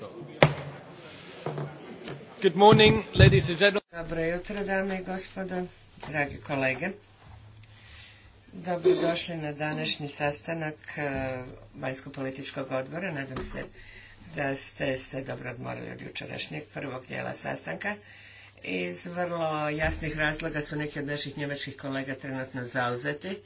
Good Dobro jutro, dame i gospodo, dragi kolege. došli na današnji sastanak e, Vanjsko-političkog odbora. Nadam se da ste se dobro odmorili od jučerašnjeg prvog dijela sastanka. Iz vrlo jasnih razloga su neki od naših njemačkih kolega trenutno zauzeti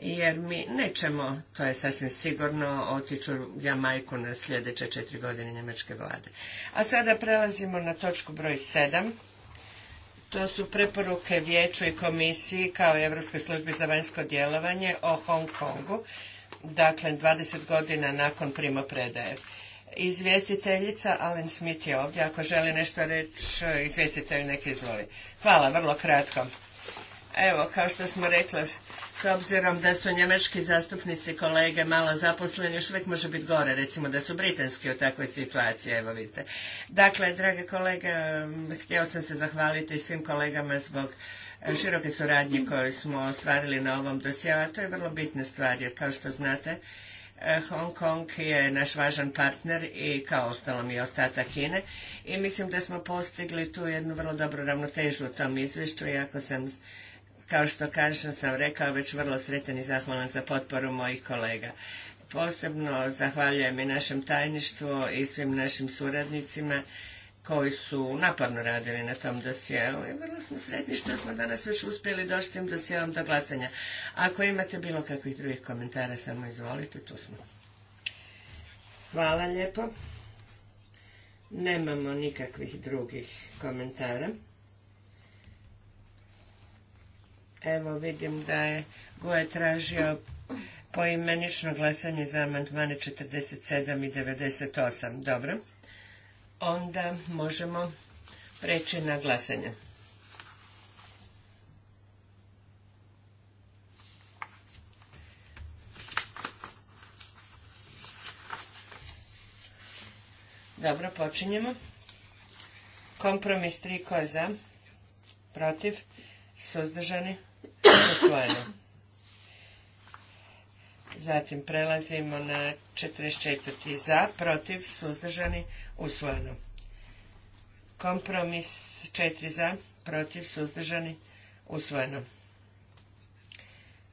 jer mi nećemo, to je sasvim sigurno, otići u majku na sljedeće četiri godine njemačke vlade. A sada prelazimo na točku broj sedam. To su preporuke Vijeću i Komisiji kao i Europskoj službi za vanjsko djelovanje o Hong Kongu, dakle 20 godina nakon primopredaje. Izvjestiteljica Alan Smith je ovdje, ako želi nešto reći, izvjestitelj neki izvoli. Hvala, vrlo kratko. Evo, kao što smo rekli, s obzirom da su njemački zastupnici kolege malo zaposleni, još uvijek može biti gore, recimo da su britanski u takvoj situaciji, evo vidite. Dakle, drage kolege, htio sam se zahvaliti svim kolegama zbog e, široke suradnje koju smo ostvarili na ovom dosjeu, a to je vrlo bitna stvar, jer kao što znate, e, Hong Kong je naš važan partner i kao ostalom i ostatak Kine i mislim da smo postigli tu jednu vrlo dobru ravnotežu u tom izvješću iako sam kao što kažem sam rekao već vrlo sretan i zahvalan za potporu mojih kolega. Posebno zahvaljujem i našem tajništvu i svim našim suradnicima koji su naporno radili na tom dosjeu i vrlo smo sretni što smo danas već uspjeli doći tim dosjeom do glasanja. Ako imate bilo kakvih drugih komentara, samo izvolite, tu smo. Hvala lijepo. Nemamo nikakvih drugih komentara. Evo vidim da je Goje tražio poimenično glasanje za amandmane 47 i 98. Dobro. Onda možemo preći na glasanje. Dobro, počinjemo. Kompromis 3, koje za? Protiv? Suzdržani? Usvojeno. Zatim prelazimo na 44. za, protiv, suzdržani, usvojeno. Kompromis 4 za, protiv, suzdržani, usvojeno.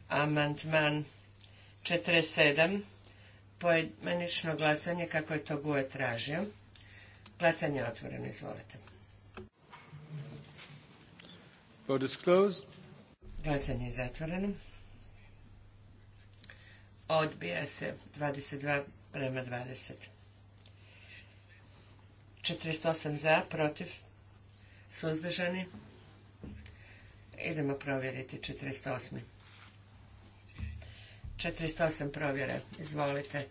Amandman 47. Pojedmenično glasanje kako je to Guje tražio. Glasanje je otvoreno, izvolite. Vote is Glasanje je zatvoreno. Odbija se 22 prema 20. 48 za, protiv, suzdržani. Idemo provjeriti 48. 48 provjera. Izvolite.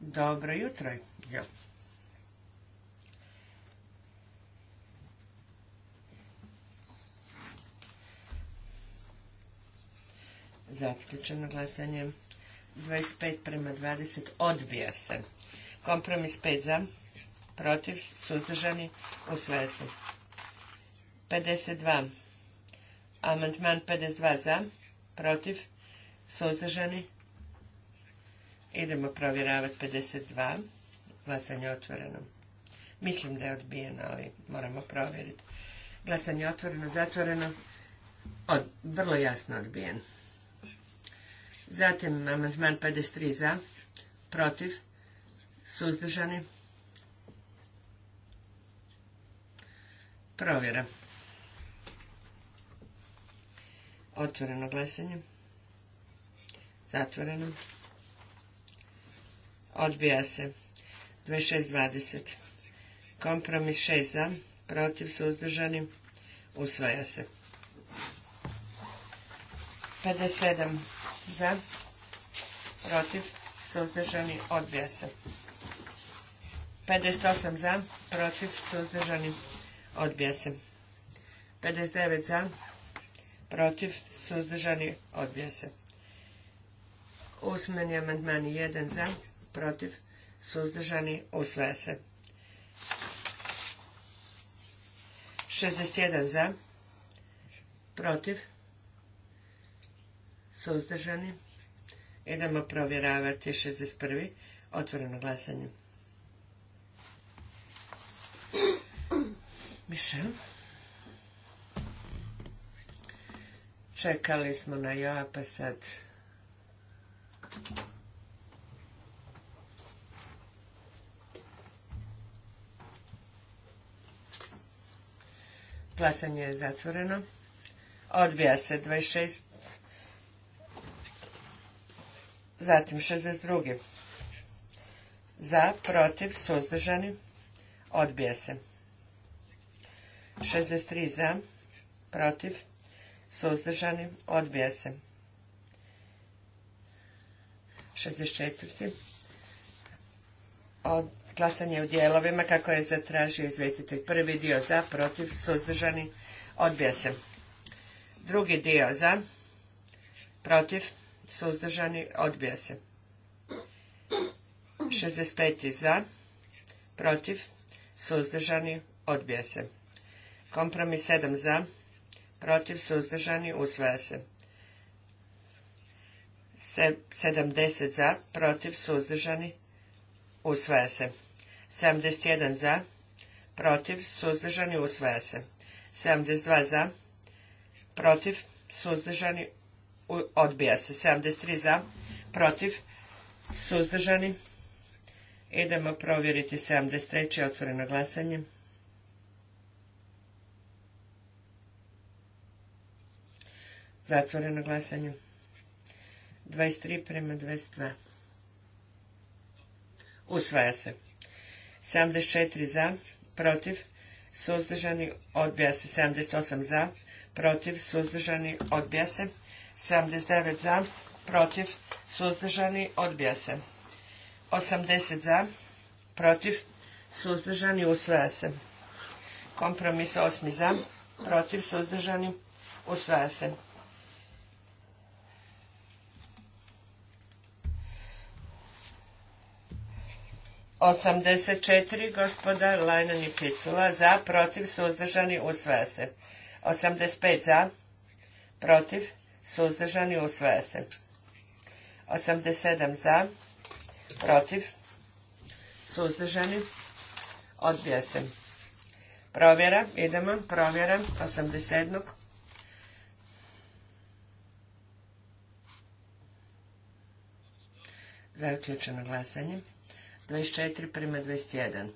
Dobro jutro. Jo. Zaključeno glasanje. 25 prema 20 odbija se. Kompromis 5 za, protiv, suzdržani, usvaja se. 52. Amandman 52 za, protiv, suzdržani. Idemo provjeravati 52. Glasanje otvoreno. Mislim da je odbijeno, ali moramo provjeriti. Glasanje otvoreno, zatvoreno. vrlo jasno odbijen. Zatim amandman 53 za, protiv, suzdržani. Provjera. Otvoreno glasanje. Zatvoreno. Odbija se. 26.20. Kompromis 6 za, protiv, suzdržani. Usvaja se. 57 za, protiv, suzdržani, odbija se. 58 za, protiv, suzdržani, odbija se. 59 za, protiv, suzdržani, odbija se. Usmeni amandmani 1 za, protiv, suzdržani, usvaja se. 61 za, protiv, Suzdržani? Idemo provjeravati 61. Otvoreno glasanje. Mišel? Čekali smo na ja, pa sad... Glasanje je zatvoreno. Odbija se 26 Zatim 62. Za, protiv, suzdržani, odbija se. 63 za, protiv, suzdržani, odbija se. 64. Od glasanje u dijelovima kako je zatražio izvjestitelj. Prvi dio za, protiv, suzdržani, odbija se. Drugi dio za, protiv, suzdržani, odbija se. 65. za, protiv, suzdržani, odbija se. Kompromis 7 za, protiv, suzdržani, usvaja se. 70 za, protiv, suzdržani, usvaja se. 71 za, protiv, suzdržani, usvaja se. 72 za, protiv, suzdržani, odbija se. 73 za, protiv, suzdržani. Idemo provjeriti 73. otvoreno glasanje. Zatvoreno glasanje. 23 prema 22. Usvaja se. 74 za, protiv, suzdržani, odbija se. 78 za, protiv, suzdržani, odbija se. 79 za, protiv, suzdržani, odbija se. 80 za, protiv, suzdržani, usvaja se. Kompromis 8 za, protiv, suzdržani, usvaja se. Osamdeset četiri gospoda Lajnan i Picula za, protiv, suzdržani, usvaja se. Osamdeset pet za, protiv, suzdržani, usvaja se. 87 za, protiv, suzdržani, odbija se. Provjera, idemo, provjera, 87. Zaključeno glasanje. 24 prema 21.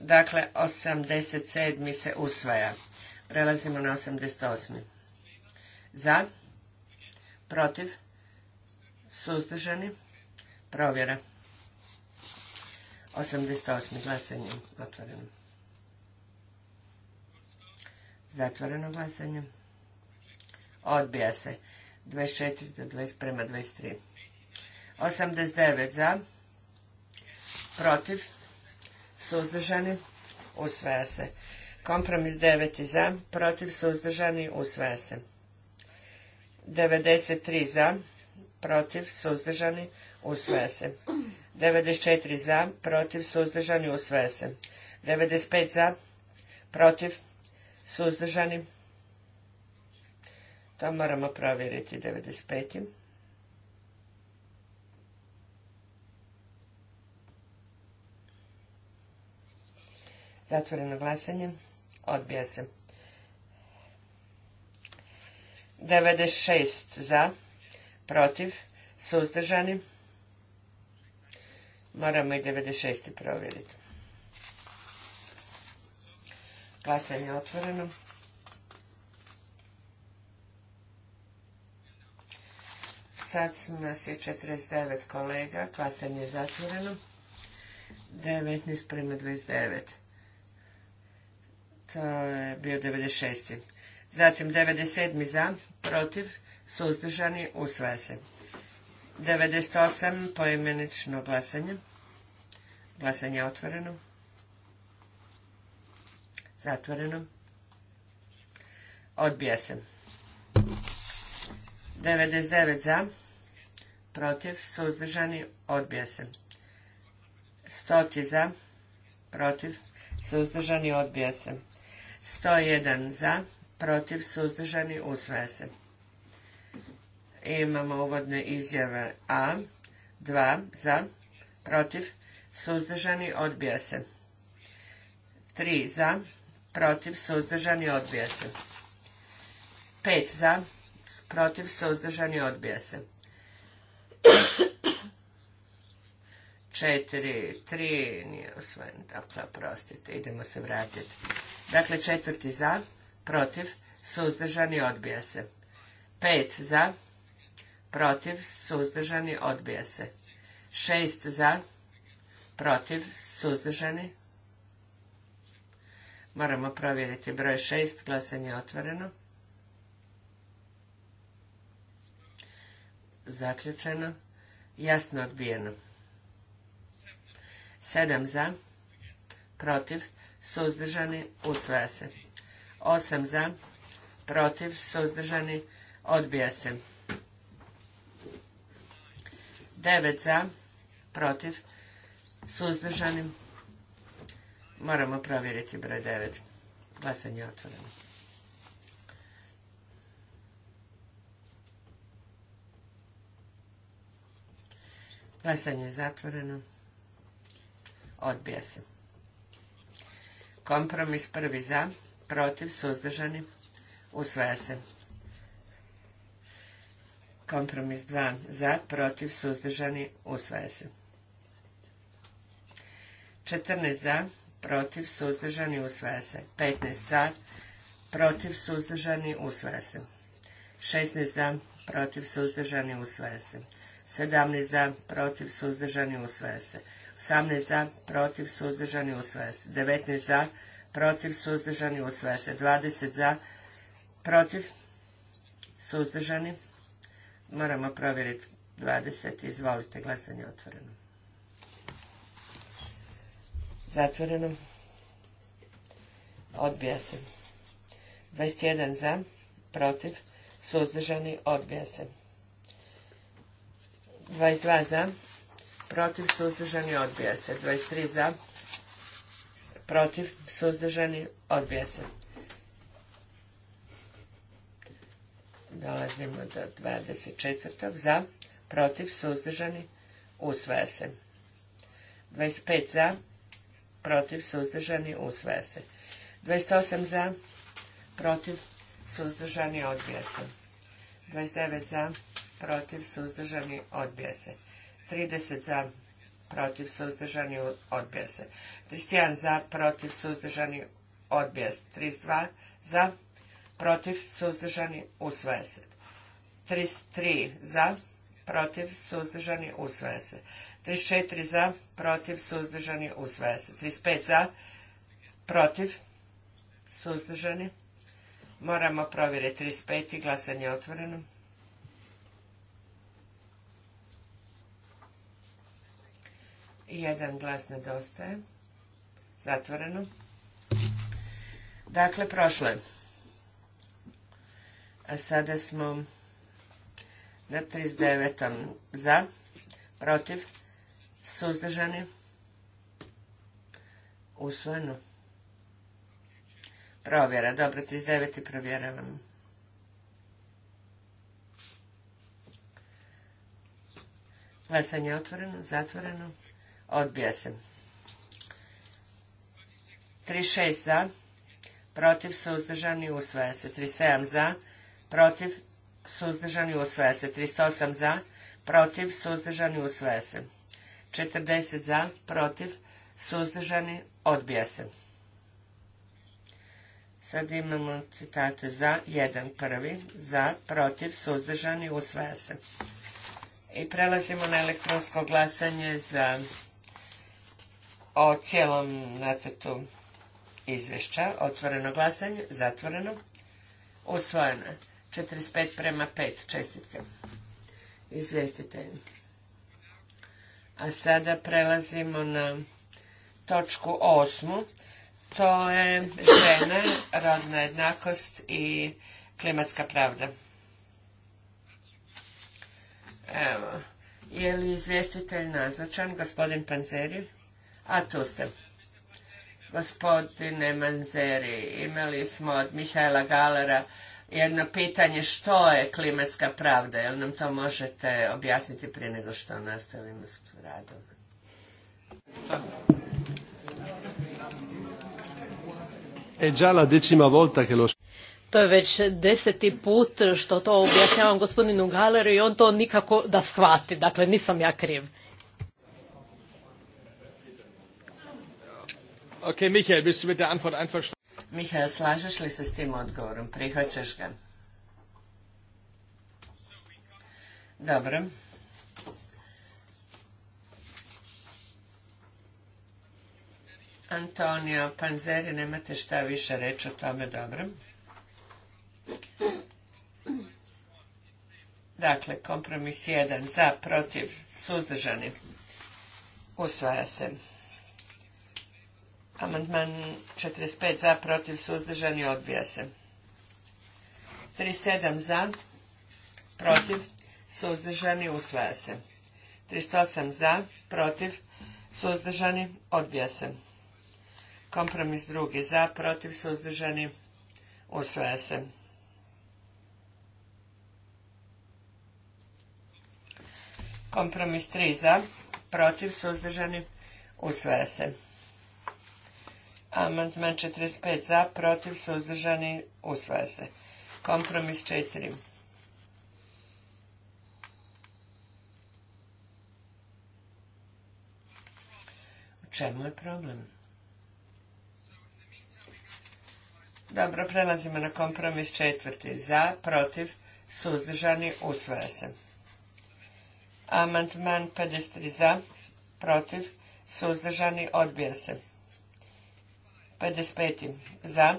Dakle, 87. se usvaja. Prelazimo na 88. Za, protiv, suzdržani, provjera. 88. glasanje otvoreno. Zatvoreno glasanje. Odbija se. 24 do 20 prema 23. 89 za, protiv, suzdržani, usvaja se. Kompromis 9 za, protiv suzdržani usvaja se. 93 za, protiv suzdržani usvaja se. 94 za, protiv suzdržani usvaja se. 95 za, protiv suzdržani. To moramo provjeriti 95. Zatvoreno glasanje odbija se. 96 za, protiv, suzdržani. Moramo i 96. provjeriti. Glasanje je otvoreno. Sad nas i 49 kolega, glasanje je zatvoreno. 19 prema 29. To eh, je bio 96. Zatim 97. za, protiv, suzdržani, usvaja se. 98. poimenično glasanje. Glasanje otvoreno. Zatvoreno. Odbija se. 99 za, protiv, suzdržani, odbija se. 100 za, protiv, suzdržani, odbija se. 101 za, protiv, suzdržani, usvaja se. Imamo uvodne izjave A, 2 za, protiv, suzdržani, odbija se. 3 za, protiv, suzdržani, odbija se. 5 za, protiv, suzdržani, odbija se. 4, 3, nije usvojen, dakle, prostite, idemo se vratiti. Dakle, četvrti za, protiv, suzdržani, odbija se. Pet za, protiv, suzdržani, odbija se. Šest za, protiv, suzdržani. Moramo provjeriti broj šest, glasanje otvoreno. Zaključeno, jasno odbijeno. Sedam za, protiv, suzdržani, usvaja se. 8 za, protiv, suzdržani, odbija se. Devet za, protiv, suzdržani, moramo provjeriti broj devet. Glasanje otvoreno. Glasanje je zatvoreno. Odbija se. Kompromis prvi za, protiv, suzdržani, usvaja se. Kompromis 2 za, protiv, suzdržani, usvaja se. 14 za, protiv, suzdržani, usvaja se. 15 za, protiv, suzdržani, usvaja se. 16 za, protiv, suzdržani, usvaja se. 17 za, protiv, suzdržani, usvaja se. 18 za, protiv, suzdržani, usvaja se. 19 za, protiv, suzdržani, usvaja se. 20 za, protiv, suzdržani. Moramo provjeriti 20. Izvolite, glasanje otvoreno. Zatvoreno. Odbija se. 21 za, protiv, suzdržani, odbija se. 22 za, protiv, suzdržani, odbija se. 23 za, protiv, suzdržani, odbija se. Dolazimo do 24. za, protiv, suzdržani, usvaja se. 25 za, protiv, suzdržani, usvaja se. 28 za, protiv, suzdržani, odbija se. 29 za, protiv, suzdržani, odbija se. 30 za, protiv, suzdržani, odbija se. 31 za, protiv, suzdržani, odbija 32 za, protiv, suzdržani, usvaja se. 33 za, protiv, suzdržani, usvaja se. 34 za, protiv, suzdržani, usvaja se. 35 za, protiv, suzdržani. Moramo provjeriti 35. glasanje je otvoreno. Jedan glas nedostaje. Zatvoreno. Dakle, prošlo je. A sada smo na 39. za, protiv, suzdržani, usvojeno. Provjera, dobro, 39. provjeravamo. Glasanje je otvoreno, zatvoreno. Odbija se. 36 za, protiv, suzdržani, usvaja se. 37 za, protiv, suzdržani, usvaja se. 308 za, protiv, suzdržani, usvaja se. 40 za, protiv, suzdržani, odbija se. Sad imamo citate za, jedan prvi, za, protiv, suzdržani, usvaja se. I prelazimo na elektronsko glasanje za o cijelom nacrtu izvješća. Otvoreno glasanje, zatvoreno. Usvojeno 45 prema 5. Čestitke. Izvjestitelju. A sada prelazimo na točku osmu. To je žena, rodna jednakost i klimatska pravda. Evo. Je li izvjestitelj nazočan, gospodin Panzeri? A tu ste. Gospodine Manzeri, imali smo od Mihajla Galera jedno pitanje što je klimatska pravda. Jel nam to možete objasniti prije nego što nastavimo s radom? to je već deseti put što to objašnjavam gospodinu Galeru i on to nikako da shvati. Dakle, nisam ja kriv. Ok, Michael, bist du mit der Antwort einverstanden? Michael, slažeš li se s tim odgovorom? Prihvaćaš ga? Dobro. Antonio Panzeri, nemate šta više reći o tome, dobro. Dakle, kompromis jedan za, protiv, suzdržani. Usvaja se. Amandman 45 za, protiv, suzdržani, odbija se. 37 za, protiv, suzdržani, usvaja se. 38 za, protiv, suzdržani, odbija se. Kompromis drugi za, protiv, suzdržani, usvaja se. Kompromis 3 za, protiv, suzdržani, usvaja se. Amandman 45 za, protiv, suzdržani, usvaja se. Kompromis 4. U čemu je problem? Dobro, prelazimo na kompromis 4. Za, protiv, suzdržani, usvaja se. Amandman 53 za, protiv, suzdržani, odbija se. 55. za,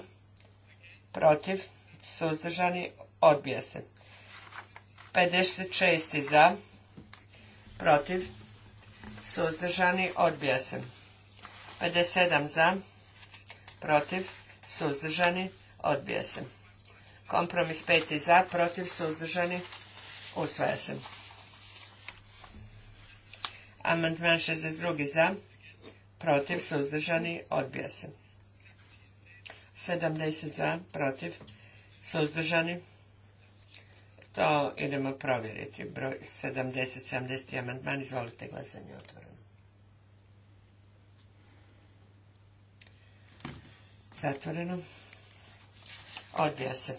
protiv, suzdržani, odbija se. 56. za, protiv, suzdržani, odbija se. 57. za, protiv, suzdržani, odbija se. Kompromis 5. za, protiv, suzdržani, usvaja se. Amandman 62. za, protiv, suzdržani, odbija se. 70 za, protiv, suzdržani. To idemo provjeriti. Broj 70, 70 amandman. Izvolite glasanje otvoreno. Zatvoreno. Odbija se.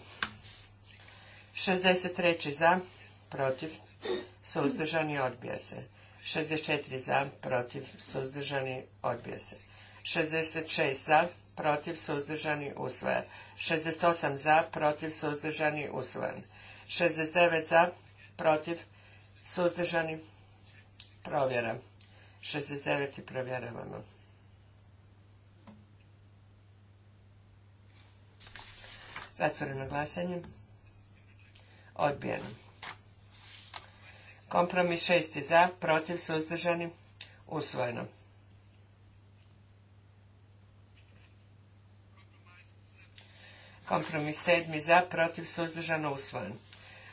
63 za, protiv, suzdržani, odbija se. 64 za, protiv, suzdržani, odbija se. 66 za, protiv, suzdržani, usvojen. 68 za, protiv, suzdržani, usvojen. 69 za, protiv, suzdržani, provjera. 69 i provjeravamo. Zatvoreno glasanje. Odbijeno. Kompromis 6 za, protiv, suzdržani, usvojeno. Kompromis 7 za, protiv, suzdržano, usvojen.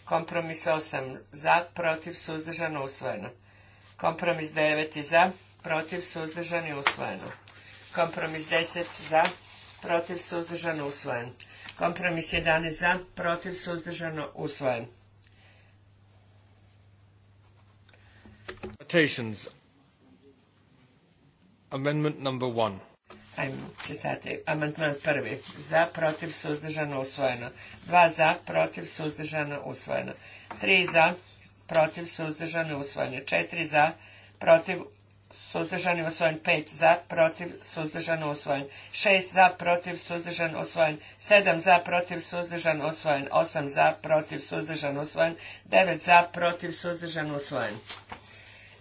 Kompromis osam za, protiv, suzdržano, usvojeno. Kompromis 9 za, protiv, suzdržano usvojeno. Kompromis deset za, protiv, suzdržano, usvojen. Kompromis 11 za, protiv, suzdržano, usvojen. Amendment number one ajmo, citate, amandman prvi, za, protiv, suzdržano, usvojeno, dva za, protiv, suzdržano, usvojeno, tri za, protiv, suzdržano, usvojeno, četiri za, protiv, suzdržano usvojen. 5 za, protiv, suzdržano usvojen. 6 za, protiv, suzdržan osvojen 7 za, protiv, suzdržan osvojen 8 za, protiv, suzdržan usvojen, 9 za, protiv, suzdržan usvojen.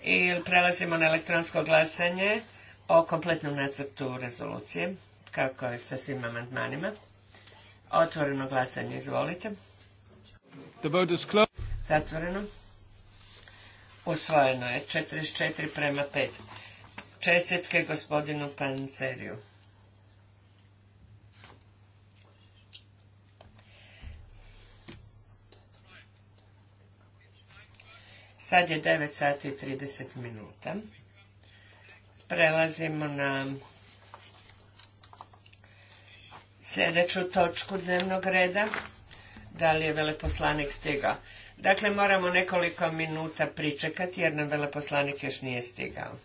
I prelazimo na elektronsko glasanje o kompletnom nacrtu rezolucije, kako je sa svim amandmanima. Otvoreno glasanje, izvolite. Zatvoreno. Usvojeno je 44 prema 5. Čestitke gospodinu Panceriju. Sad je 9 sati i 30 minuta. Prelazimo na sljedeću točku dnevnog reda. Da li je veleposlanik stigao? Dakle, moramo nekoliko minuta pričekati jer nam veleposlanik još nije stigao.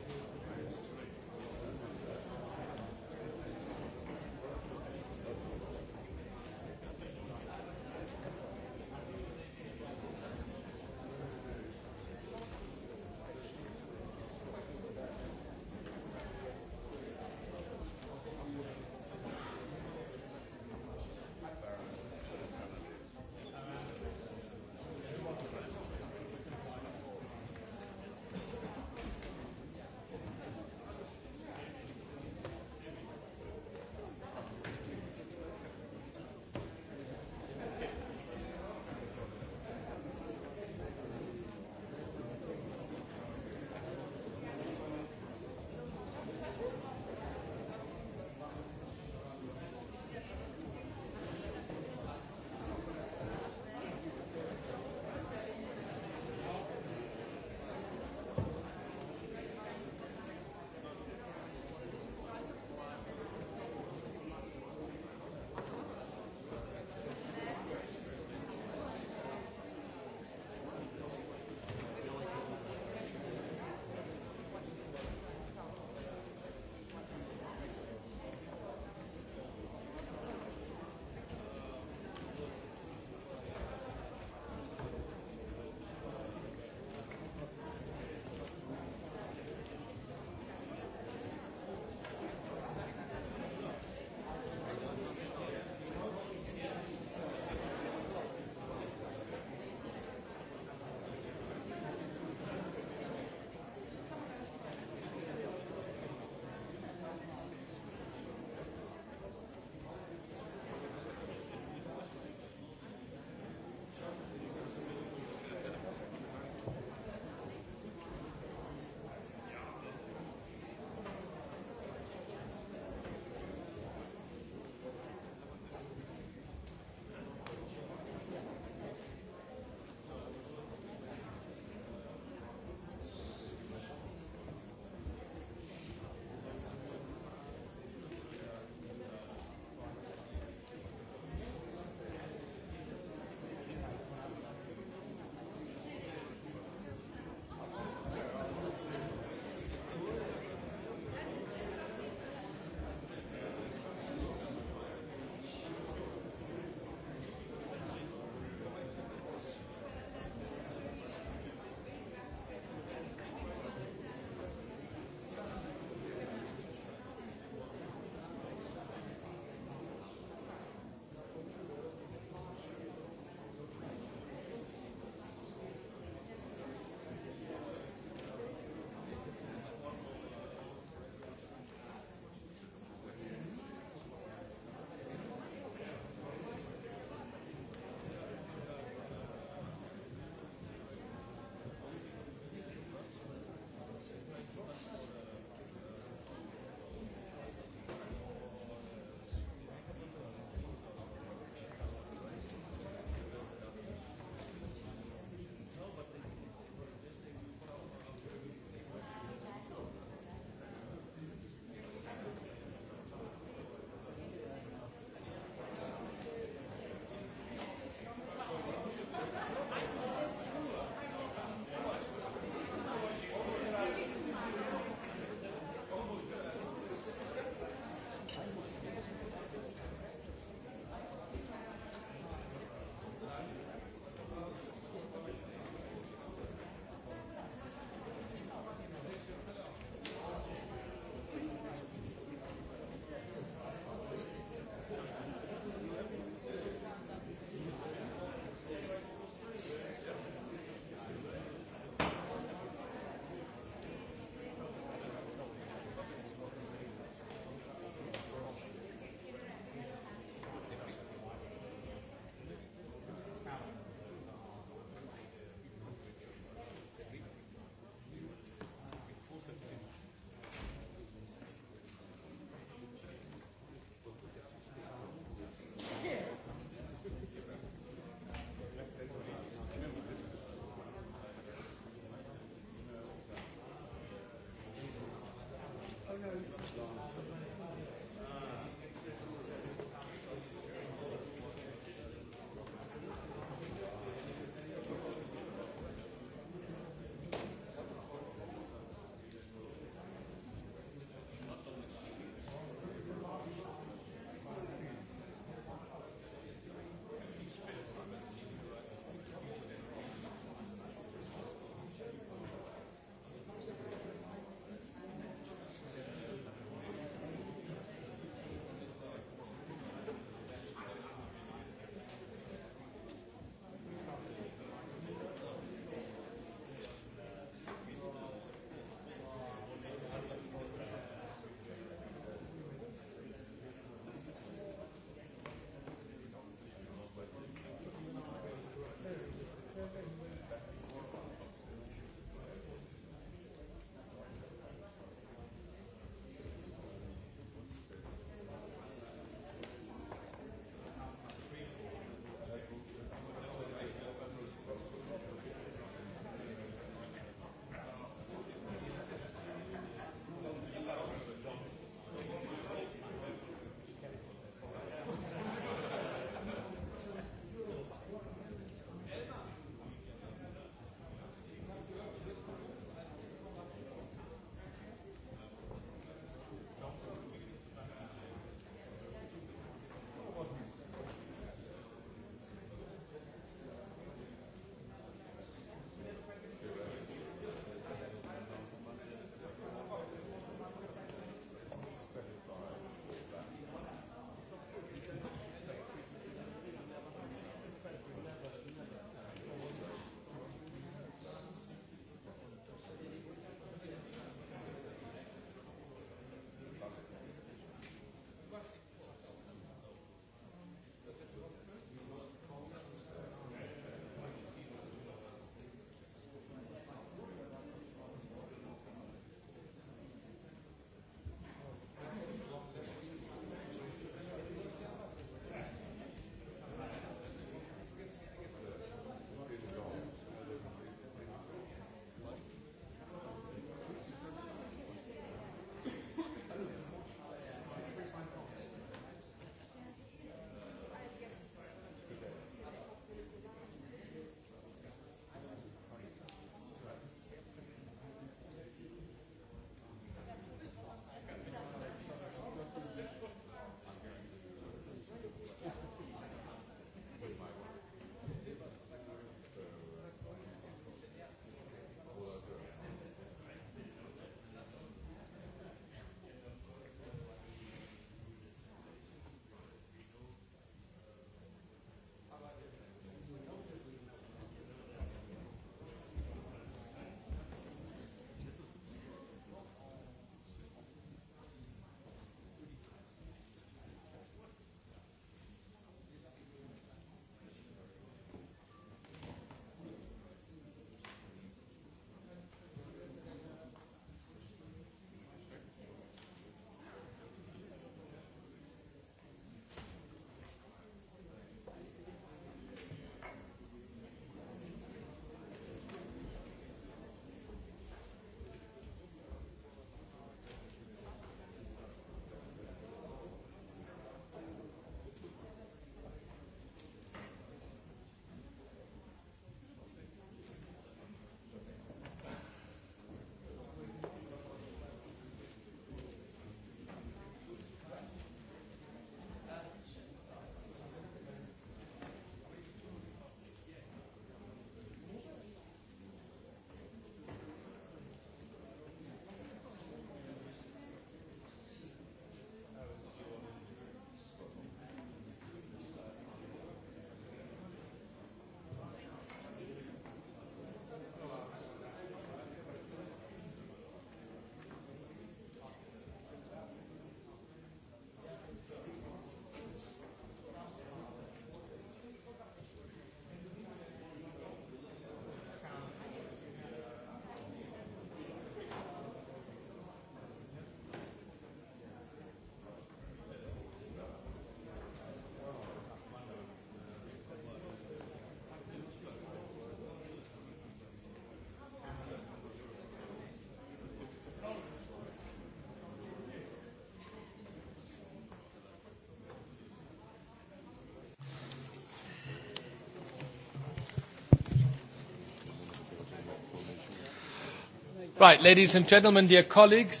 Right, ladies and gentlemen, dear colleagues.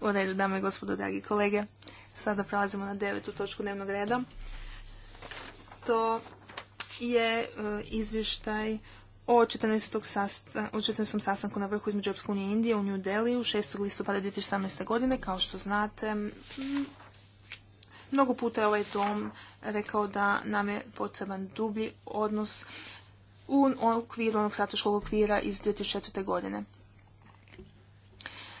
U redu, dame i gospodo, dragi kolege. Sada prelazimo na devetu točku dnevnog reda. To je e, izvještaj o 14. sastanku na vrhu između Europske unije i Indije u New Delhi u 6. listopada 2018. godine. Kao što znate, mnogo puta je ovaj dom rekao da nam je potreban dublji odnos u okviru onog strateškog okvira iz 2004. godine.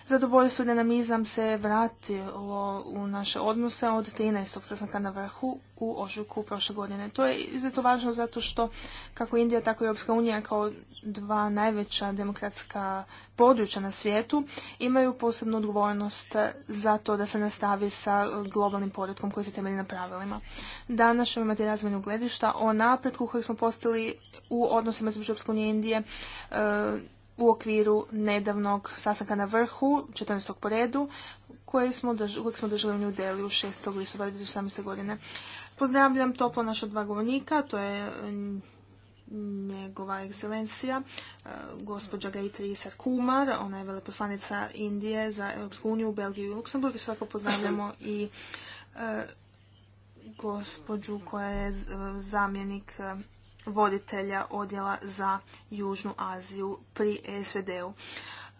Zadovoljstvo i dinamizam se vratilo u naše odnose od 13. sastanka na vrhu u ožujku prošle godine. To je izuzetno važno zato što kako Indija, tako i Europska unija kao dva najveća demokratska područja na svijetu imaju posebnu odgovornost za to da se nastavi sa globalnim poredkom koji se temelji na pravilima. Danas ćemo imati razmjenu gledišta o napretku koji smo postali u odnosima između Europske unije i Indije e, u okviru nedavnog sastanka na vrhu, 14. po redu, kojeg smo držali u New u 6. listopada 2018. godine. Pozdravljam toplo naša dva govornika, to je mm, njegova ekscelencija, e, gospođa Gaitri Sarkumar, ona je veleposlanica Indije za Europsku uniju, Belgiju i Luksemburg i svako pozdravljamo i e, gospođu koja je zamjenik e, voditelja odjela za Južnu Aziju pri SVD-u.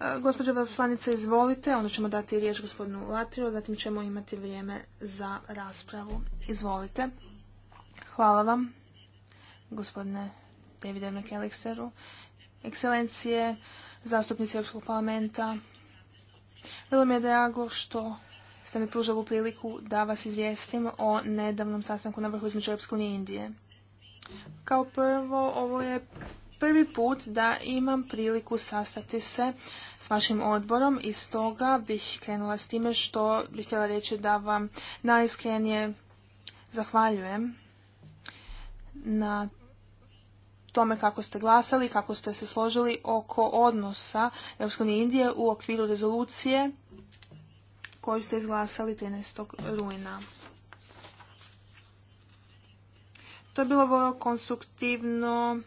E, gospođo poslanice, izvolite, onda ćemo dati riječ gospodinu Latriju, zatim ćemo imati vrijeme za raspravu. Izvolite. Hvala vam, gospodine Davide McAllisteru, ekscelencije, zastupnici Europskog parlamenta. Vrlo mi je drago što ste mi pružili priliku da vas izvijestim o nedavnom sastanku na vrhu između Europske i Indije. Kao prvo, ovo je prvi put da imam priliku sastati se s vašim odborom i stoga bih krenula s time što bih htjela reći da vam najiskrenije zahvaljujem na tome kako ste glasali, kako ste se složili oko odnosa EU Indije u okviru rezolucije koju ste izglasali 13. rujna. To je bilo vrlo konstruktivno,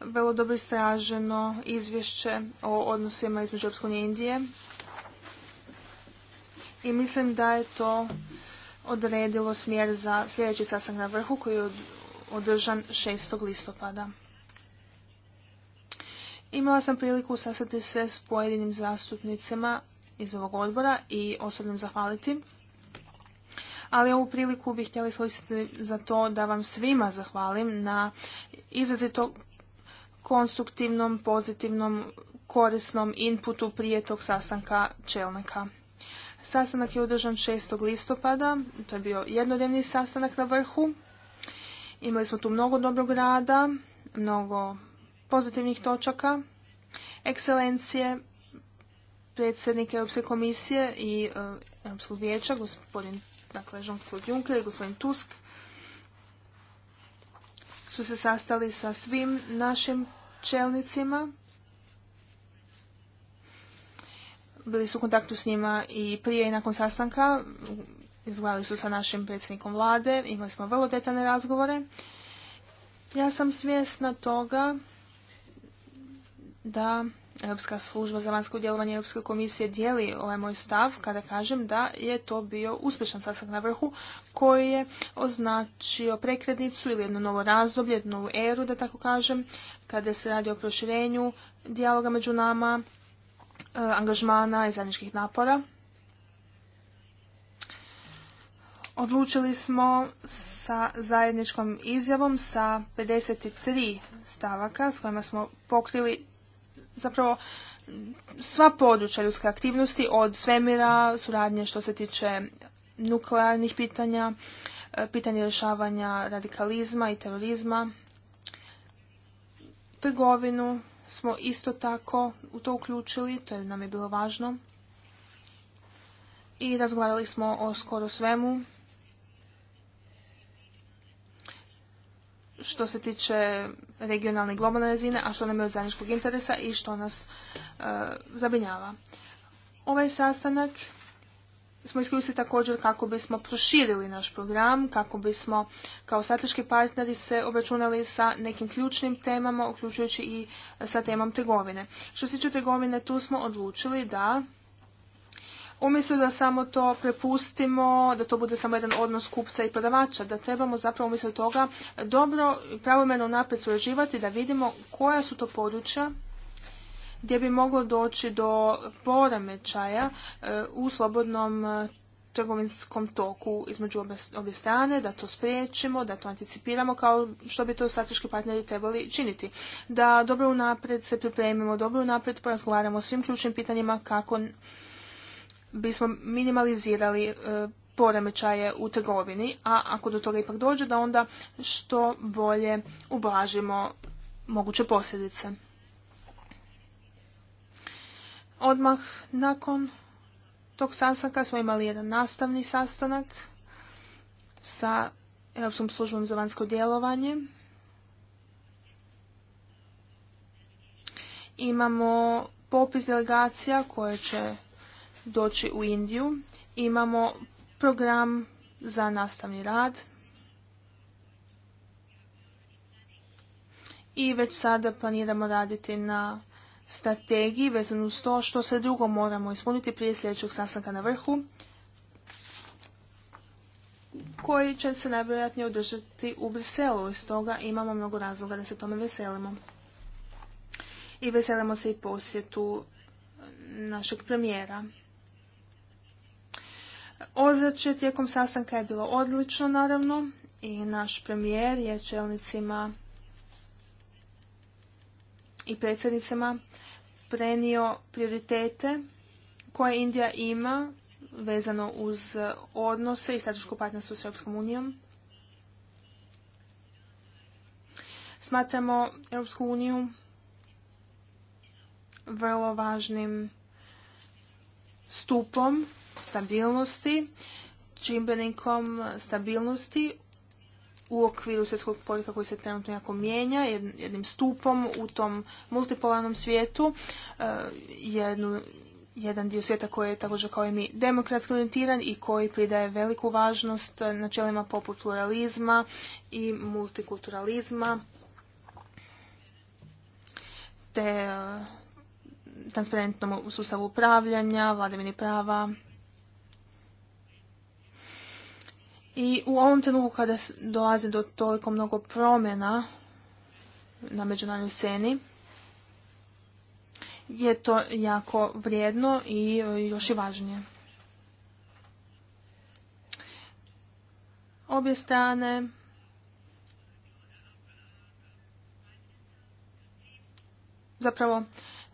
vrlo dobro istraženo izvješće o odnosima između Europske i Indije. I mislim da je to odredilo smjer za sljedeći sastanak na vrhu koji je održan 6. listopada. Imala sam priliku sastati se s pojedinim zastupnicima iz ovog odbora i osobno zahvaliti ali ovu priliku bih htjela iskoristiti za to da vam svima zahvalim na izrazito konstruktivnom, pozitivnom, korisnom inputu prije tog sastanka čelnika. Sastanak je održan 6. listopada, to je bio jednodnevni sastanak na vrhu. Imali smo tu mnogo dobrog rada, mnogo pozitivnih točaka, ekscelencije, predsjednik Europske komisije i e, Europskog vijeća, gospodin dakle Jean-Claude Juncker i gospodin Tusk, su se sastali sa svim našim čelnicima. Bili su u kontaktu s njima i prije i nakon sastanka. Izgledali su sa našim predsjednikom vlade. Imali smo vrlo detaljne razgovore. Ja sam svjesna toga da Europska služba za vanjsko djelovanje Europske komisije dijeli ovaj moj stav kada kažem da je to bio uspješan sastanak na vrhu koji je označio prekrednicu ili jedno novo razdoblje, jednu novu eru da tako kažem, kada se radi o proširenju dijaloga među nama, e, angažmana i zajedničkih napora. Odlučili smo sa zajedničkom izjavom sa 53 stavaka s kojima smo pokrili zapravo sva područja ljudske aktivnosti od svemira, suradnje što se tiče nuklearnih pitanja, e, pitanje rješavanja radikalizma i terorizma, trgovinu smo isto tako u to uključili, to nam je bilo važno. I razgovarali smo o skoro svemu. Što se tiče regionalne i globalne razine, a što nam je od zajedničkog interesa i što nas e, Ovaj sastanak smo iskoristili također kako bismo proširili naš program, kako bismo kao strateški partneri se obračunali sa nekim ključnim temama, uključujući i sa temom trgovine. Što se tiče trgovine, tu smo odlučili da umjesto da samo to prepustimo, da to bude samo jedan odnos kupca i prodavača, da trebamo zapravo umjesto toga dobro i pravomeno napred surađivati da vidimo koja su to područja gdje bi moglo doći do poremećaja e, u slobodnom e, trgovinskom toku između obje strane, da to spriječimo, da to anticipiramo kao što bi to strateški partneri trebali činiti. Da dobro unaprijed se pripremimo, dobro unaprijed porazgovaramo o svim ključnim pitanjima kako bismo minimalizirali e, poremećaje u trgovini, a ako do toga ipak dođe, da onda što bolje ublažimo moguće posljedice. Odmah nakon tog sastanka smo imali jedan nastavni sastanak sa Europskom službom za vanjsko djelovanje. Imamo popis delegacija koje će doći u Indiju. Imamo program za nastavni rad. I već sada planiramo raditi na strategiji vezano uz to što se drugo moramo ispuniti prije sljedećeg sastanka na vrhu koji će se najvjerojatnije održati u Briselu. Stoga imamo mnogo razloga da se tome veselimo. I veselimo se i posjetu našeg premijera. Ozračje tijekom sastanka je bilo odlično, naravno, i naš premijer je čelnicima i predsjednicama prenio prioritete koje Indija ima vezano uz odnose i strateško partnerstvo s Europskom unijom. Smatramo Europsku uniju vrlo važnim stupom stabilnosti, čimbenikom stabilnosti u okviru svjetskog politika koji se trenutno jako mijenja, jednim stupom u tom multipolarnom svijetu, e, jednu, jedan dio svijeta koji je također kao i mi demokratski orientiran i koji pridaje veliku važnost načelima poput pluralizma i multikulturalizma te e, transparentnom sustavu upravljanja, vladavini prava, I u ovom trenutku kada dolazi do toliko mnogo promjena na međunarodnoj sceni, je to jako vrijedno i e, još i važnije. Obje strane zapravo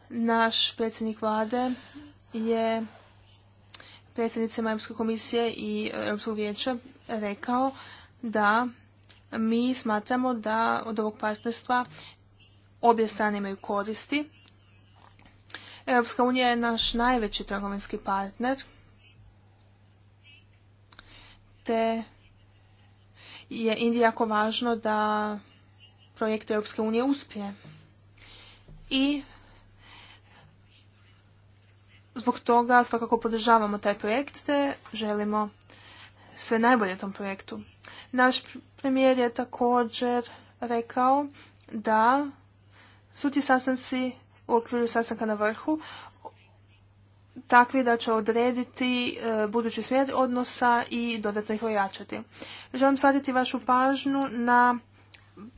naš predsjednik vlade je predsjednicima Europske komisije i Europskog vijeća rekao da mi smatramo da od ovog partnerstva obje strane imaju koristi. Europska unija je naš najveći trgovinski partner, te je indijako jako važno da projekt Europske unije uspije. I zbog toga svakako podržavamo taj projekt te želimo sve najbolje tom projektu. Naš premijer je također rekao da su ti sastanci u okviru sastanka na vrhu takvi da će odrediti e, budući smjer odnosa i dodatno ih ojačati. Želim shvatiti vašu pažnju na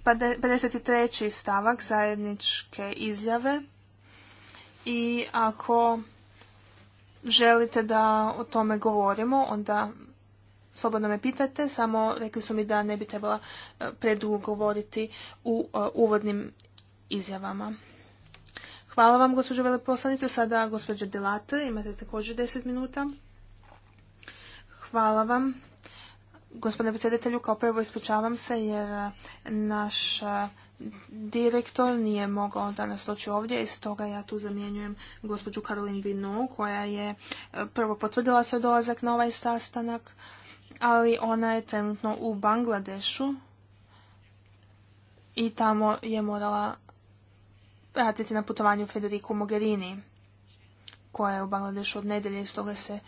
53. stavak zajedničke izjave i ako želite da o tome govorimo, onda slobodno me pitate, samo rekli su mi da ne bi trebala e, predugo govoriti u e, uvodnim izjavama. Hvala vam, gospođo veleposlanice. Sada, gospođa Delate, imate također 10 minuta. Hvala vam. Gospodine predsjedatelju, kao prvo ispričavam se jer e, naš direktor nije mogao danas doći ovdje i stoga ja tu zamjenjujem gospođu Karolin Vinu koja je prvo potvrdila svoj dolazak na ovaj sastanak, ali ona je trenutno u Bangladešu i tamo je morala pratiti na putovanju Federiku Mogherini koja je u Bangladešu od nedelje i stoga se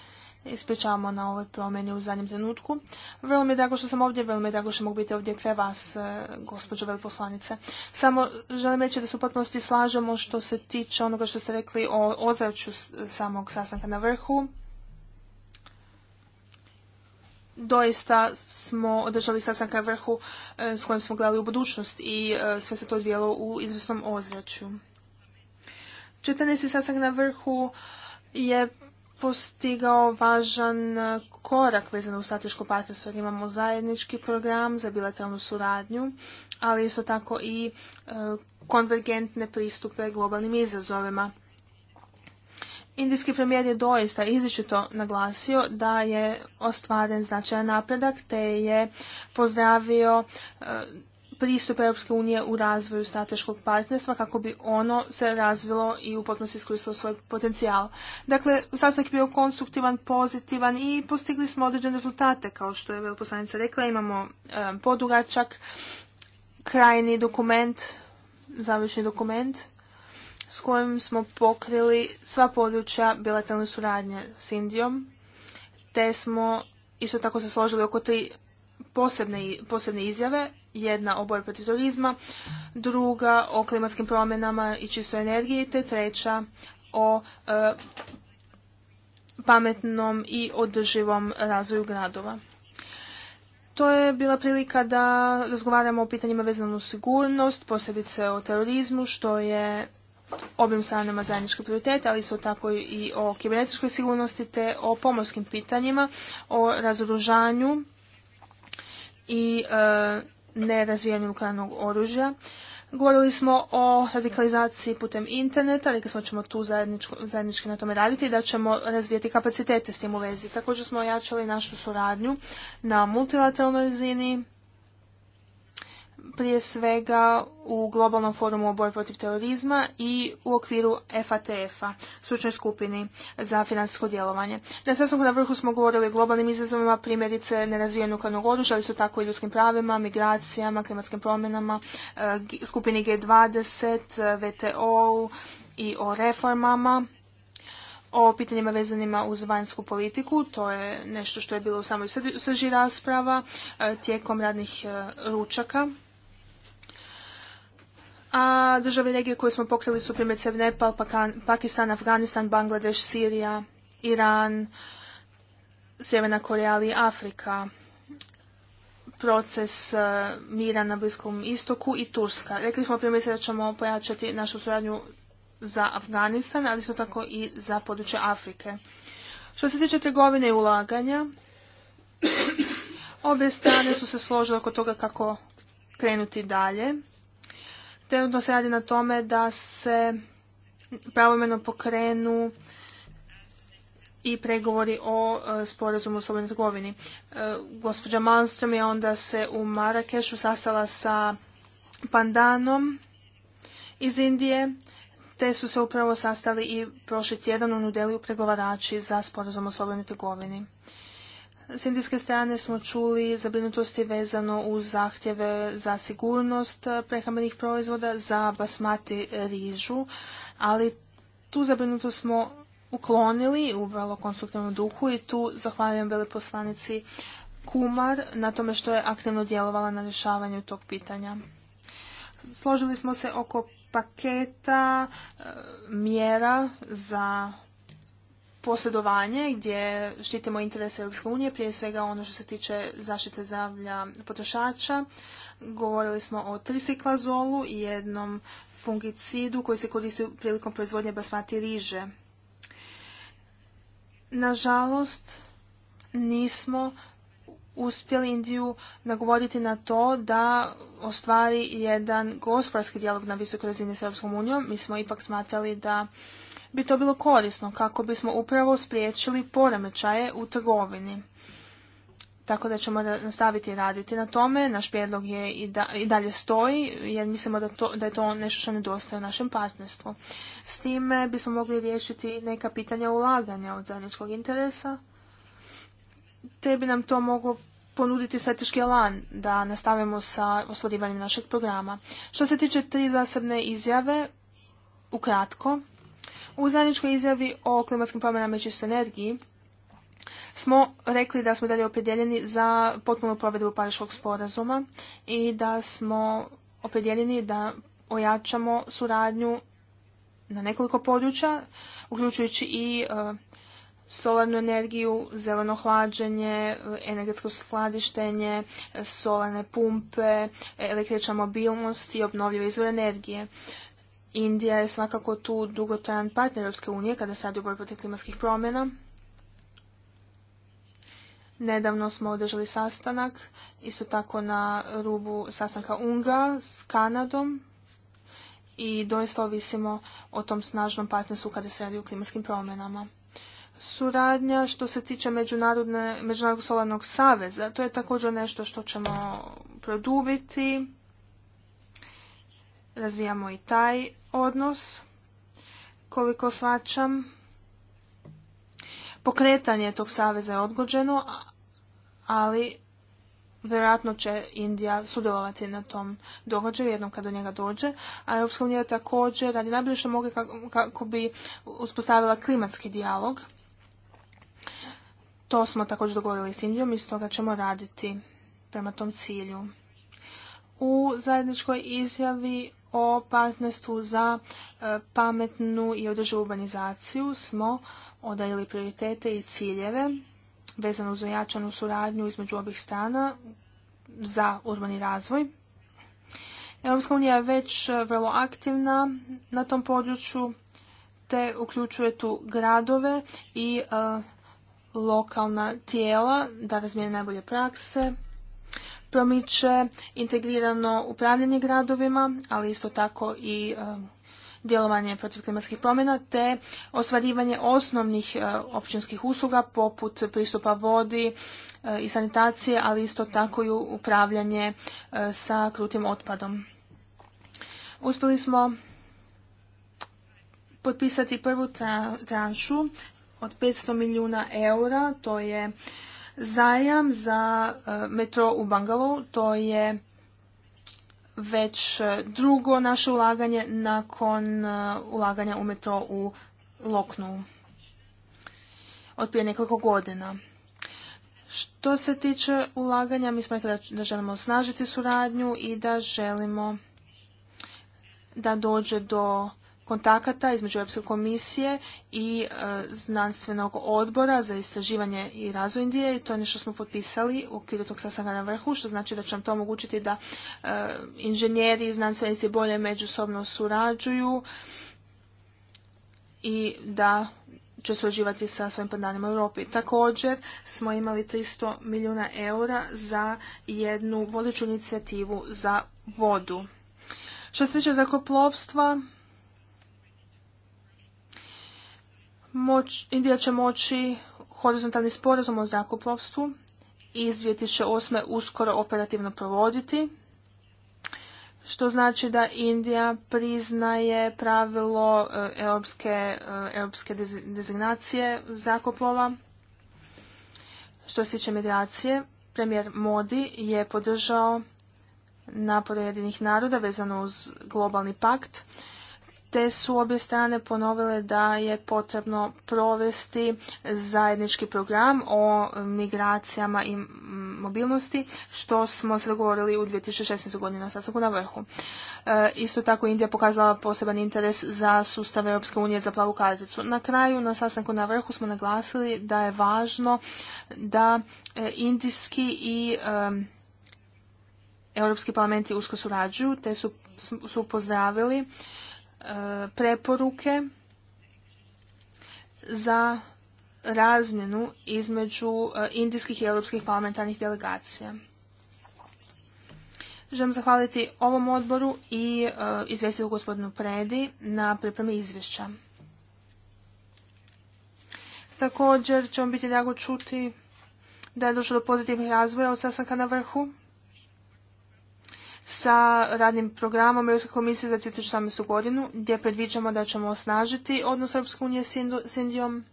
ispričavamo na ovoj promjeni u zadnjem trenutku. Vrlo mi je drago što sam ovdje, vrlo mi je drago što mogu biti ovdje kraj vas, eh, gospođo veliposlanice. Samo želim reći da se u potpunosti slažemo što se tiče onoga što ste rekli o ozračju samog sastanka na vrhu doista smo održali sastanak na vrhu e, s kojim smo gledali u budućnost i e, sve se to odvijalo u izvrsnom ozračju. 14. sastanak na vrhu je postigao važan e, korak vezan u strateško partnerstvo. Imamo zajednički program za bilateralnu suradnju, ali isto tako i konvergentne pristupe globalnim izazovima. Indijski premijer je doista izričito naglasio da je ostvaren značajan napredak te je pozdravio e, pristup Europske unije u razvoju strateškog partnerstva kako bi ono se razvilo i u potpunosti iskoristilo svoj potencijal. Dakle, sastanak bio konstruktivan, pozitivan i postigli smo određene rezultate, kao što je veleposlanica rekla, imamo e, podugačak, krajni dokument, završni dokument s kojim smo pokrili sva područja bilateralne suradnje s Indijom, te smo isto tako se složili oko tri posebne, posebne izjave, jedna o borbi protiv turizma, druga o klimatskim promjenama i čistoj energiji, te treća o e, pametnom i održivom razvoju gradova. To je bila prilika da razgovaramo o pitanjima vezanom uz sigurnost, posebice o terorizmu, što je obim stranama zajednički prioritet, ali isto tako i o kibernetičkoj sigurnosti te o pomorskim pitanjima, o razoružanju i e, nerazvijanju nuklearnog oružja. Govorili smo o radikalizaciji putem interneta, rekli smo da ćemo tu zajednički na tome raditi i da ćemo razvijati kapacitete s tim u vezi. Također smo ojačali našu suradnju na multilateralnoj razini prije svega u globalnom forumu o borbi protiv terorizma i u okviru FATF-a, stručnoj skupini za financijsko djelovanje. Na sastanku na vrhu smo govorili o globalnim izazovima, primjerice nerazvijenu nuklearnog oružja, ali su tako i ljudskim pravima, migracijama, klimatskim promjenama, e, skupini G20, VTO i o reformama o pitanjima vezanima uz vanjsku politiku. To je nešto što je bilo u samoj srži rasprava e, tijekom radnih e, ručaka a države regije koje smo pokrili su primjerice Nepal, Pakistan, Afganistan, Bangladeš, Sirija, Iran, Sjeverna Koreja, ali Afrika proces e, mira na Bliskom istoku i Turska. Rekli smo primjerice da ćemo pojačati našu suradnju za Afganistan, ali isto tako i za područje Afrike. Što se tiče trgovine i ulaganja, obje strane su se složile oko toga kako krenuti dalje. Trenutno se radi na tome da se pravomeno pokrenu i pregovori o e, sporazumu o slobodnoj trgovini. E, gospođa Malmström je onda se u Marakešu sastala sa Pandanom iz Indije, te su se upravo sastali i prošli tjedan u Nudeliju pregovarači za sporazum o slobodnoj trgovini. S indijske strane smo čuli zabrinutosti vezano uz zahtjeve za sigurnost prehrambenih proizvoda, za basmati rižu, ali tu zabrinutost smo uklonili u vrlo konstruktivnom duhu i tu zahvaljujem veleposlanici Kumar na tome što je aktivno djelovala na rješavanju tog pitanja. Složili smo se oko paketa e, mjera za posjedovanje gdje štitimo interese Europske unije, prije svega ono što se tiče zaštite zdravlja potrošača. Govorili smo o trisiklazolu i jednom fungicidu koji se koristi prilikom proizvodnje basmati riže. Nažalost, nismo uspjeli Indiju nagovoriti na to da ostvari jedan gospodarski dijalog na visokoj razini s Europskom unijom. Mi smo ipak smatrali da bi to bilo korisno kako bismo upravo spriječili poremećaje u trgovini. Tako da ćemo nastaviti raditi na tome. Naš prijedlog je i, da, i dalje stoji jer mislimo da, to, da je to nešto što nedostaje u našem partnerstvu. S time bismo mogli riješiti neka pitanja ulaganja od zajedničkog interesa te bi nam to moglo ponuditi strateški alan da nastavimo sa ostvarivanjem našeg programa. Što se tiče tri zasebne izjave, ukratko, u zajedničkoj izjavi o klimatskim promjenama i čistoj energiji smo rekli da smo dalje opredjeljeni za potpunu provedbu Pariškog sporazuma i da smo opredjeljeni da ojačamo suradnju na nekoliko područja, uključujući i e, solarnu energiju, zeleno hlađenje, energetsko skladištenje, e, solarne pumpe, e, električna mobilnost i obnovljive izvore energije. Indija je svakako tu dugotrajan partner Europske unije kada se radi o borbi protiv klimatskih promjena. Nedavno smo održali sastanak, isto tako na rubu sastanka UNGA s Kanadom i doista ovisimo o tom snažnom partnerstvu kada se radi o klimatskim promjenama. Suradnja što se tiče Međunarodne, Međunarodnog solarnog saveza, to je također nešto što ćemo produbiti. Razvijamo i taj odnos, koliko svačam, pokretanje tog saveza je odgođeno, ali vjerojatno će Indija sudjelovati na tom događaju jednom kad do njega dođe, a Europska unija također radi najbolje što mogu kako, bi uspostavila klimatski dijalog. To smo također dogovorili s Indijom i stoga ćemo raditi prema tom cilju u zajedničkoj izjavi o partnerstvu za e, pametnu i održivu urbanizaciju smo odajeli prioritete i ciljeve vezano uz ojačanu suradnju između obih strana za urbani razvoj. Europska unija je već vrlo aktivna na tom području te uključuje tu gradove i e, lokalna tijela da razmijene najbolje prakse promiče integrirano upravljanje gradovima, ali isto tako i e, djelovanje protiv klimatskih promjena te ostvarivanje osnovnih e, općinskih usluga poput pristupa vodi e, i sanitacije, ali isto tako i upravljanje sa krutim otpadom. Uspjeli smo potpisati prvu tranšu od 500 milijuna eura, to je Zajam za e, metro u Bangalovu, to je već e, drugo naše ulaganje nakon e, ulaganja u metro u Loknu od prije nekoliko godina. Što se tiče ulaganja, mi smo rekli da želimo osnažiti suradnju i da želimo da dođe do kontakata između Europske komisije i e, znanstvenog odbora za istraživanje i razvoj Indije i to je nešto smo potpisali u okviru tog sastanka na vrhu, što znači da će nam to omogućiti da e, inženjeri i znanstvenici bolje međusobno surađuju i da će surađivati sa svojim padanima u Europi. Također smo imali 300 milijuna eura za jednu vodeću inicijativu za vodu. Što se tiče zakoplovstva, moć, Indija će moći horizontalni sporazum o zakoplovstvu iz 2008. uskoro operativno provoditi, što znači da Indija priznaje pravilo e, europske, e, europske dezignacije zakoplova. Što se tiče migracije, premijer Modi je podržao napore jedinih naroda vezano uz globalni pakt te su obje strane ponovile da je potrebno provesti zajednički program o migracijama i mobilnosti, što smo se dogovorili u 2016. godini na sastanku na vrhu. E, isto tako Indija pokazala poseban interes za sustav Europske unije za plavu karticu. Na kraju, na sastanku na vrhu smo naglasili da je važno da e, indijski i e, europski parlamenti usko surađuju, te su, su pozdravili preporuke za razmjenu između e, indijskih i europskih parlamentarnih delegacija. Želim zahvaliti ovom odboru i e, u gospodinu Predi na pripremi izvješća. Također ćemo biti drago čuti da je došlo do pozitivnih razvoja od sastanka na vrhu sa radnim programom Europske komisije za 2018. godinu gdje predviđamo da ćemo osnažiti odnos Europske unije s Indijom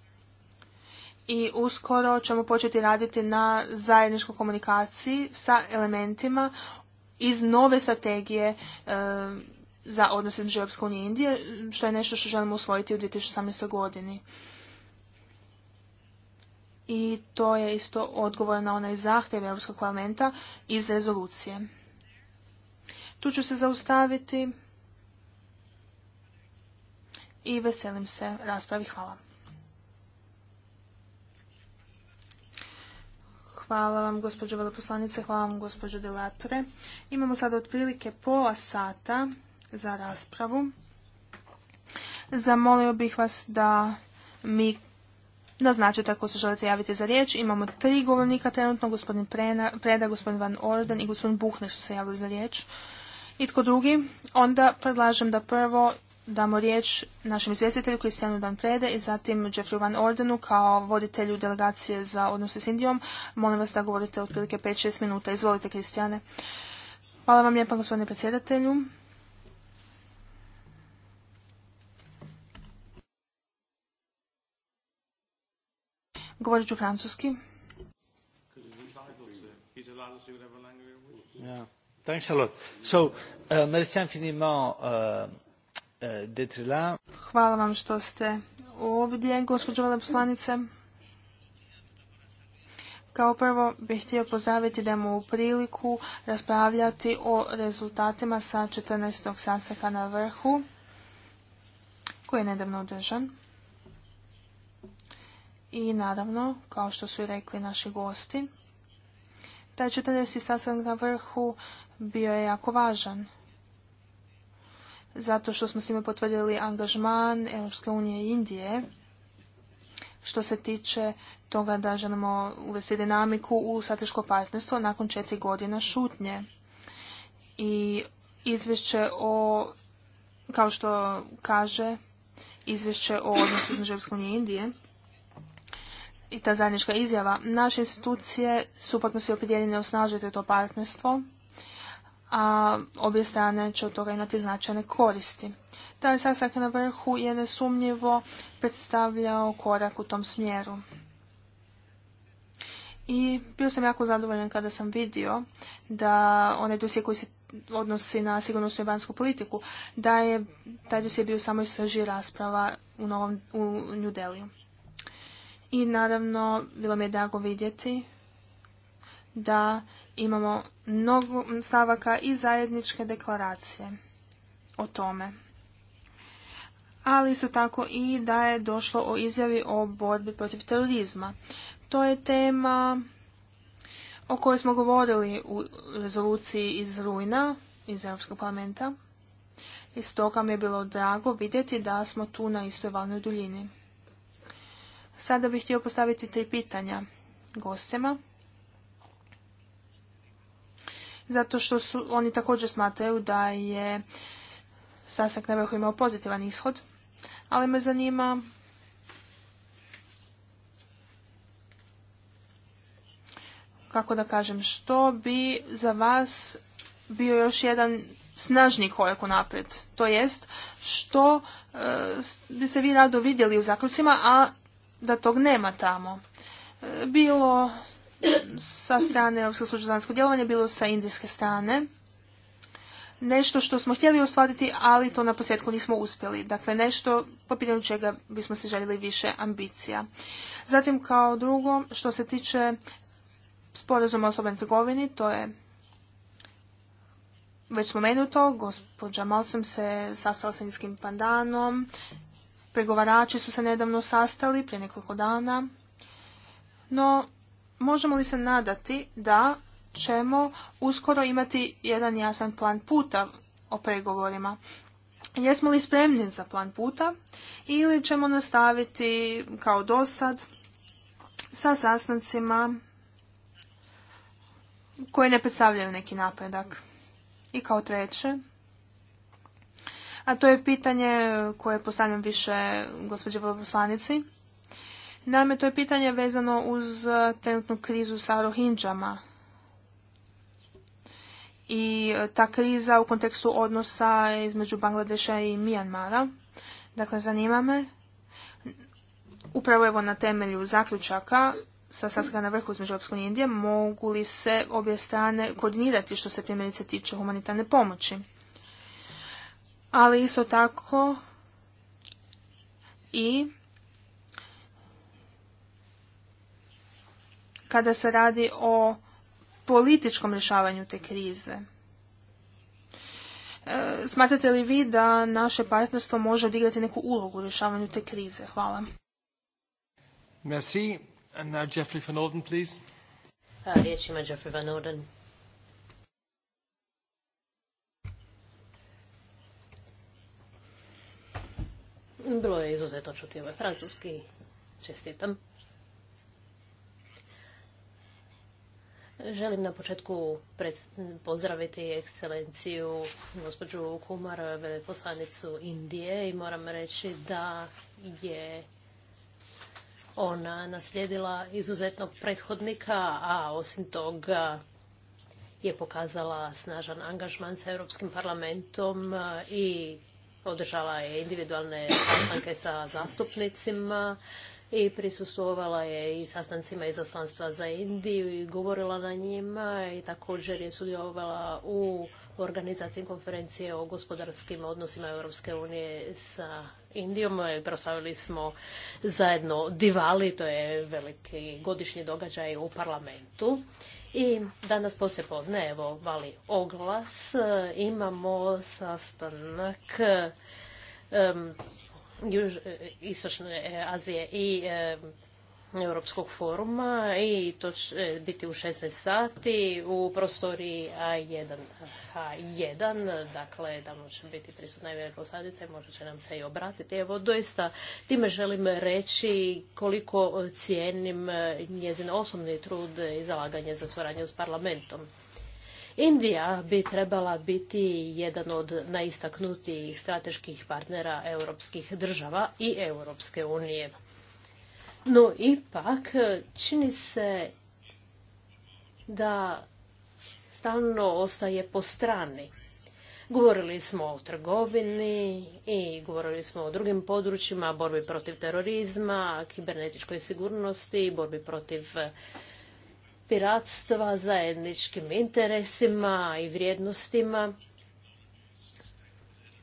i uskoro ćemo početi raditi na zajedničkoj komunikaciji sa elementima iz nove strategije e, za odnose između Europske unije i Indije, što je nešto što želimo usvojiti u 2018. godini. I to je isto odgovor na onaj zahtjev Europskog parlamenta iz rezolucije. Tu ću se zaustaviti i veselim se raspravi. Hvala. Hvala vam, gospođo veloposlanice, hvala vam, gospođo Delatre. Imamo sada otprilike pola sata za raspravu. Zamolio bih vas da mi naznačite ako se želite javiti za riječ. Imamo tri govornika trenutno, gospodin Preda, gospodin Van Orden i gospodin Buhner su se javili za riječ. I tko drugi? Onda predlažem da prvo damo riječ našem izvjestitelju Kristijanu Dan Prede i zatim Jeffrey Van Ordenu kao voditelju delegacije za odnose s Indijom. Molim vas da govorite otprilike 5-6 minuta. Izvolite Kristijane. Hvala vam lijepa gospodine predsjedatelju. Govorit ću francuski. Thanks a uh, uh, uh, Hvala vam što ste ovdje, gospođo veleposlanice. Kao prvo bih htio pozdraviti da imamo priliku raspravljati o rezultatima sa 14. sastanka na vrhu koji je nedavno održan. I naravno, kao što su i rekli naši gosti, taj 14. sastanak na vrhu bio je jako važan. Zato što smo s njima potvrdili angažman Europske unije i Indije što se tiče toga da želimo uvesti dinamiku u strateško partnerstvo nakon četiri godina šutnje. I izvješće o, kao što kaže, izvješće o odnosu između Europske unije i Indije, i ta zajednička izjava. Naše institucije su potpuno se opredjeljene osnažiti to partnerstvo a obje strane će od toga imati značajne koristi. Taj sastanak na vrhu je nesumnjivo predstavljao korak u tom smjeru. I bio sam jako zadovoljan kada sam vidio da onaj dosje koji se odnosi na sigurnosnu i vanjsku politiku, da je taj dosje bio samo i srži rasprava u, novom, New Deliju. I naravno, bilo mi je drago vidjeti da imamo mnogo stavaka i zajedničke deklaracije o tome. Ali su tako i da je došlo o izjavi o borbi protiv terorizma. To je tema o kojoj smo govorili u rezoluciji iz Rujna, iz Europskog parlamenta. I stoga mi je bilo drago vidjeti da smo tu na istoj valnoj duljini. Sada bih htio postaviti tri pitanja gostima zato što su oni također smatraju da je sasak na imao pozitivan ishod, ali me zanima kako da kažem, što bi za vas bio još jedan snažni korak unaprijed. To jest, što e, biste vi rado vidjeli u zaključima, a da tog nema tamo. E, bilo sa strane Europskog služba vanjsko djelovanje, bilo sa indijske strane. Nešto što smo htjeli ostvariti, ali to na posljedku nismo uspjeli. Dakle, nešto po pitanju čega bismo se željeli više ambicija. Zatim, kao drugo, što se tiče sporazuma o slobodnoj trgovini, to je već spomenuto, gospođa Malsom se sastala sa indijskim pandanom, pregovarači su se nedavno sastali, prije nekoliko dana, no možemo li se nadati da ćemo uskoro imati jedan jasan plan puta o pregovorima? Jesmo li spremni za plan puta ili ćemo nastaviti kao dosad sa sastancima koje ne predstavljaju neki napredak? I kao treće, a to je pitanje koje postavljam više gospođe veleposlanici. Naime, to je pitanje vezano uz uh, trenutnu krizu sa Rohinđama. I uh, ta kriza u kontekstu odnosa između Bangladeša i Mijanmara. Dakle, zanima me, upravo evo na temelju zaključaka sa sastanka na vrhu između Europske i Indije, mogu li se obje strane koordinirati što se primjerice tiče humanitarne pomoći. Ali isto tako i kada se radi o političkom rješavanju te krize. E, smatrate li vi da naše partnerstvo može odigrati neku ulogu u rješavanju te krize? Hvala. Merci. And now Jeffrey Van Orden, please. Riječ ima Jeffrey Van Orden. Bilo je izuzetno čuti ovaj francuski. Čestitam. Želim na početku pozdraviti ekscelenciju gospođu Kumar, veleposlanicu Indije i moram reći da je ona naslijedila izuzetnog prethodnika, a osim toga je pokazala snažan angažman sa Europskim parlamentom i održala je individualne sastanke sa zastupnicima i prisustvovala je i sastancima izaslanstva za Indiju i govorila na njima i također je sudjelovala u organizaciji konferencije o gospodarskim odnosima Europske unije sa Indijom. E, proslavili smo zajedno Divali, to je veliki godišnji događaj u parlamentu. I danas poslije podne, evo, vali oglas, imamo sastanak Juž, e, Istočne e, Azije i e, Europskog foruma i to će biti u 16 sati u prostoriji A1H1, dakle da će biti prisutna i posadice i možda će nam se i obratiti. Evo doista time želim reći koliko cijenim njezin osobni trud i zalaganje za suradnju s parlamentom. Indija bi trebala biti jedan od najistaknutijih strateških partnera europskih država i Europske unije. No ipak čini se da stalno ostaje po strani. Govorili smo o trgovini i govorili smo o drugim područjima, borbi protiv terorizma, kibernetičkoj sigurnosti, borbi protiv piratstva, zajedničkim interesima i vrijednostima,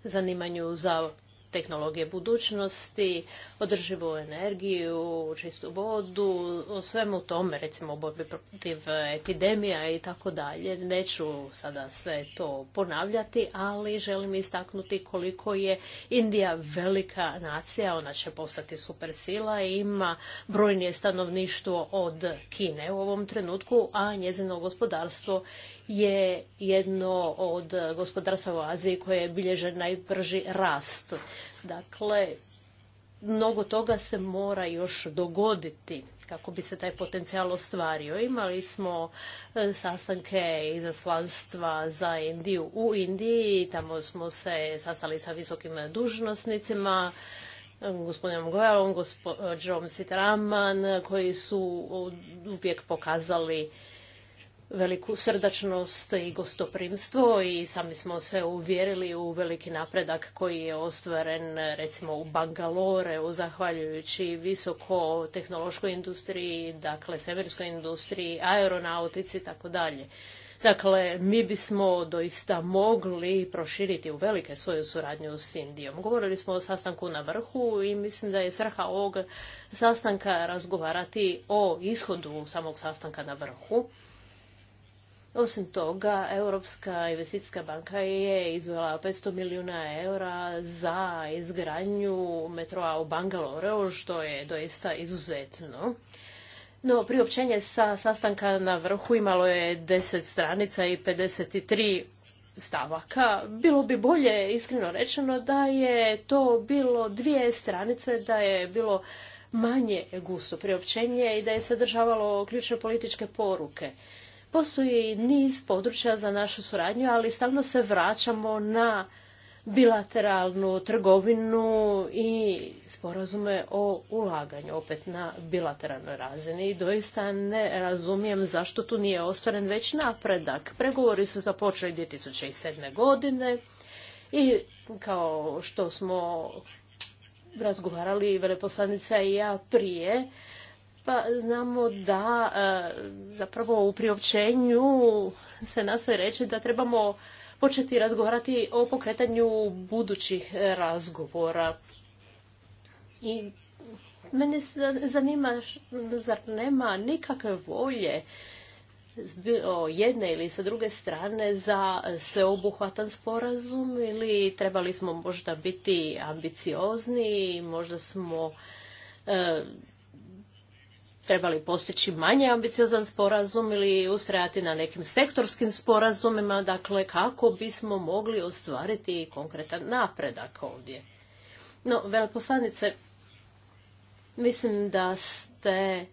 zanimanju za tehnologije budućnosti, održivu energiju, čistu vodu, o svemu tome, recimo o borbi protiv epidemija i tako dalje. Neću sada sve to ponavljati, ali želim istaknuti koliko je Indija velika nacija, ona će postati supersila ima brojnije stanovništvo od Kine u ovom trenutku, a njezino gospodarstvo je jedno od gospodarstva u Aziji koje bilježe najbrži rast. Dakle, mnogo toga se mora još dogoditi kako bi se taj potencijal ostvario. Imali smo e, sastanke izaslanstva za Indiju u Indiji, tamo smo se sastali sa visokim dužnosnicima, gospodinom Gojalom, gospođom Sitraman, koji su uvijek pokazali veliku srdačnost i gostoprimstvo i sami smo se uvjerili u veliki napredak koji je ostvaren recimo u Bangalore u zahvaljujući visoko tehnološkoj industriji, dakle severskoj industriji, aeronautici i tako dalje. Dakle, mi bismo doista mogli proširiti u velike svoju suradnju s Indijom. Govorili smo o sastanku na vrhu i mislim da je svrha ovog sastanka razgovarati o ishodu samog sastanka na vrhu osim toga, Europska investicijska banka je izvela 500 milijuna eura za izgradnju metroa u Bangaloreu, što je doista izuzetno. No, priopćenje sa sastanka na vrhu imalo je 10 stranica i 53 stavaka. Bilo bi bolje, iskreno rečeno, da je to bilo dvije stranice, da je bilo manje gusto priopćenje i da je sadržavalo ključne političke poruke. Postoji niz područja za našu suradnju, ali stalno se vraćamo na bilateralnu trgovinu i sporazume o ulaganju opet na bilateralnoj razini i doista ne razumijem zašto tu nije ostvaren već napredak. Pregovori su započeli 2007. godine i kao što smo razgovarali veleposlanica i ja prije, pa znamo da e, zapravo u priopćenju se nastoje reći da trebamo početi razgovarati o pokretanju budućih razgovora. I mene zanima, zar nema nikakve volje o jedne ili sa druge strane za sveobuhvatan sporazum ili trebali smo možda biti ambiciozni, možda smo e, trebali postići manje ambiciozan sporazum ili ustrajati na nekim sektorskim sporazumima, dakle kako bismo mogli ostvariti konkretan napredak ovdje. No, veleposlanice, mislim da ste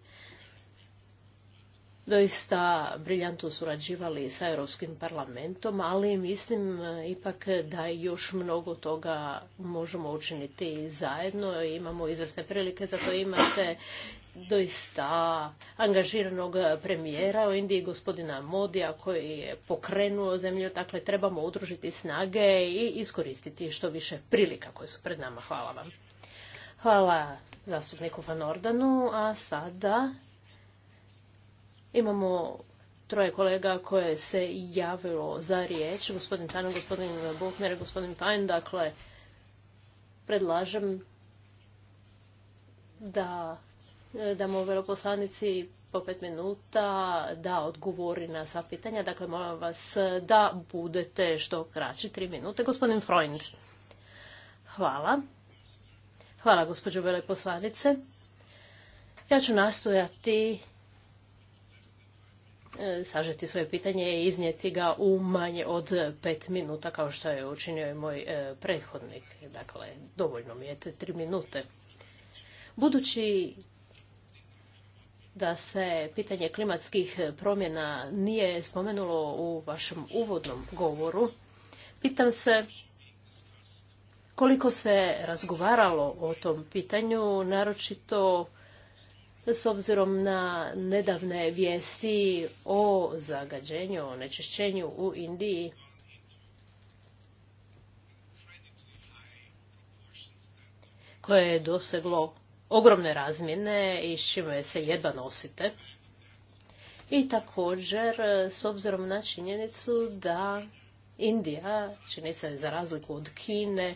doista briljantno surađivali sa Europskim parlamentom, ali mislim e, ipak da još mnogo toga možemo učiniti zajedno. Imamo izvrsne prilike, zato imate doista angažiranog premijera u Indiji, gospodina Modija, koji je pokrenuo zemlju. Dakle, trebamo udružiti snage i iskoristiti što više prilika koje su pred nama. Hvala vam. Hvala zastupniku Van Ordanu, a sada imamo troje kolega koje se javilo za riječ. Gospodin Tano, gospodin Bokner, gospodin Pajn. Dakle, predlažem da E, da mu veloposlanici po pet minuta da odgovori na sva pitanja. Dakle, molim vas da budete što kraći, tri minute. Gospodin Freund. Hvala. Hvala, gospođo veleposlanice. Ja ću nastojati e, sažeti svoje pitanje i iznijeti ga u manje od pet minuta, kao što je učinio i moj e, prethodnik. Dakle, dovoljno mi je te tri minute. Budući da se pitanje klimatskih promjena nije spomenulo u vašem uvodnom govoru. Pitam se koliko se razgovaralo o tom pitanju, naročito s obzirom na nedavne vijesti o zagađenju, o nečišćenju u Indiji. koje je doseglo ogromne razmjene i s čime se jedva nosite. I također, s obzirom na činjenicu da Indija, čini se za razliku od Kine,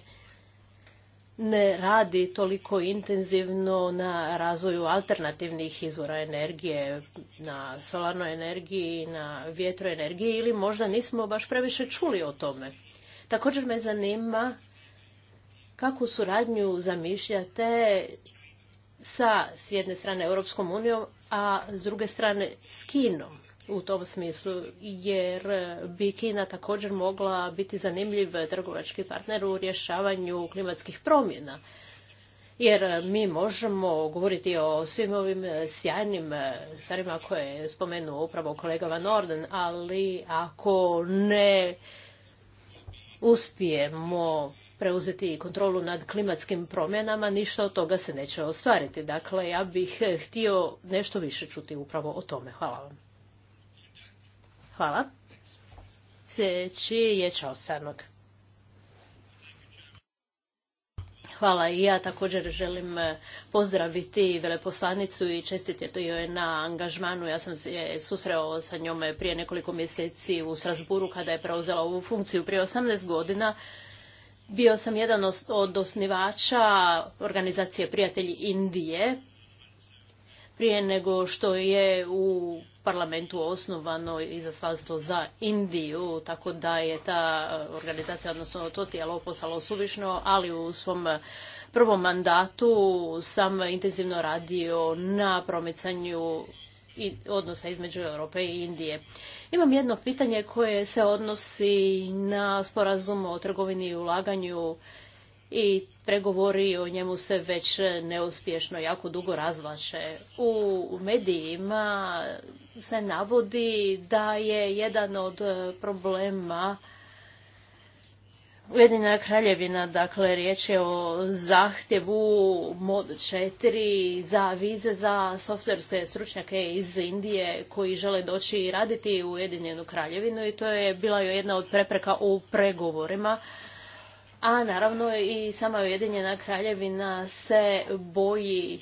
ne radi toliko intenzivno na razvoju alternativnih izvora energije, na solarnoj energiji, na vjetroenergiji ili možda nismo baš previše čuli o tome. Također me zanima kakvu suradnju zamišljate sa s jedne strane Europskom unijom, a s druge strane s Kinom u tom smislu, jer bi Kina također mogla biti zanimljiv trgovački partner u rješavanju klimatskih promjena. Jer mi možemo govoriti o svim ovim sjajnim stvarima koje je spomenuo upravo kolega Van Orden, ali ako ne uspijemo preuzeti kontrolu nad klimatskim promjenama, ništa od toga se neće ostvariti. Dakle, ja bih eh, htio nešto više čuti upravo o tome. Hvala vam. Hvala. Sljedeći je Čao Hvala i ja također želim eh, pozdraviti veleposlanicu i to joj na angažmanu. Ja sam se susreo sa njome prije nekoliko mjeseci u Strasburu kada je preuzela ovu funkciju. Prije 18 godina bio sam jedan od osnivača organizacije Prijatelji Indije. Prije nego što je u parlamentu osnovano izaslanstvo za Indiju, tako da je ta e, organizacija, odnosno to tijelo postalo suvišno, ali u svom prvom mandatu sam intenzivno radio na promicanju i odnosa između Europe i Indije. Imam jedno pitanje koje se odnosi na sporazum o trgovini i ulaganju i pregovori o njemu se već neuspješno jako dugo razvlače. U medijima se navodi da je jedan od problema Ujedinjena kraljevina, dakle, riječ je o zahtjevu mod 4 za vize za softverske stručnjake iz Indije koji žele doći i raditi u Ujedinjenu kraljevinu i to je bila jedna od prepreka u pregovorima. A naravno i sama Ujedinjena kraljevina se boji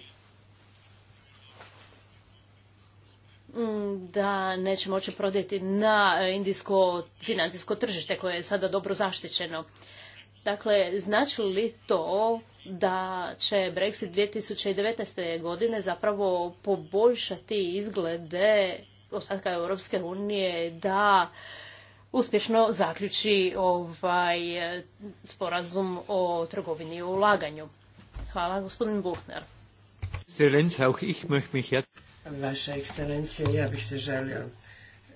Mm, da neće moći prodjeti na e, indijsko financijsko tržište koje je sada dobro zaštićeno. Dakle, znači li to da će Brexit 2019. godine zapravo poboljšati izglede ostatka Europske unije da uspješno zaključi ovaj e, sporazum o trgovini i ulaganju. Hvala, gospodin Buchner. Vaša ekscelencija, ja bih se želio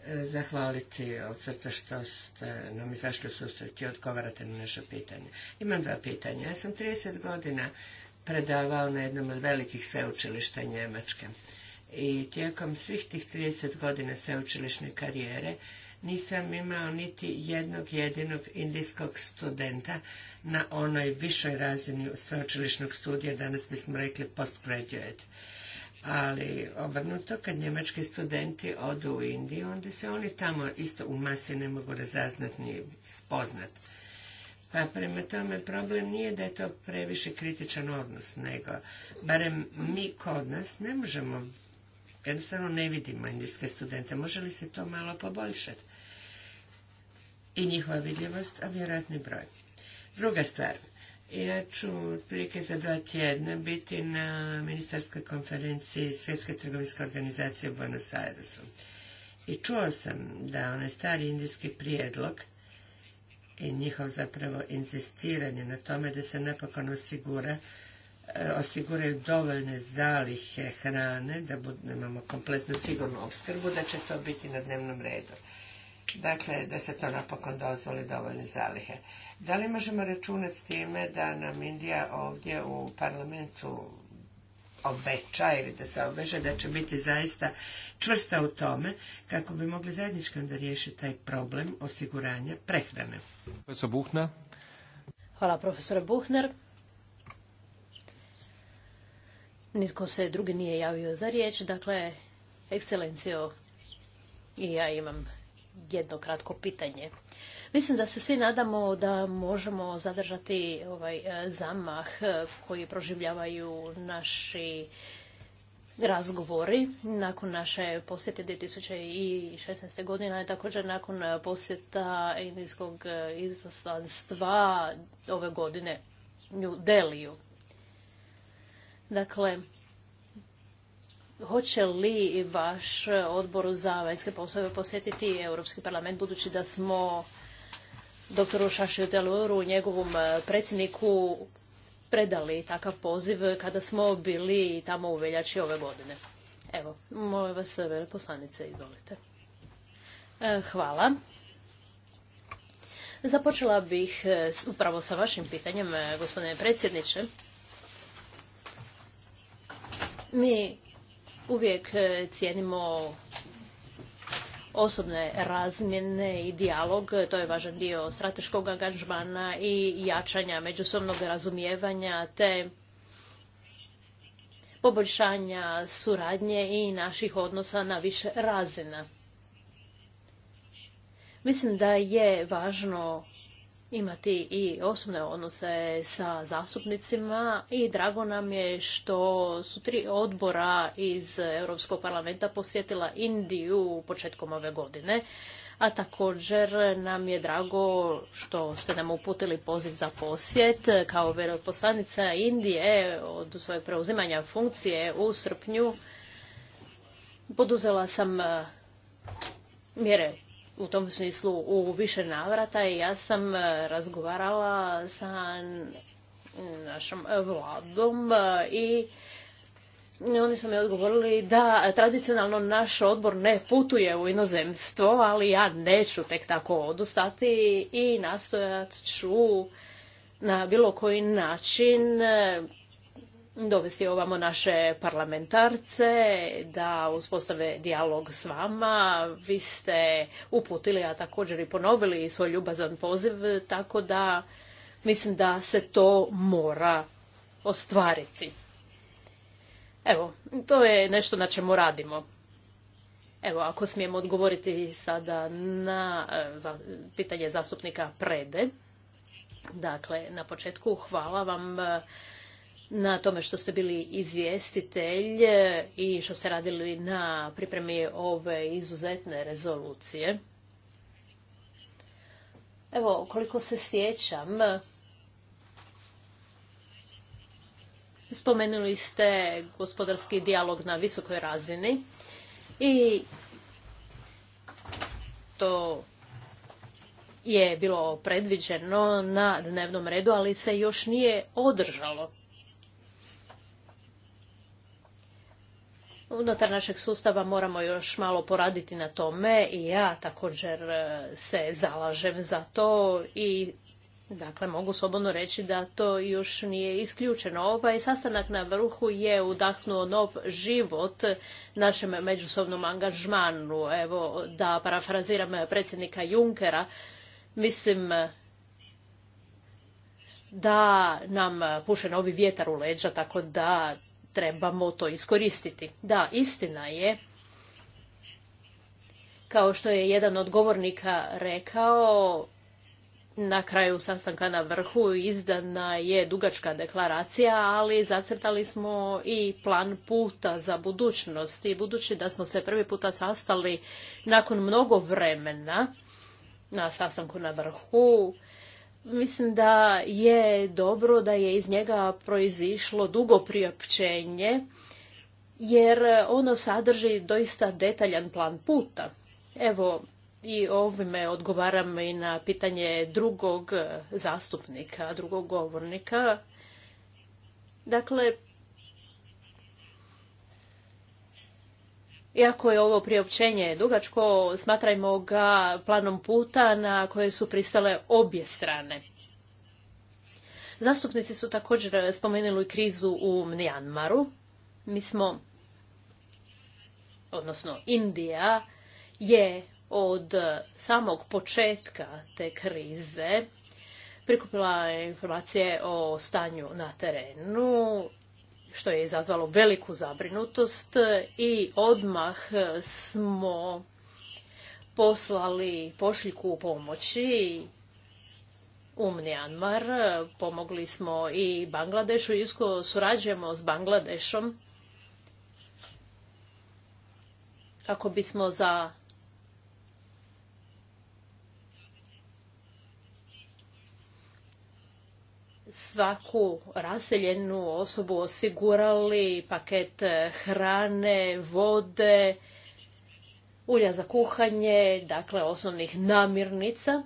e, zahvaliti od srca što ste nam izašli susret i odgovarate na naše pitanje. Imam dva pitanja. Ja sam 30 godina predavao na jednom od velikih sveučilišta Njemačke. I tijekom svih tih 30 godina sveučilišne karijere nisam imao niti jednog jedinog indijskog studenta na onoj višoj razini sveučilišnog studija, danas bismo rekli postgraduate. Ali obrnuto, kad njemački studenti odu u Indiju, onda se oni tamo isto u masi ne mogu razaznati ni spoznat. Pa prema tome problem nije da je to previše kritičan odnos, nego barem mi kod nas ne možemo, jednostavno ne vidimo indijske studente. Može li se to malo poboljšati? I njihova vidljivost, a vjerojatno broj. Druga stvar, ja ću otprilike za dva tjedna biti na ministarskoj konferenciji Svjetske trgovinske organizacije u Buenos Airesu. I čuo sam da onaj stari indijski prijedlog i njihov zapravo inzistiranje na tome da se napokon osigura e, osiguraju dovoljne zalihe hrane, da imamo kompletno sigurnu opskrbu, da će to biti na dnevnom redu. Dakle, da se to napokon dozvoli dovoljne zalihe. Da li možemo računati s time da nam Indija ovdje u parlamentu obeća ili da se obeže da će biti zaista čvrsta u tome kako bi mogli zajednički da riješiti taj problem osiguranja prehrane. Profesor Hvala profesore Buhner. Nitko se drugi nije javio za riječ, dakle, ekscelencijo, i ja imam jedno kratko pitanje. Mislim da se svi nadamo da možemo zadržati ovaj e, zamah e, koji proživljavaju naši razgovori nakon naše posjete 2016. godine, a također nakon posjeta indijskog e, izaslanstva ove godine u Deliju. Dakle, hoće li vaš odbor za vanjske poslove posjetiti Europski parlament, budući da smo doktoru Šašiju i njegovom e, predsjedniku, predali takav poziv kada smo bili tamo u veljači ove godine. Evo, molim vas, veleposlanice, izvolite. E, hvala. Započela bih e, upravo sa vašim pitanjem, gospodine predsjedniče. Mi uvijek cijenimo osobne razmjene i dijalog. To je važan dio strateškog angažmana i jačanja međusobnog razumijevanja te poboljšanja suradnje i naših odnosa na više razina. Mislim da je važno imati i osobne odnose sa zastupnicima i drago nam je što su tri odbora iz Europskog parlamenta posjetila Indiju početkom ove godine. A također nam je drago što ste nam uputili poziv za posjet kao veleposlanica Indije od svojeg preuzimanja funkcije u srpnju. Poduzela sam e, mjere u tom smislu u više navrata i ja sam e, razgovarala sa našom e, vladom e, i oni su mi odgovorili da tradicionalno naš odbor ne putuje u inozemstvo, ali ja neću tek tako odustati i nastojat ću na bilo koji način dovesti ovamo naše parlamentarce, da uspostave dijalog s vama. Vi ste uputili, a također i ponovili svoj ljubazan poziv, tako da mislim da se to mora ostvariti. Evo, to je nešto na čemu radimo. Evo, ako smijemo odgovoriti sada na e, pitanje zastupnika Prede. Dakle, na početku hvala vam e, na tome što ste bili izvjestitelj e, i što ste radili na pripremi ove izuzetne rezolucije. Evo, koliko se sjećam, spomenuli ste gospodarski dijalog na visokoj razini i to je bilo predviđeno na dnevnom redu, ali se još nije održalo. Unutar našeg sustava moramo još malo poraditi na tome i ja također e, se zalažem za to i Dakle, mogu slobodno reći da to još nije isključeno. Ovaj sastanak na vrhu je udahnuo nov život našem međusobnom angažmanu. Evo, da parafraziram predsjednika Junkera, mislim da nam puše novi vjetar u leđa, tako da trebamo to iskoristiti. Da, istina je, kao što je jedan od govornika rekao, na kraju sastanka na vrhu izdana je dugačka deklaracija, ali zacrtali smo i plan puta za budućnost. I budući da smo se prvi puta sastali nakon mnogo vremena na sastanku na vrhu, Mislim da je dobro da je iz njega proizišlo dugo priopćenje, jer ono sadrži doista detaljan plan puta. Evo, i ovime odgovaram i na pitanje drugog zastupnika, drugog govornika. Dakle, Iako je ovo priopćenje dugačko, smatrajmo ga planom puta na koje su pristale obje strane. Zastupnici su također spomenuli krizu u Mnijanmaru. Mi smo, odnosno Indija, je od samog početka te krize prikupila informacije o stanju na terenu što je izazvalo veliku zabrinutost i odmah smo poslali pošiljku pomoći u Myanmar. pomogli smo i Bangladešu, isko surađujemo s Bangladešom kako bismo za svaku raseljenu osobu osigurali paket hrane, vode, ulja za kuhanje, dakle osnovnih namirnica.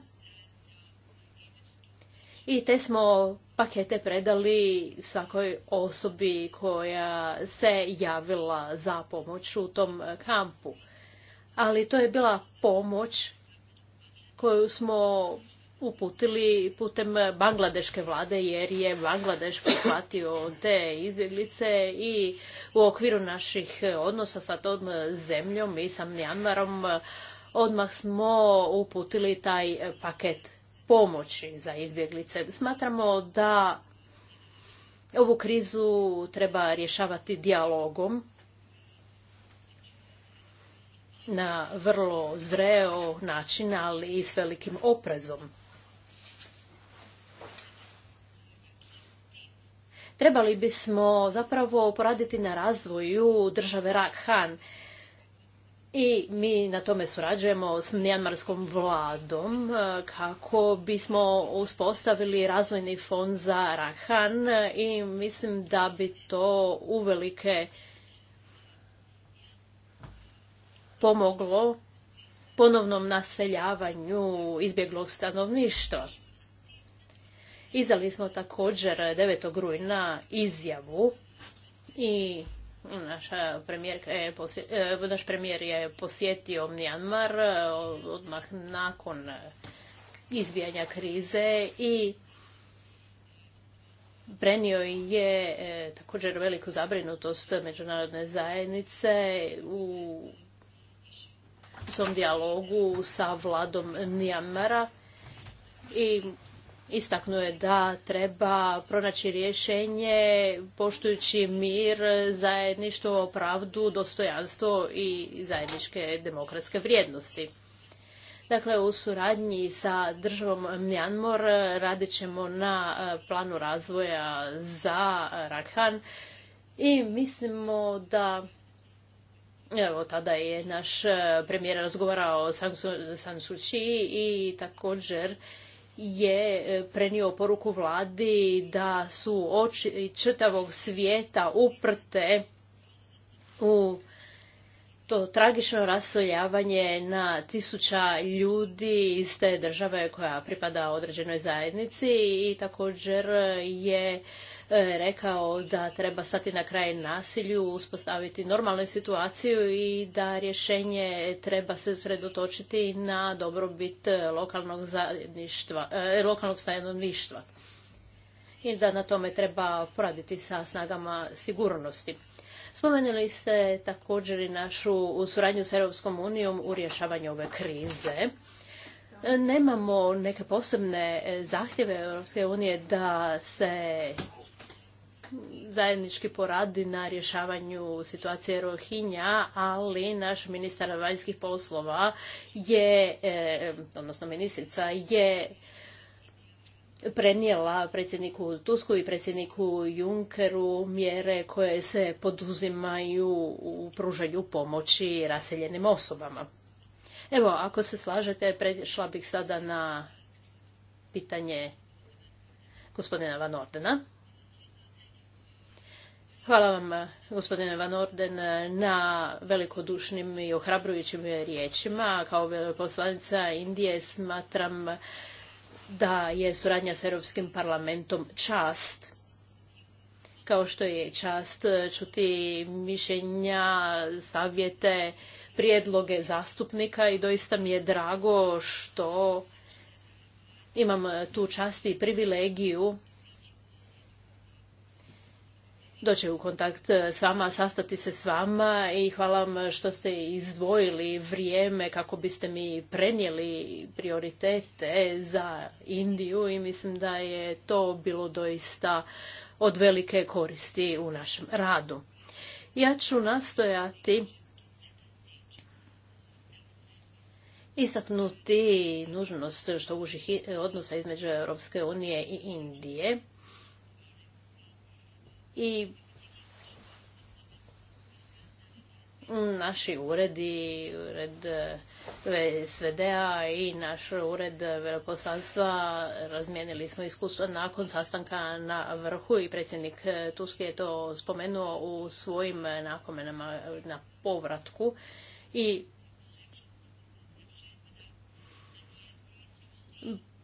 I te smo pakete predali svakoj osobi koja se javila za pomoć u tom kampu. Ali to je bila pomoć koju smo uputili putem bangladeške vlade jer je Bangladeš prihvatio te izbjeglice i u okviru naših odnosa sa tom zemljom i sa Mjanmarom odmah smo uputili taj paket pomoći za izbjeglice. Smatramo da ovu krizu treba rješavati dijalogom na vrlo zreo način, ali i s velikim oprezom. trebali bismo zapravo poraditi na razvoju države Rakhan. I mi na tome surađujemo s mnijanmarskom vladom e, kako bismo uspostavili razvojni fond za Rahan i mislim da bi to uvelike pomoglo ponovnom naseljavanju izbjeglog stanovništva. Izdali smo također 9. rujna izjavu i e, naš premijer je posjetio Mjanmar e, odmah nakon izbijanja krize i prenio je e, također veliku zabrinutost međunarodne zajednice u svom dijalogu sa vladom Mjanmara i Istaknuo je da treba pronaći rješenje poštujući mir, zajedništvo, pravdu, dostojanstvo i zajedničke demokratske vrijednosti. Dakle, u suradnji sa državom Mjanmor radit ćemo na e, planu razvoja za Rakhan i mislimo da Evo, tada je naš e, premijer razgovarao o San i također je e, prenio poruku vladi da su oči čitavog svijeta uprte u to tragično rasoljavanje na tisuća ljudi iz te države koja pripada određenoj zajednici i također je E, rekao da treba stati na kraj nasilju, uspostaviti normalnu situaciju i da rješenje treba se sredotočiti na dobrobit lokalnog, e, lokalnog stanovništva i da na tome treba poraditi sa snagama sigurnosti. Spomenuli ste također i našu suradnju s Europskom unijom u rješavanju ove krize. Nemamo neke posebne zahtjeve Europske unije da se zajednički poradi na rješavanju situacije Rohinja, ali naš ministar vanjskih poslova je, e, odnosno ministrica je prenijela predsjedniku Tusku i predsjedniku Junkeru mjere koje se poduzimaju u pružanju pomoći raseljenim osobama. Evo, ako se slažete, prešla bih sada na pitanje gospodina Van Ordena. Hvala vam, gospodine Van Orden, na velikodušnim i ohrabrujućim riječima. Kao veleposlanica Indije smatram da je suradnja s Europskim parlamentom čast kao što je čast čuti mišljenja, savjete, prijedloge zastupnika i doista mi je drago što imam tu čast i privilegiju doći u kontakt e, s vama, sastati se s vama i hvala vam što ste izdvojili vrijeme kako biste mi prenijeli prioritete za Indiju i mislim da je to bilo doista od velike koristi u našem radu. Ja ću nastojati istaknuti nužnost što užih odnosa između Europske unije i Indije i naši uredi, ured e, SVD-a i naš ured veleposlanstva razmijenili smo iskustva nakon sastanka na vrhu i predsjednik Tusk je to spomenuo u svojim napomenama na povratku i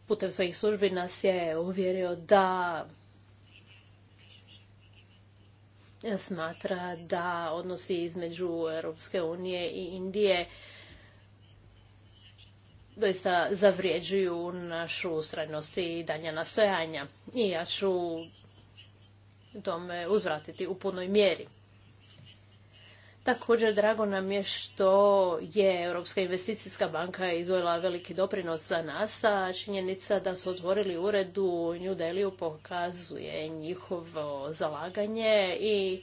putem svojih službi nas je uvjerio da smatra da odnosi između Europske unije i Indije doista zavrijeđuju našu ustrajnost i danja nastojanja. I ja ću tome uzvratiti u punoj mjeri. Također drago nam je što je Europska investicijska banka izvojila veliki doprinos za nas, a činjenica da su otvorili uredu u New deliju pokazuje njihovo zalaganje i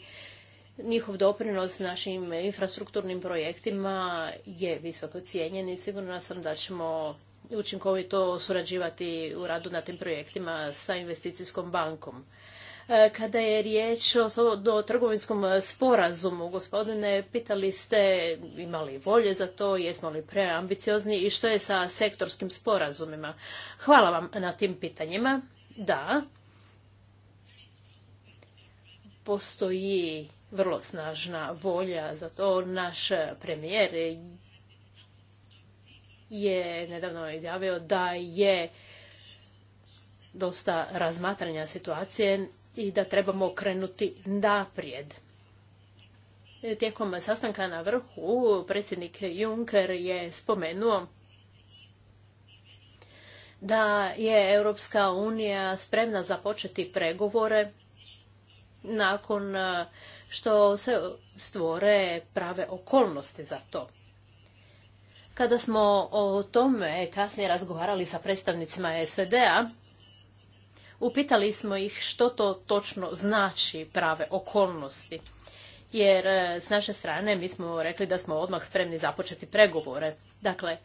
njihov doprinos našim infrastrukturnim projektima je visoko cijenjen i sigurno sam da ćemo učinkovito surađivati u radu na tim projektima sa investicijskom bankom. E, kada je riječ o, trgovinskom e, sporazumu. Gospodine, pitali ste imali volje za to, jesmo li preambiciozni i što je sa sektorskim sporazumima. Hvala vam na tim pitanjima. Da, postoji vrlo snažna volja za to. Naš premijer je nedavno izjavio da je dosta razmatranja situacije i da trebamo krenuti naprijed. E, tijekom sastanka na vrhu predsjednik Juncker je spomenuo da je Europska unija spremna započeti pregovore nakon e, što se stvore prave okolnosti za to. Kada smo o tome kasnije razgovarali sa predstavnicima SVD-a, Upitali smo ih što to točno znači prave okolnosti. Jer e, s naše strane mi smo rekli da smo odmah spremni započeti pregovore. Dakle,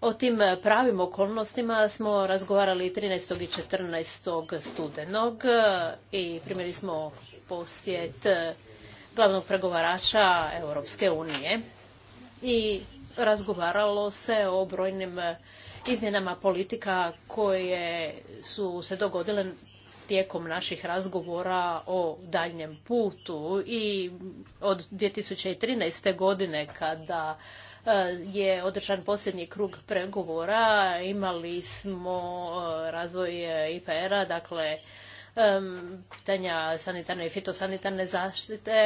o tim pravim okolnostima smo razgovarali 13. i 14. studenog e, i primili smo posjet e, glavnog pregovarača Europske unije i razgovaralo se o brojnim izmjenama politika koje su se dogodile tijekom naših razgovora o daljnjem putu i od 2013. godine kada e, je održan posljednji krug pregovora, imali smo e, razvoj IPR-a, dakle pitanja sanitarne i fitosanitarne zaštite,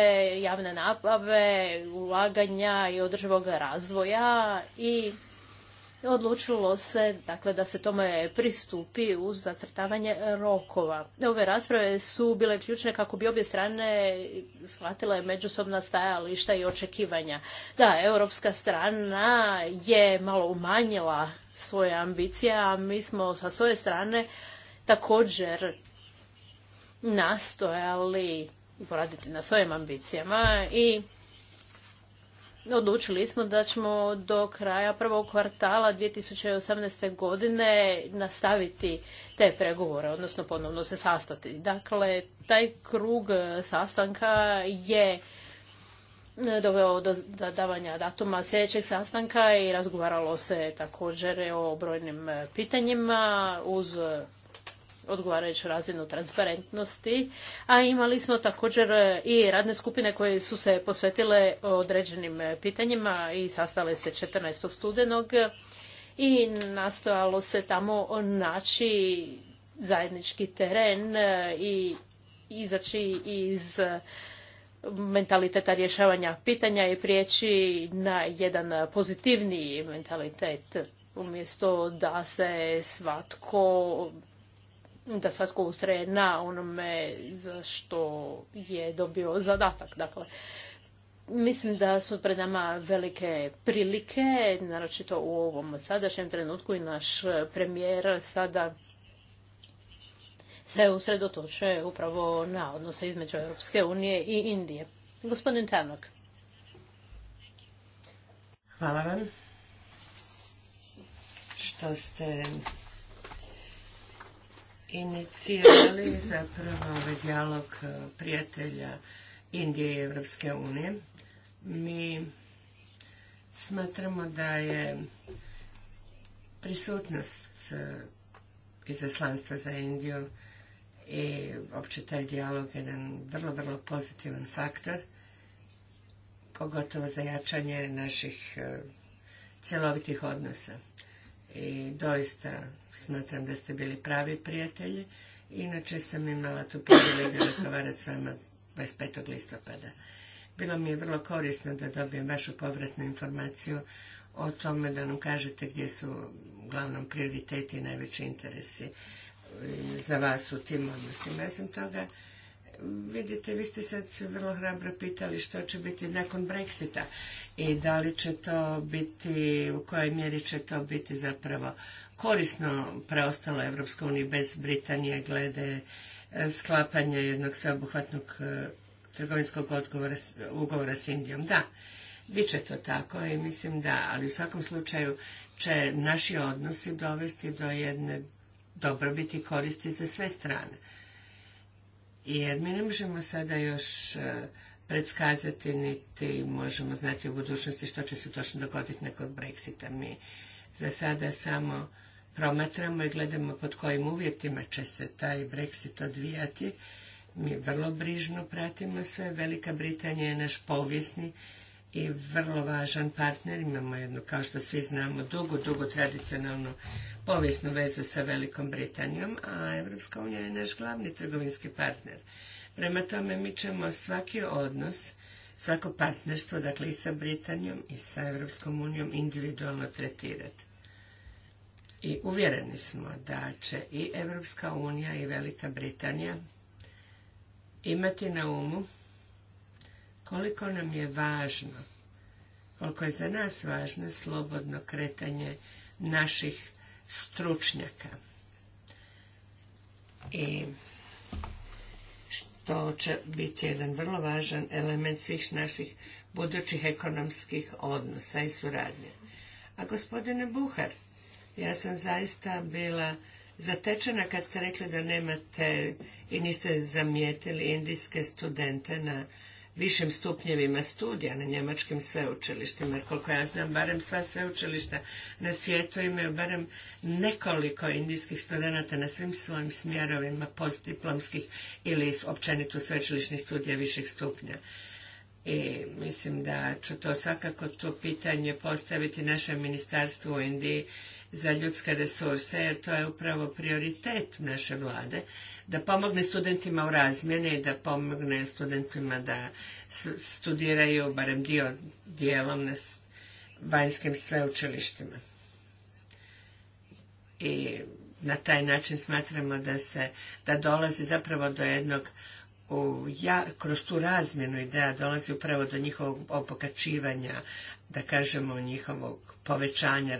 javne nabave, ulaganja i održivog razvoja i odlučilo se dakle, da se tome pristupi uz zacrtavanje rokova. Ove rasprave su bile ključne kako bi obje strane shvatile međusobna stajališta i očekivanja. Da, europska strana je malo umanjila svoje ambicije, a mi smo sa svoje strane također nastojali poraditi na svojim ambicijama i odlučili smo da ćemo do kraja prvog kvartala 2018. godine nastaviti te pregovore, odnosno ponovno se sastati. Dakle, taj krug sastanka je e, doveo do zadavanja datuma sljedećeg sastanka i razgovaralo se također o brojnim pitanjima uz odgovarajuću razinu transparentnosti, a imali smo također e, i radne skupine koje su se posvetile određenim pitanjima i sastale se 14. studenog i nastojalo se tamo naći zajednički teren e, i izaći iz mentaliteta rješavanja pitanja i prijeći na jedan pozitivniji mentalitet umjesto da se svatko da svatko usreje na onome za što je dobio zadatak. Dakle, mislim da su pred nama velike prilike, naročito u ovom sadašnjem trenutku i naš premijer sada se usredotočuje upravo na odnose između Europske unije i Indije. Gospodin Tanok. Hvala vam što ste inicirali zapravo ovaj dijalog e, prijatelja Indije i Evropske unije. Mi smatramo da je prisutnost e, izaslanstva za Indiju i opće taj dijalog jedan vrlo, vrlo pozitivan faktor, pogotovo za jačanje naših e, cjelovitih odnosa i doista smatram da ste bili pravi prijatelji. Inače sam imala tu privilegiju razgovarati s vama 25. listopada. Bilo mi je vrlo korisno da dobijem vašu povratnu informaciju o tome da nam kažete gdje su uglavnom prioriteti i najveći interesi e, za vas u tim odnosima. Ja sam toga vidite, vi ste sad vrlo hrabro pitali što će biti nakon Brexita i da li će to biti, u kojoj mjeri će to biti zapravo korisno preostalo Evropskoj uniji bez Britanije glede e, sklapanja jednog sveobuhvatnog e, trgovinskog ugovora s Indijom. Da, bit će to tako i mislim da, ali u svakom slučaju će naši odnosi dovesti do jedne dobrobiti koristi za sve strane jer mi ne možemo sada još e, predskazati niti možemo znati u budućnosti što će se točno dogoditi nakon Brexita. Mi za sada samo promatramo i gledamo pod kojim uvjetima će se taj Brexit odvijati. Mi vrlo brižno pratimo sve. Velika Britanija je naš povijesni i vrlo važan partner. Imamo jednu, kao što svi znamo, dugu, dugu tradicionalnu povijesnu vezu sa Velikom Britanijom, a Evropska unija je naš glavni trgovinski partner. Prema tome mi ćemo svaki odnos, svako partnerstvo, dakle i sa Britanijom i sa Evropskom unijom individualno tretirati. I uvjereni smo da će i Evropska unija i Velika Britanija imati na umu koliko nam je važno, koliko je za nas važno slobodno kretanje naših stručnjaka. I što će biti jedan vrlo važan element svih naših budućih ekonomskih odnosa i suradnje. A gospodine Buhar, ja sam zaista bila zatečena kad ste rekli da nemate i niste zamijetili indijske studente na višim stupnjevima studija na njemačkim sveučilištima, jer koliko ja znam, barem sva sveučilišta na svijetu imaju barem nekoliko indijskih studenata na svim svojim smjerovima postdiplomskih ili općenito sveučilišnih studija višeg stupnja. I mislim da ću to svakako to pitanje postaviti našem ministarstvu u Indiji za ljudske resurse, jer to je upravo prioritet naše vlade da pomogne studentima u razmjeni i da pomogne studentima da studiraju barem dio dijelom na vanjskim sveučilištima. I na taj način smatramo da se, da dolazi zapravo do jednog u ja, kroz tu razmjenu ideja dolazi upravo do njihovog opokačivanja, da kažemo njihovog povećanja,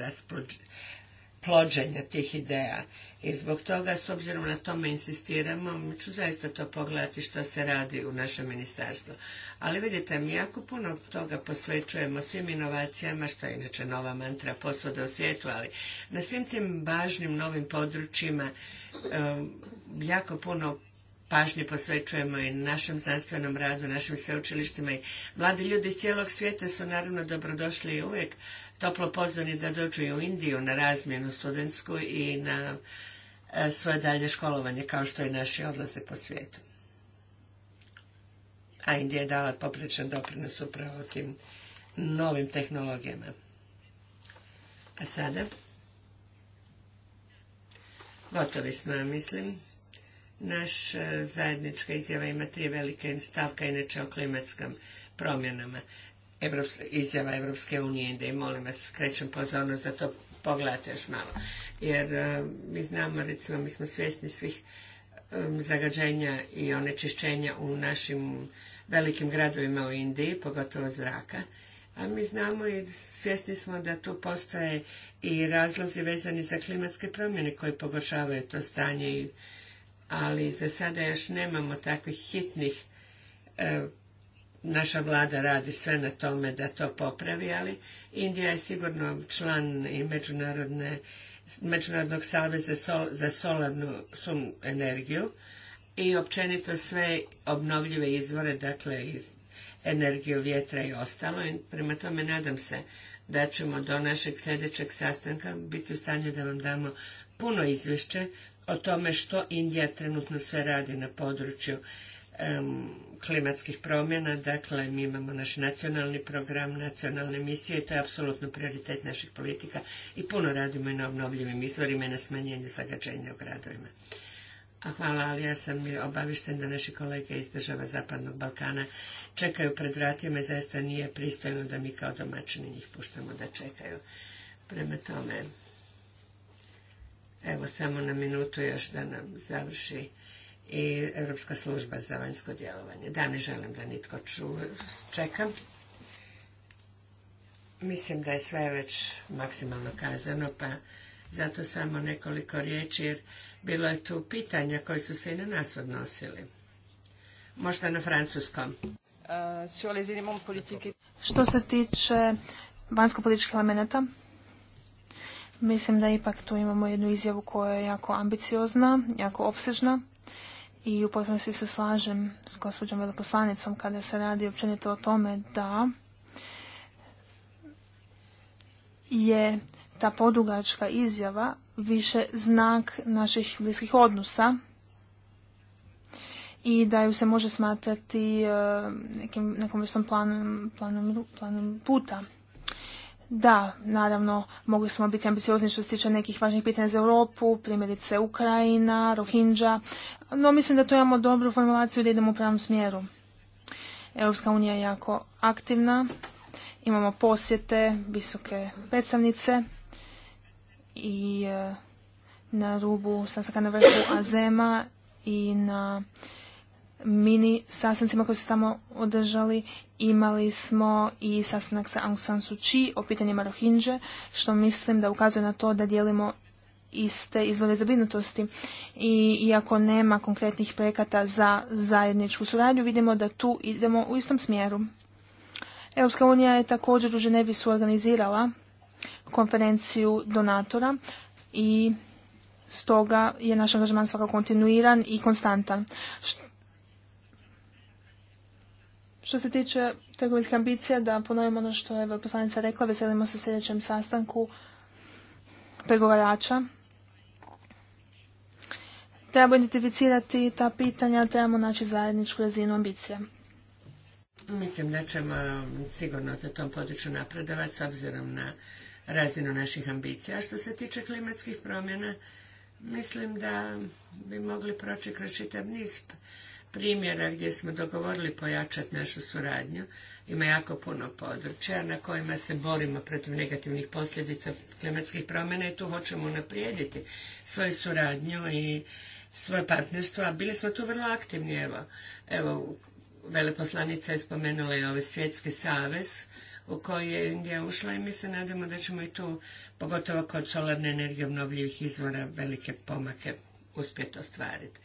plođenja tih ideja. I zbog toga, s obzirom na tome insistiramo, ću zaista to pogledati što se radi u našem ministarstvu. Ali vidite, mi jako puno toga posvećujemo svim inovacijama, što je inače nova mantra posvode u svijetu, ali na svim tim važnim novim područjima jako puno pažnje posvećujemo i našem znanstvenom radu, našim sveučilištima i mladi ljudi iz cijelog svijeta su naravno dobrodošli i uvijek toplo pozvani da dođu i u Indiju na razmjenu studentsku i na e, svoje dalje školovanje, kao što i naši odlaze po svijetu. A Indija je dala poprečan doprinos upravo tim novim tehnologijama. A sada? Gotovi smo, mislim. Naš e, zajednička izjava ima tri velike stavka, inače o klimatskim promjenama izjava Evropske unije i molim vas krećem pozornost da to pogledate još malo. Jer e, mi znamo, recimo, mi smo svjesni svih e, zagađenja i onečišćenja u našim velikim gradovima u Indiji, pogotovo zraka. A mi znamo i svjesni smo da tu postoje i razlozi vezani za klimatske promjene koji pogoršavaju to stanje, ali za sada još nemamo takvih hitnih e, naša vlada radi sve na tome da to popravi, ali Indija je sigurno član i međunarodne, Međunarodnog saveza za solarnu sum, energiju i općenito sve obnovljive izvore, dakle iz energiju vjetra i ostalo. I prema tome nadam se da ćemo do našeg sljedećeg sastanka biti u stanju da vam damo puno izvješće o tome što Indija trenutno sve radi na području klimatskih promjena, dakle mi imamo naš nacionalni program, nacionalne misije i to je apsolutno prioritet naših politika i puno radimo i na obnovljivim izvorima i na smanjenju zagađenja u gradovima. A hvala, ali ja sam obavišten da naši kolege iz država Zapadnog Balkana čekaju pred vratima i zaista nije pristojno da mi kao domaćini njih puštamo da čekaju. Prema tome, evo samo na minutu još da nam završi i Europska služba za vanjsko djelovanje. Da, ne želim da nitko čeka. Mislim da je sve već maksimalno kazano, pa zato samo nekoliko riječi, jer bilo je tu pitanja koji su se i na nas odnosili. Možda na francuskom. Uh, Što se tiče vanjsko-političkih elemenata, mislim da ipak tu imamo jednu izjavu koja je jako ambiciozna, jako opsežna i u potpunosti se slažem s gospođom veleposlanicom kada se radi općenito o tome da je ta podugačka izjava više znak naših bliskih odnosa i da ju se može smatrati e, nekim, nekom vrstom planom, planom, planom puta. Da, naravno, mogli smo biti ambiciozni što se tiče nekih važnih pitanja za Europu, primjerice Ukrajina, Rohingya, no mislim da tu imamo dobru formulaciju da idemo u pravom smjeru. Europska unija je jako aktivna, imamo posjete, visoke predstavnice i e, na rubu sastanka na vrhu Azema i na mini sastancima koji su tamo održali imali smo i sastanak sa Aung San Suu Kyi o pitanjima Rohinđe, što mislim da ukazuje na to da dijelimo iste izvore zabrinutosti. I iako nema konkretnih projekata za zajedničku suradnju, vidimo da tu idemo u istom smjeru. Europska unija je također u Ženevi organizirala konferenciju donatora i stoga je naš angažman svakako kontinuiran i konstantan. Što se tiče trgovinske ambicija, da ponovimo ono što je poslanica rekla, veselimo se sljedećem sastanku pregovarača. Trebamo identificirati ta pitanja, trebamo naći zajedničku razinu ambicije. Mislim da ćemo mm, sigurno na tom području napredovati s obzirom na razinu naših ambicija. što se tiče klimatskih promjena, mislim da bi mogli proći kroz čitav primjera gdje smo dogovorili pojačati našu suradnju. Ima jako puno područja na kojima se borimo protiv negativnih posljedica klimatskih promjena i tu hoćemo naprijediti svoju suradnju i svoje partnerstvo, a bili smo tu vrlo aktivni. Evo, evo veleposlanica je spomenula i ovaj svjetski savez u koji je Indija ušla i mi se nadamo da ćemo i tu, pogotovo kod solarne energije obnovljivih izvora, velike pomake uspjeti ostvariti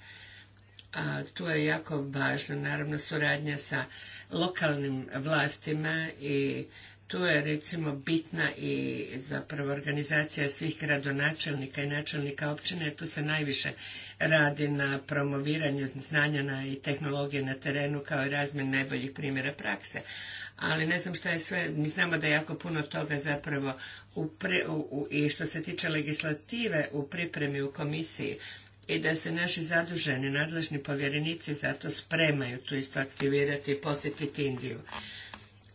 a tu je jako važno, naravno, suradnja sa lokalnim vlastima i tu je recimo bitna i zapravo organizacija svih gradonačelnika i načelnika općine, tu se najviše radi na promoviranju znanja i tehnologije na terenu kao i razmjen najboljih primjera prakse. Ali ne znam šta je sve, mi znamo da je jako puno toga zapravo u i što se tiče legislative u pripremi u komisiji, i da se naši zaduženi nadležni povjerenici zato spremaju tu isto aktivirati i posjetiti Indiju.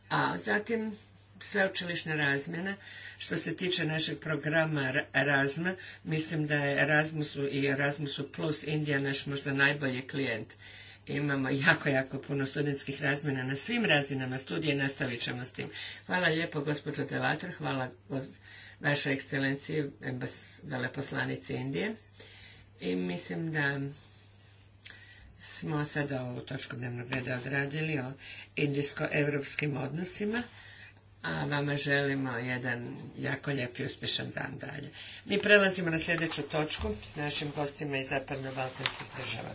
A zatim sveučilišna razmjena. Što se tiče našeg programa Razma, mislim da je Razmusu i Razmusu Plus Indija naš možda najbolji klijent. Imamo jako, jako puno studentskih razmjena na svim razinama studije i nastavit ćemo s tim. Hvala lijepo gospođo Devator, hvala vašoj ekscelenciji veleposlanici Indije. I mislim da smo sada ovu točku dnevnog reda odradili o indijsko-evropskim odnosima, a vama želimo jedan jako lijep i uspješan dan dalje. Mi prelazimo na sljedeću točku s našim gostima iz Zapadno-Balkanskih država.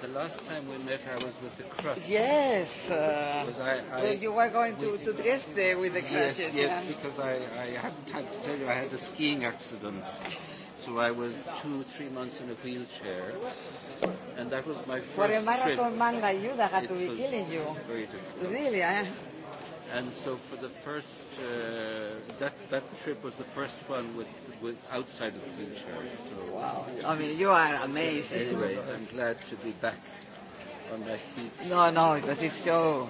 The last time we met, I was with the crutches. Yes. Uh, I, I, well, you were going to, we, to Dresde with the crutches. Yes, yes yeah. because I, I hadn't time to tell you, I had a skiing accident. So I was two, three months in a wheelchair. And that was my first For a marathon trip. man like you, that had it to be killing you. Very difficult. Really, eh? and so for the first uh, that that trip was the first one with with outside of the blue So, wow! I mean, you are amazing. Anyway, I'm glad to be back on the heat. No, no, because it's so.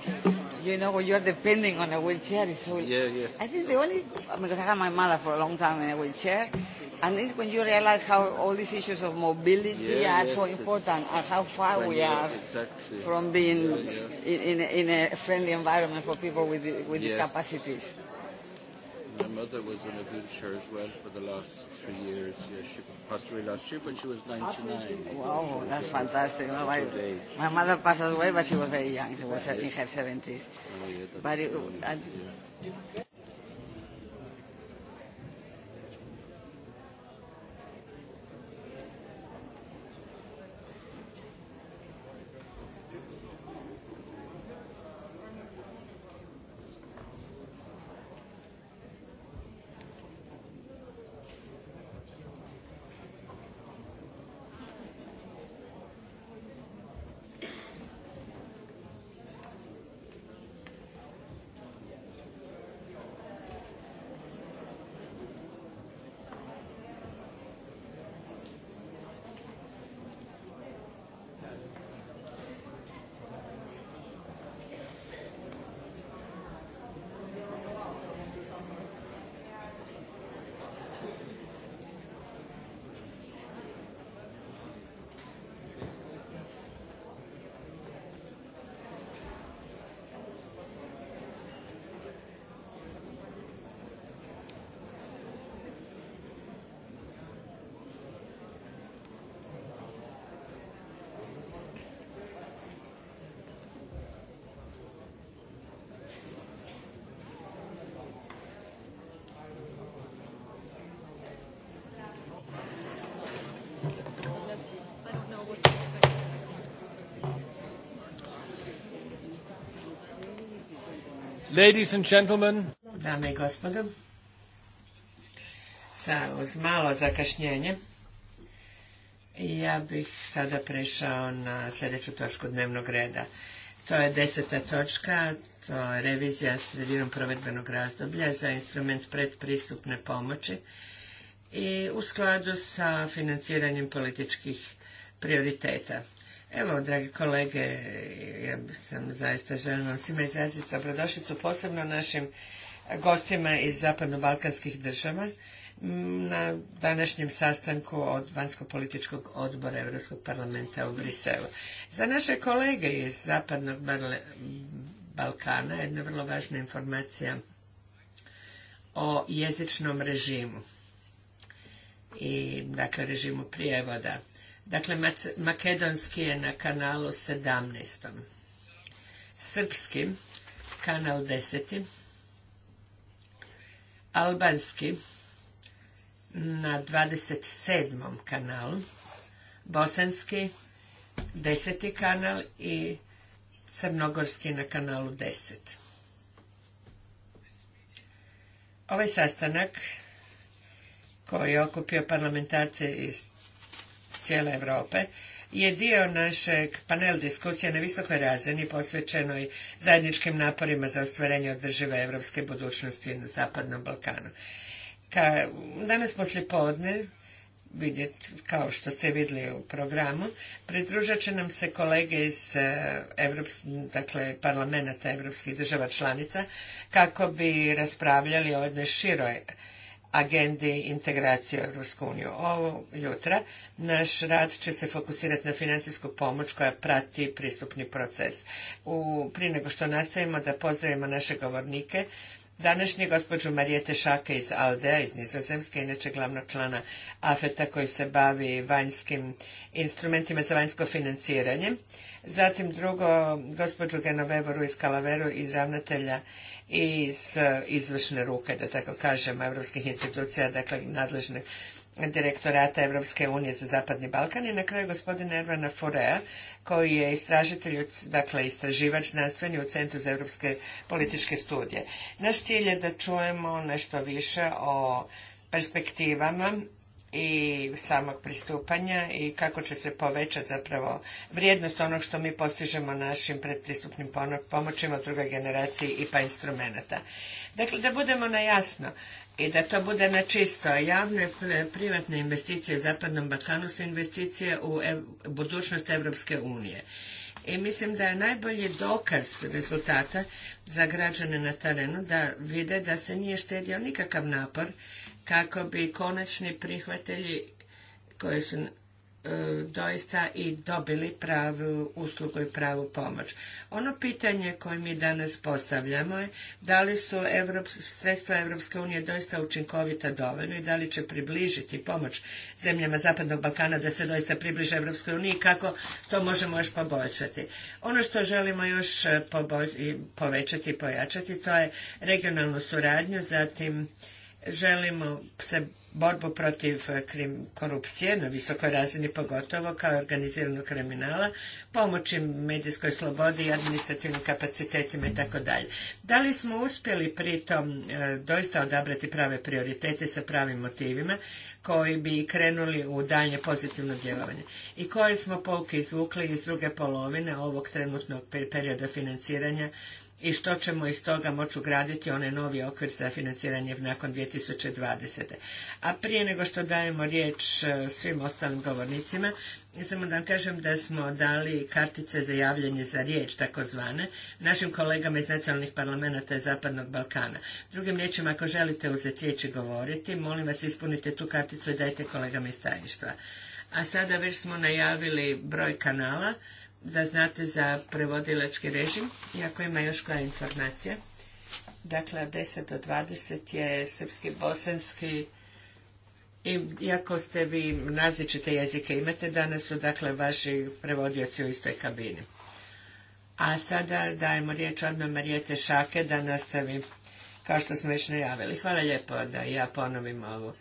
You know, when you're depending on a wheelchair, it's so. Yeah, yes. I think the only because I had my mother for a long time in a wheelchair, and it's when you realize how all these issues of mobility yeah, are yes, so important and how far we are exactly. from being yeah, yeah. In, in, in a friendly environment for people with with yes. discapacities. My mother was in a wheelchair as well for the last three years. Yeah, she passed away last year when she was 99. Wow, was that's so, fantastic. Uh, my, my mother passed away, but she was very young. She was yeah. in her 70s. Oh, yeah, that's but it, and, yeah. Ladies and gentlemen. Dame i gospodo, sa uz malo zakašnjenje, ja bih sada prešao na sljedeću točku dnevnog reda. To je deseta točka, to je revizija sredinom provedbenog razdoblja za instrument predpristupne pomoći i u skladu sa financiranjem političkih prioriteta. Evo, dragi kolege, ja sam zaista želim vam svima izraziti dobrodošlicu, posebno našim gostima iz zapadno-balkanskih država na današnjem sastanku od Vanjsko-političkog odbora Europskog parlamenta u Briselu. Za naše kolege iz zapadnog Balkana jedna vrlo važna informacija o jezičnom režimu i dakle režimu prijevoda Dakle, makedonski je na kanalu 17. Srpski, kanal 10. Albanski, na 27. kanalu. Bosanski, 10. kanal i crnogorski na kanalu 10. Ovaj sastanak koji je okupio parlamentarce iz cijele Europe je dio našeg panel diskusije na visokoj razini posvećenoj zajedničkim naporima za ostvarenje održive europske budućnosti na Zapadnom Balkanu. danas poslijepodne, podne, kao što ste vidjeli u programu, pridružat će nam se kolege iz e, Evrops, dakle, parlamenta europskih država članica kako bi raspravljali o jednoj široj agendi integracije u Europsku uniju. Ovo jutra naš rad će se fokusirati na financijsku pomoć koja prati pristupni proces. U, prije nego što nastavimo da pozdravimo naše govornike, Današnji gospođu Marijete Šake iz Aldea, iz Nizozemske, inače glavnog člana AFETA koji se bavi vanjskim instrumentima za vanjsko financiranje. Zatim drugo, gospođu Genovevoru iz Kalaveru, iz ravnatelja iz izvršne ruke, da tako kažem, europskih institucija, dakle nadležnih direktorata Europske unije za Zapadni Balkan i na kraju gospodina Ervana Forea koji je istražitelj, dakle istraživač znanstveni u Centru za europske političke studije. Naš cilj je da čujemo nešto više o perspektivama i samog pristupanja i kako će se povećati zapravo vrijednost onog što mi postižemo našim predpristupnim pomoćima drugoj generaciji pa instrumenata. Dakle, da budemo na jasno i da to bude na čisto. Javne e, privatne investicije u Zapadnom Balkanu su investicije u budućnost Evropske unije. I mislim da je najbolji dokaz rezultata za građane na terenu da vide da se nije štedio nikakav napor kako bi konačni prihvatelji koji su e, doista i dobili pravu uslugu i pravu pomoć. Ono pitanje koje mi danas postavljamo je da li su sredstva Evropske unije doista učinkovita dovoljno i da li će približiti pomoć zemljama Zapadnog Balkana da se doista približe Evropskoj uniji i kako to možemo još poboljšati. Ono što želimo još e, povećati i pojačati to je regionalnu suradnju, zatim želimo se borbu protiv eh, korupcije na visokoj razini pogotovo kao organiziranog kriminala, pomoći medijskoj slobodi i administrativnim kapacitetima i tako dalje. Da li smo uspjeli pritom eh, doista odabrati prave prioritete sa pravim motivima koji bi krenuli u daljnje pozitivno djelovanje i koje smo pouke izvukli iz druge polovine ovog trenutnog perioda financiranja i što ćemo iz toga moći ugraditi onaj novi okvir za financiranje nakon 2020. A prije nego što dajemo riječ e, svim ostalim govornicima, samo da vam kažem da smo dali kartice za javljanje za riječ, takozvane, našim kolegama iz nacionalnih parlamenta Zapadnog Balkana. Drugim riječima, ako želite uzeti riječ i govoriti, molim vas ispunite tu karticu i dajte kolegama iz tajništva. A sada već smo najavili broj kanala da znate za prevodilački režim i ako ima još koja informacija. Dakle, 10 do 20 je srpski, bosanski i iako ste vi različite jezike imate, danas su dakle vaši prevodioci u istoj kabini. A sada dajemo riječ odme Marijete Šake da nastavi kao što smo već najavili. Hvala lijepo da ja ponovim ovu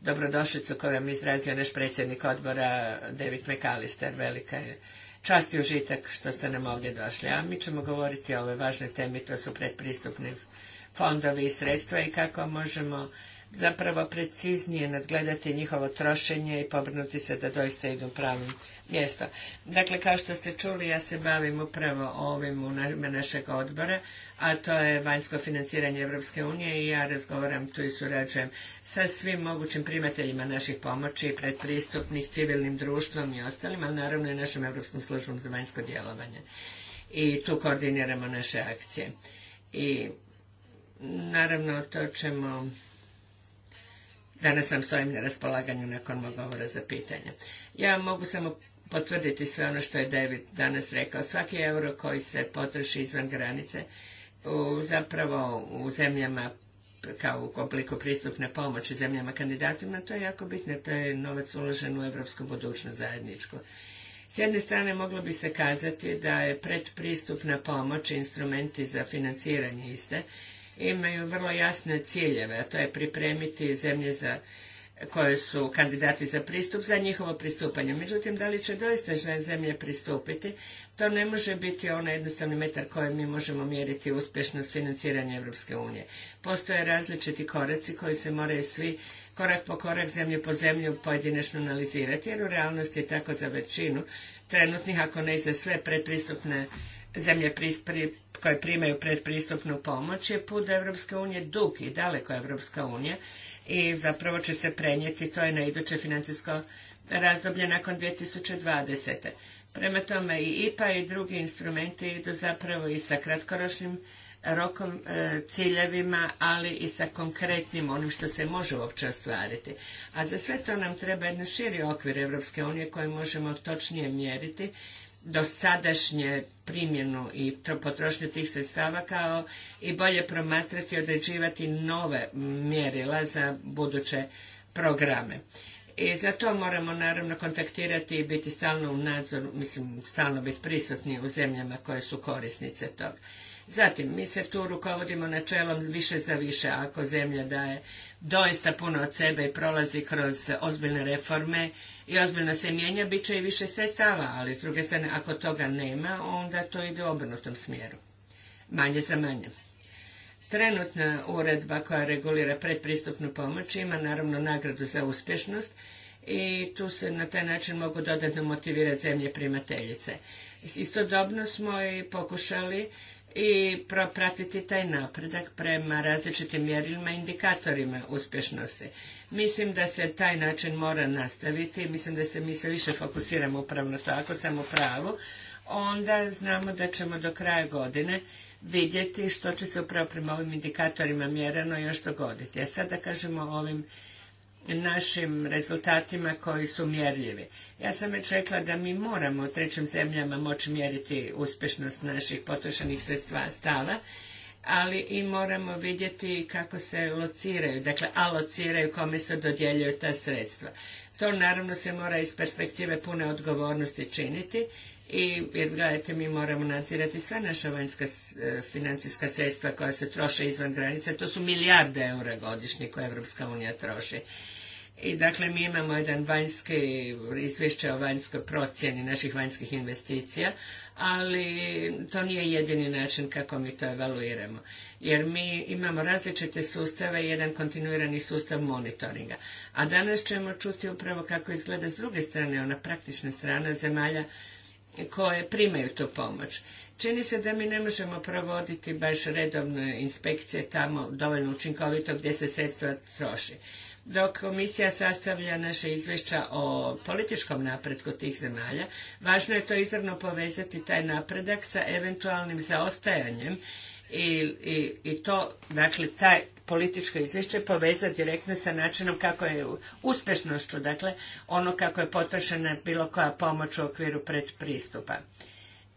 dobrodošlicu koju vam izrazio naš predsjednik odbora David McAllister. Velika je čast i užitak što ste nam ovdje došli. A mi ćemo govoriti o ovoj važnoj temi, to su predpristupni fondovi i sredstva i kako možemo zapravo preciznije nadgledati njihovo trošenje i pobrinuti se da doista idu pravim mjesto. Dakle, kao što ste čuli, ja se bavim upravo ovim u našeg odbora, a to je vanjsko financiranje Europske unije i ja razgovaram tu i surađujem sa svim mogućim primateljima naših pomoći, predpristupnih, civilnim društvom i ostalim, ali naravno i našom Europskom službom za vanjsko djelovanje. I tu koordiniramo naše akcije. I naravno to ćemo Danas vam stojim na raspolaganju nakon mog za pitanje. Ja mogu samo potvrditi sve ono što je David danas rekao. Svaki euro koji se potroši izvan granice, zapravo u zemljama kao u obliku pristupne pomoći zemljama kandidatima, to je jako bitno, to je novac uložen u evropsku budućnost zajedničku. S jedne strane moglo bi se kazati da je predpristupna pomoć instrumenti za financiranje iste imaju vrlo jasne ciljeve, a to je pripremiti zemlje za koje su kandidati za pristup, za njihovo pristupanje. Međutim, da li će doista zemlje pristupiti, to ne može biti onaj jednostavni metar kojem mi možemo mjeriti uspješnost financiranja Europske unije. Postoje različiti koraci koji se moraju svi korak po korak, zemlju po zemlju pojedinačno analizirati, jer u realnosti je tako za većinu trenutnih, ako ne i za sve predpristupne zemlje koje primaju predpristupnu pomoć je put Europske unije dug i daleko Europska unija i zapravo će se prenijeti, to je na iduće financijsko razdoblje nakon 2020. Prema tome i IPA i drugi instrumenti idu zapravo i sa kratkoročnim eh, rokom, eh, ciljevima, ali i sa konkretnim onim što se može uopće ostvariti. A za sve to nam treba jedan širi okvir Europske unije koji možemo točnije mjeriti dosadašnje primjenu i potrošnju tih sredstava kao i bolje promatrati i određivati nove mjerila za buduće programe. I za to moramo naravno kontaktirati i biti stalno u nadzoru, mislim stalno biti prisutni u zemljama koje su korisnice toga. Zatim, mi se tu rukovodimo načelom više za više. Ako zemlja daje doista puno od sebe i prolazi kroz ozbiljne reforme i ozbiljno se mijenja, bit će i više sredstava, ali s druge strane, ako toga nema, onda to ide u obrnutom smjeru. Manje za manje. Trenutna uredba koja regulira predpristupnu pomoć ima naravno nagradu za uspješnost i tu se na taj način mogu dodatno motivirati zemlje primateljice. Istodobno smo i pokušali i pratiti taj napredak prema različitim mjerilima i indikatorima uspješnosti. Mislim da se taj način mora nastaviti mislim da se mi se više fokusiramo upravo na to. Ako sam u pravu, onda znamo da ćemo do kraja godine vidjeti što će se upravo prema ovim indikatorima mjereno još dogoditi. A sada kažemo ovim našim rezultatima koji su mjerljivi. Ja sam već rekla da mi moramo u trećim zemljama moći mjeriti uspješnost naših potrošenih sredstva stala, ali i moramo vidjeti kako se lociraju, dakle alociraju, kome se dodjeljuju ta sredstva. To naravno se mora iz perspektive pune odgovornosti činiti i jer gledajte mi moramo nadzirati sva naša vanjska e, financijska sredstva koja se troše izvan granice, to su milijarde eura godišnje koje Europska unija troši. I dakle, mi imamo jedan vanjski izvješće o vanjskoj procjeni naših vanjskih investicija, ali to nije jedini način kako mi to evaluiramo. Jer mi imamo različite sustave i jedan kontinuirani sustav monitoringa. A danas ćemo čuti upravo kako izgleda s druge strane, ona praktična strana zemalja koje primaju tu pomoć. Čini se da mi ne možemo provoditi baš redovne inspekcije tamo dovoljno učinkovito gdje se sredstva troši. Dok komisija sastavlja naše izvješća o političkom napretku tih zemalja, važno je to izravno povezati taj napredak sa eventualnim zaostajanjem i, to, dakle, taj političko izvješće povezati direktno sa načinom kako je uspješnošću, dakle, ono kako je potrošena bilo koja pomoć u okviru predpristupa.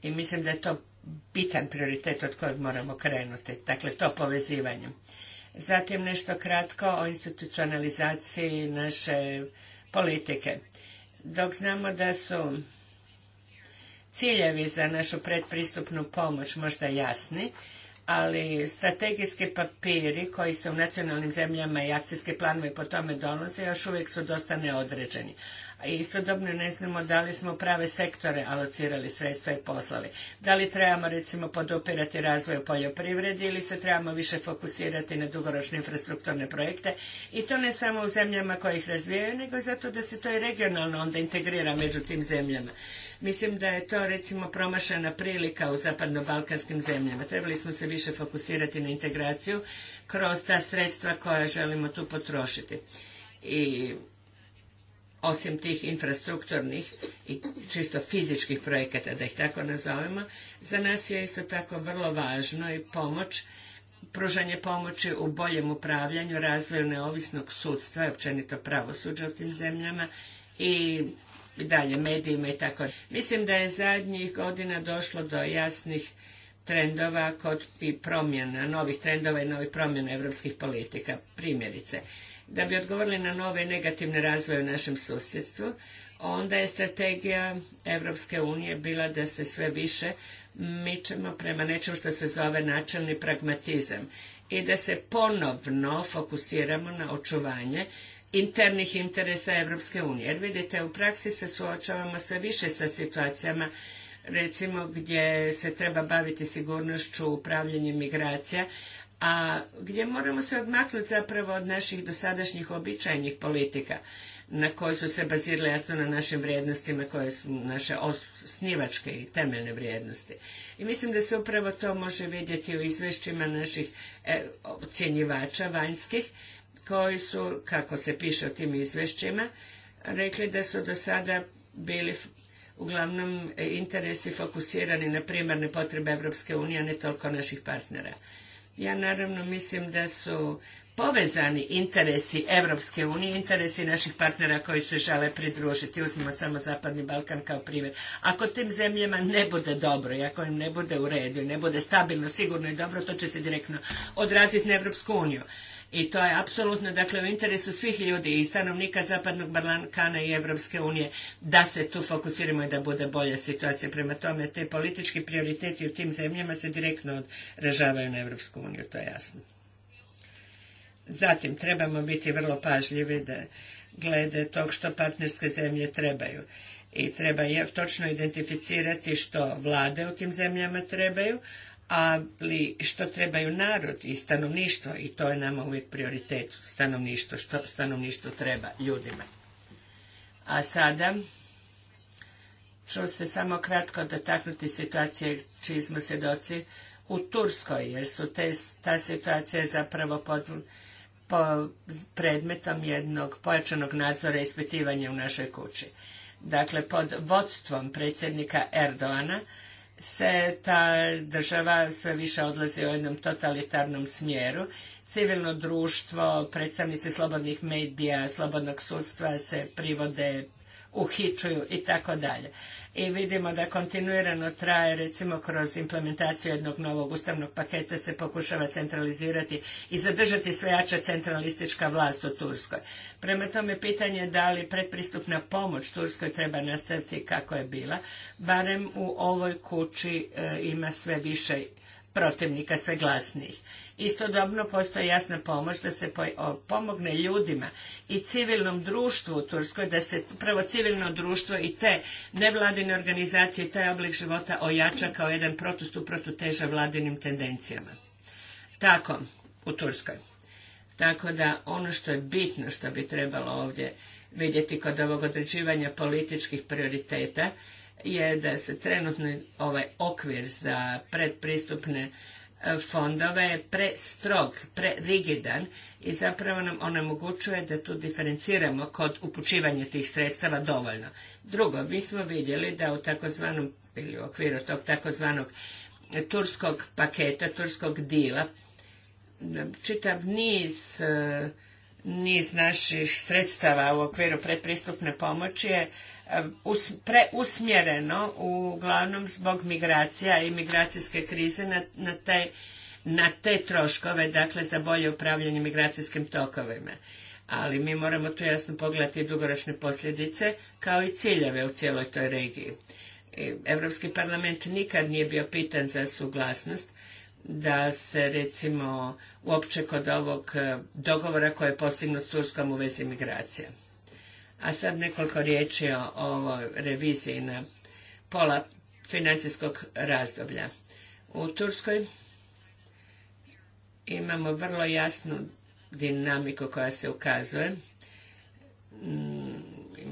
I mislim da je to bitan prioritet od kojeg moramo krenuti, dakle, to povezivanje. Zatim nešto kratko o institucionalizaciji naše politike. Dok znamo da su ciljevi za našu pretpristupnu pomoć možda jasni, ali strategijski papiri koji se u nacionalnim zemljama i akcijski planovi po tome donose još uvijek su dosta neodređeni istodobno ne znamo da li smo prave sektore alocirali sredstva i poslali. Da li trebamo recimo podupirati razvoj u poljoprivredi ili se trebamo više fokusirati na dugoročne infrastrukturne projekte i to ne samo u zemljama koje ih razvijaju nego zato da se to i regionalno onda integrira među tim zemljama. Mislim da je to recimo promašena prilika u zapadno-balkanskim zemljama. Trebali smo se više fokusirati na integraciju kroz ta sredstva koja želimo tu potrošiti. I osim tih infrastrukturnih i čisto fizičkih projekata, da ih tako nazovemo, za nas je isto tako vrlo važno i pomoć, pružanje pomoći u boljem upravljanju, razvoju neovisnog sudstva i općenito pravosuđa u tim zemljama i dalje medijima i tako. Mislim da je zadnjih godina došlo do jasnih trendova kod i promjena, novih trendova i novih promjena europskih politika. Primjerice, da bi odgovorili na nove negativne razvoje u našem susjedstvu, onda je strategija Europske unije bila da se sve više mičemo prema nečemu što se zove načelni pragmatizam i da se ponovno fokusiramo na očuvanje internih interesa Europske unije. Jer vidite, u praksi se suočavamo sve više sa situacijama recimo gdje se treba baviti sigurnošću upravljanjem migracija, a gdje moramo se odmaknuti zapravo od naših dosadašnjih običajnih politika na koje su se bazirale jasno na našim vrijednostima koje su naše osnivačke i temeljne vrijednosti. I mislim da se upravo to može vidjeti u izvješćima naših e, ocjenjivača vanjskih koji su, kako se piše u tim izvješćima, rekli da su do sada bili uglavnom e, interesi fokusirani na primarne potrebe Europske unije, a ne toliko naših partnera. Ja naravno mislim da su povezani interesi Evropske unije, interesi naših partnera koji se žele pridružiti. Uzmimo samo Zapadni Balkan kao primjer. Ako tim zemljama ne bude dobro i ako im ne bude u redu i ne bude stabilno, sigurno i dobro, to će se direktno odraziti na Evropsku uniju. I to je apsolutno dakle u interesu svih ljudi i stanovnika Zapadnog Balkana i Europske unije da se tu fokusiramo i da bude bolja situacija. Prema tome, te politički prioriteti u tim zemljama se direktno odražavaju na Europsku uniju, to je jasno. Zatim, trebamo biti vrlo pažljivi da glede tog što partnerske zemlje trebaju. I treba točno identificirati što vlade u tim zemljama trebaju, ali što trebaju narod i stanovništvo i to je nama uvijek prioritet stanovništvo, što stanovništvo treba ljudima. A sada ću se samo kratko dotaknuti situacije čiji smo svjedoci u Turskoj, jer su te, ta situacija zapravo pod, po predmetom jednog pojačanog nadzora i ispitivanja u našoj kući. Dakle, pod vodstvom predsjednika Erdoana se ta država sve više odlazi u jednom totalitarnom smjeru. Civilno društvo, predstavnici slobodnih medija, slobodnog sudstva se privode uhičuju i tako dalje. I vidimo da kontinuirano traje recimo kroz implementaciju jednog novog ustavnog paketa se pokušava centralizirati i zadržati sve jača centralistička vlast u Turskoj. Prema tome pitanje je da li predpristupna pomoć Turskoj treba nastaviti kako je bila, barem u ovoj kući e, ima sve više protivnika sve glasnijih. Istodobno postoji jasna pomoć da se pomogne ljudima i civilnom društvu u Turskoj, da se prvo civilno društvo i te nevladine organizacije i taj oblik života ojača kao jedan protustup protuteža vladinim tendencijama. Tako, u Turskoj. Tako da ono što je bitno što bi trebalo ovdje vidjeti kod ovog određivanja političkih prioriteta je da se trenutno ovaj okvir za predpristupne fondove je prestrog, prerigidan i zapravo nam onemogućuje da tu diferenciramo kod upućivanja tih sredstava dovoljno. Drugo, mi smo vidjeli da u takozvanom ili u okviru tog takozvanog turskog paketa, turskog dila, čitav niz eh, niz naših sredstava u okviru predpristupne pomoći je preusmjereno uglavnom zbog migracija i migracijske krize na, te, troškove, dakle za bolje upravljanje migracijskim tokovima. Ali mi moramo tu jasno pogledati dugoročne posljedice kao i ciljeve u cijeloj toj regiji. Europski parlament nikad nije bio pitan za suglasnost da se recimo uopće kod ovog e, dogovora koji je postignut s Turskom u vezi migracija. A sad nekoliko riječi o ovoj reviziji na pola financijskog razdoblja. U Turskoj imamo vrlo jasnu dinamiku koja se ukazuje. Mm,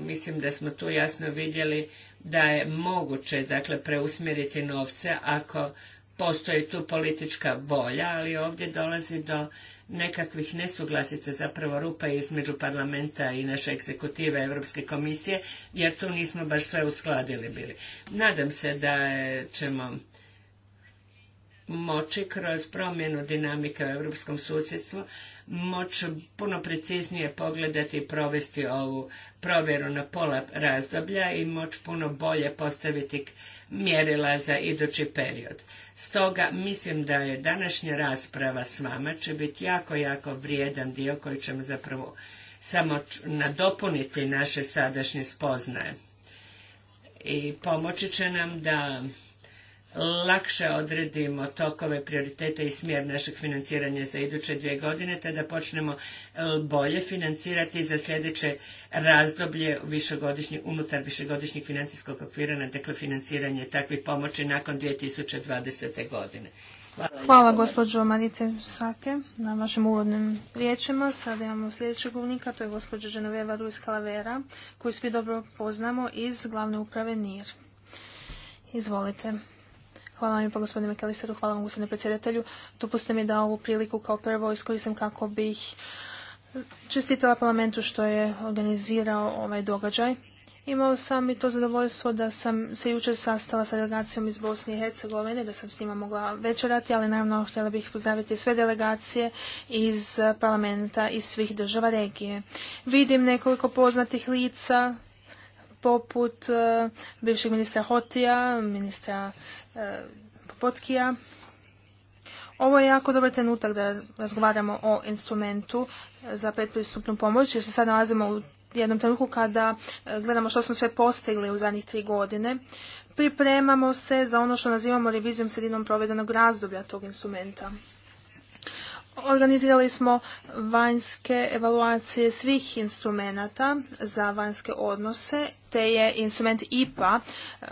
mislim da smo tu jasno vidjeli da je moguće dakle, preusmjeriti novce ako postoji tu politička volja, ali ovdje dolazi do nekakvih nesuglasica, zapravo rupa između parlamenta i naše egzekutive Europske komisije, jer tu nismo baš sve uskladili bili. Nadam se da e, ćemo moći kroz promjenu dinamike u europskom susjedstvu moći puno preciznije pogledati i provesti ovu provjeru na pola razdoblja i moći puno bolje postaviti mjerila za idući period. Stoga mislim da je današnja rasprava s vama će biti jako, jako vrijedan dio koji ćemo zapravo samo nadopuniti naše sadašnje spoznaje. I pomoći će nam da lakše odredimo tokove prioriteta i smjer našeg financiranja za iduće dvije godine, te da počnemo e, bolje financirati za sljedeće razdoblje unutar višegodišnjeg financijskog okvira, dakle financiranje takvih pomoći nakon 2020. godine. Hvala, Hvala gospođo Marite Sake na vašim uvodnim riječima. Sada imamo sljedećeg govornika, to je gospođa Ženoveva Ruiz koju svi dobro poznamo iz glavne uprave NIR. Izvolite. Hvala vam i gospodine Mekeliseru, hvala vam gospodine predsjedatelju. Dopustite mi da ovu priliku kao prvo iskoristim kako bih čestitala parlamentu što je organizirao ovaj događaj. Imao sam i to zadovoljstvo da sam se jučer sastala sa delegacijom iz Bosne i Hercegovine, da sam s njima mogla večerati, ali naravno htjela bih pozdraviti sve delegacije iz parlamenta iz svih država regije. Vidim nekoliko poznatih lica poput e, bivšeg ministra Hotija, ministra e, Popotkija. Ovo je jako dobar trenutak da razgovaramo o instrumentu e, za pretpristupnu pomoć, jer se sad nalazimo u jednom trenutku kada gledamo što smo sve postigli u zadnjih tri godine. Pripremamo se za ono što nazivamo revizijom sredinom provedenog razdoblja tog instrumenta. Organizirali smo vanjske evaluacije svih instrumenata za vanjske odnose te je instrument IPA eh,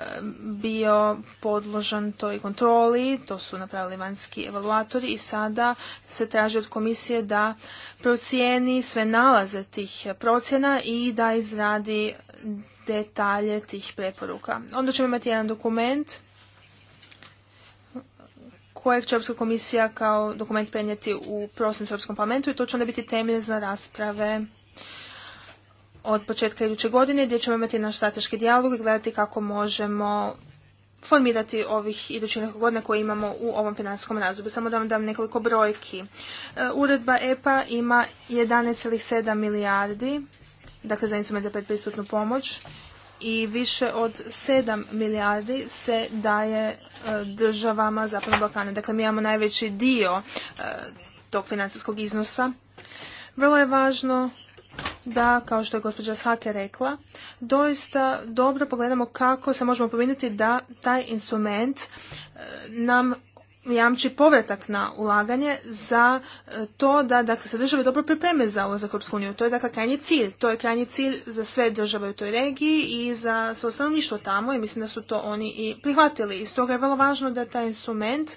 bio podložan toj kontroli, to su napravili vanjski evaluatori i sada se traži od komisije da procijeni sve nalaze tih procjena i da izradi detalje tih preporuka. Onda ćemo imati jedan dokument kojeg će Europska komisija kao dokument prenijeti u prosincu Europskom parlamentu i to će onda biti temelj za rasprave od početka iduće godine gdje ćemo imati naš strateški dijalog i gledati kako možemo formirati ovih idućih nekog godina koje imamo u ovom financijskom razdoblju. Samo da vam dam nekoliko brojki. E, uredba EPA ima 11,7 milijardi, dakle za instrument za predpristupnu pomoć, i više od 7 milijardi se daje e, državama Zapadnog Balkana. Dakle, mi imamo najveći dio e, tog financijskog iznosa. Vrlo je važno da, kao što je gospođa Shake rekla, doista dobro pogledamo kako se možemo pominuti da taj instrument e, nam jamči povratak na ulaganje za e, to da dakle, se države dobro pripreme za ulazak u Europsku uniju. To je dakle krajnji cilj. To je krajnji cilj za sve države u toj regiji i za svoje stanovništvo tamo i mislim da su to oni i prihvatili. I stoga je vrlo važno da taj instrument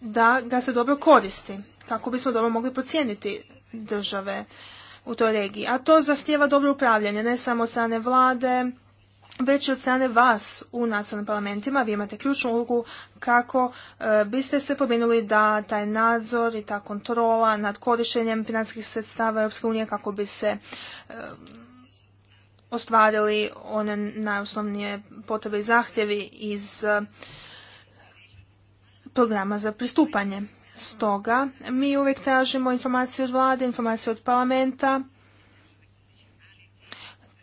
da ga se dobro koristi kako bismo dobro mogli procijeniti države u toj regiji. A to zahtjeva dobro upravljanje, ne samo od strane vlade, već i od strane vas u nacionalnim parlamentima. Vi imate ključnu ulogu kako e, biste se pobrinuli da taj nadzor i ta kontrola nad korištenjem financijskih sredstava Europske unije kako bi se e, ostvarili one najosnovnije potrebe i zahtjevi iz e, programa za pristupanje. Stoga mi uvijek tražimo informacije od vlade, informacije od parlamenta,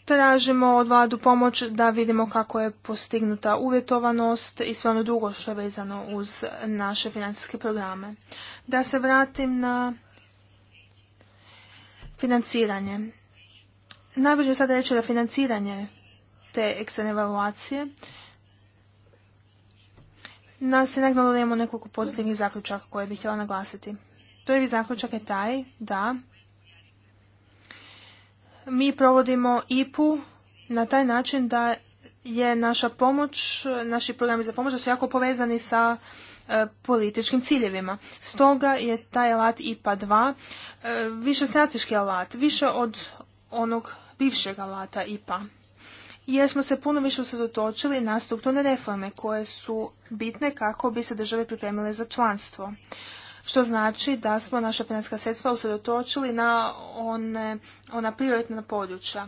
tražimo od vladu pomoć da vidimo kako je postignuta uvjetovanost i sve ono drugo što je vezano uz naše financijske programe. Da se vratim na financiranje. Najbolje je sad reći da financiranje te eksterne evaluacije nas je nagnalo da imamo nekoliko pozitivnih zaključaka koje bih htjela naglasiti. Prvi zaključak je taj da mi provodimo IPU na taj način da je naša pomoć, naši programi za pomoć da su jako povezani sa e, političkim ciljevima. Stoga je taj alat IPA 2 e, više strateški alat, više od onog bivšeg alata IPA jer smo se puno više usredotočili na strukturne reforme koje su bitne kako bi se države pripremile za članstvo. Što znači da smo naša financijska sredstva usredotočili na one, ona prioritna područja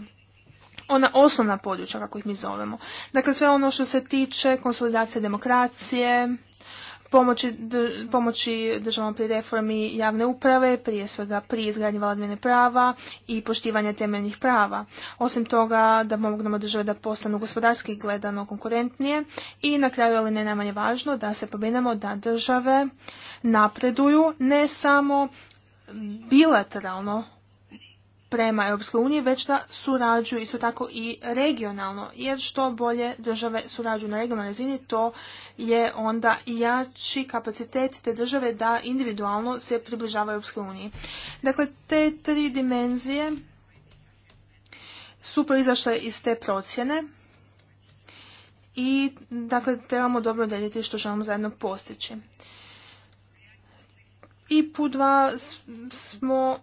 ona osnovna područja, kako ih mi zovemo. Dakle, sve ono što se tiče konsolidacije demokracije, pomoći, pomoći državama pri reformi javne uprave, prije svega pri izgradnji vladavine prava i poštivanja temeljnih prava. Osim toga da pomognemo države da postanu gospodarski gledano konkurentnije i na kraju, ali ne najmanje važno, da se pomenemo da države napreduju ne samo bilateralno prema Europskoj uniji, već da surađuju isto tako i regionalno, jer što bolje države surađuju na regionalnoj razini, to je onda jači kapacitet te države da individualno se približava Europskoj uniji. Dakle, te tri dimenzije su proizašle iz te procjene i dakle, trebamo dobro odrediti što želimo zajedno postići. I put dva smo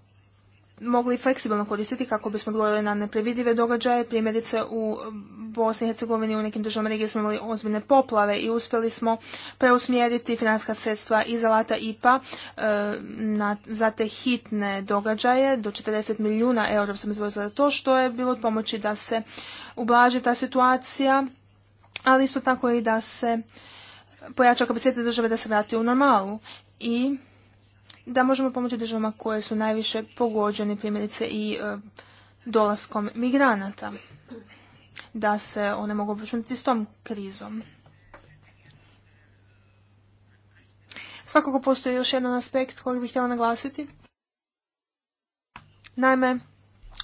mogli fleksibilno koristiti kako bismo odgovorili na neprevidive događaje. Primjerice u Bosni i Hercegovini u nekim državama regije smo imali ozbiljne poplave i uspjeli smo preusmjeriti financijska sredstva iz alata IPA e, za te hitne događaje. Do 40 milijuna eura sam izvozila za to što je bilo od pomoći da se ublaži ta situacija, ali isto tako i da se pojača kapacitet države da se vrati u normalu. I da možemo pomoći državama koje su najviše pogođene, primjerice i e, dolaskom migranata, da se one mogu obračunati s tom krizom. Svakako postoji još jedan aspekt koji bih htjela naglasiti. Naime,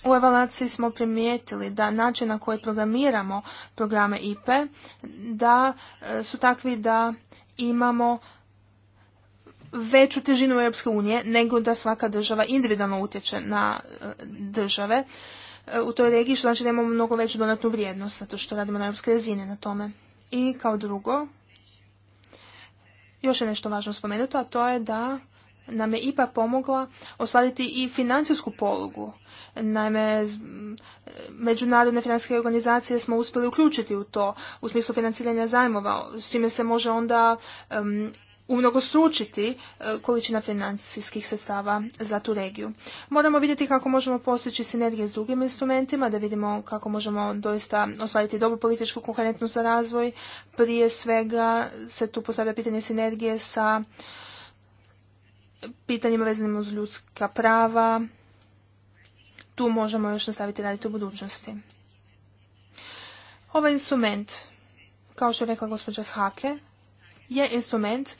u evaluaciji smo primijetili da način na koji programiramo programe IP, da e, su takvi da imamo veću težinu Europske unije nego da svaka država individualno utječe na e, države e, u toj regiji, što znači da imamo mnogo veću donatnu vrijednost zato što radimo na Europske razini na tome. I kao drugo, još je nešto važno spomenuto, a to je da nam je IPA pomogla osvaliti i financijsku polugu. Naime, međunarodne financijske organizacije smo uspjeli uključiti u to, u smislu financiranja zajmova, s čime se može onda umnogostručiti e, količina financijskih sredstava za tu regiju. Moramo vidjeti kako možemo postići sinergije s drugim instrumentima, da vidimo kako možemo doista ostvariti dobru političku koherentnost za razvoj. Prije svega se tu postavlja pitanje sinergije sa pitanjima vezanim uz ljudska prava. Tu možemo još nastaviti raditi u budućnosti. Ovaj instrument, kao što je rekla gospođa Shake, je instrument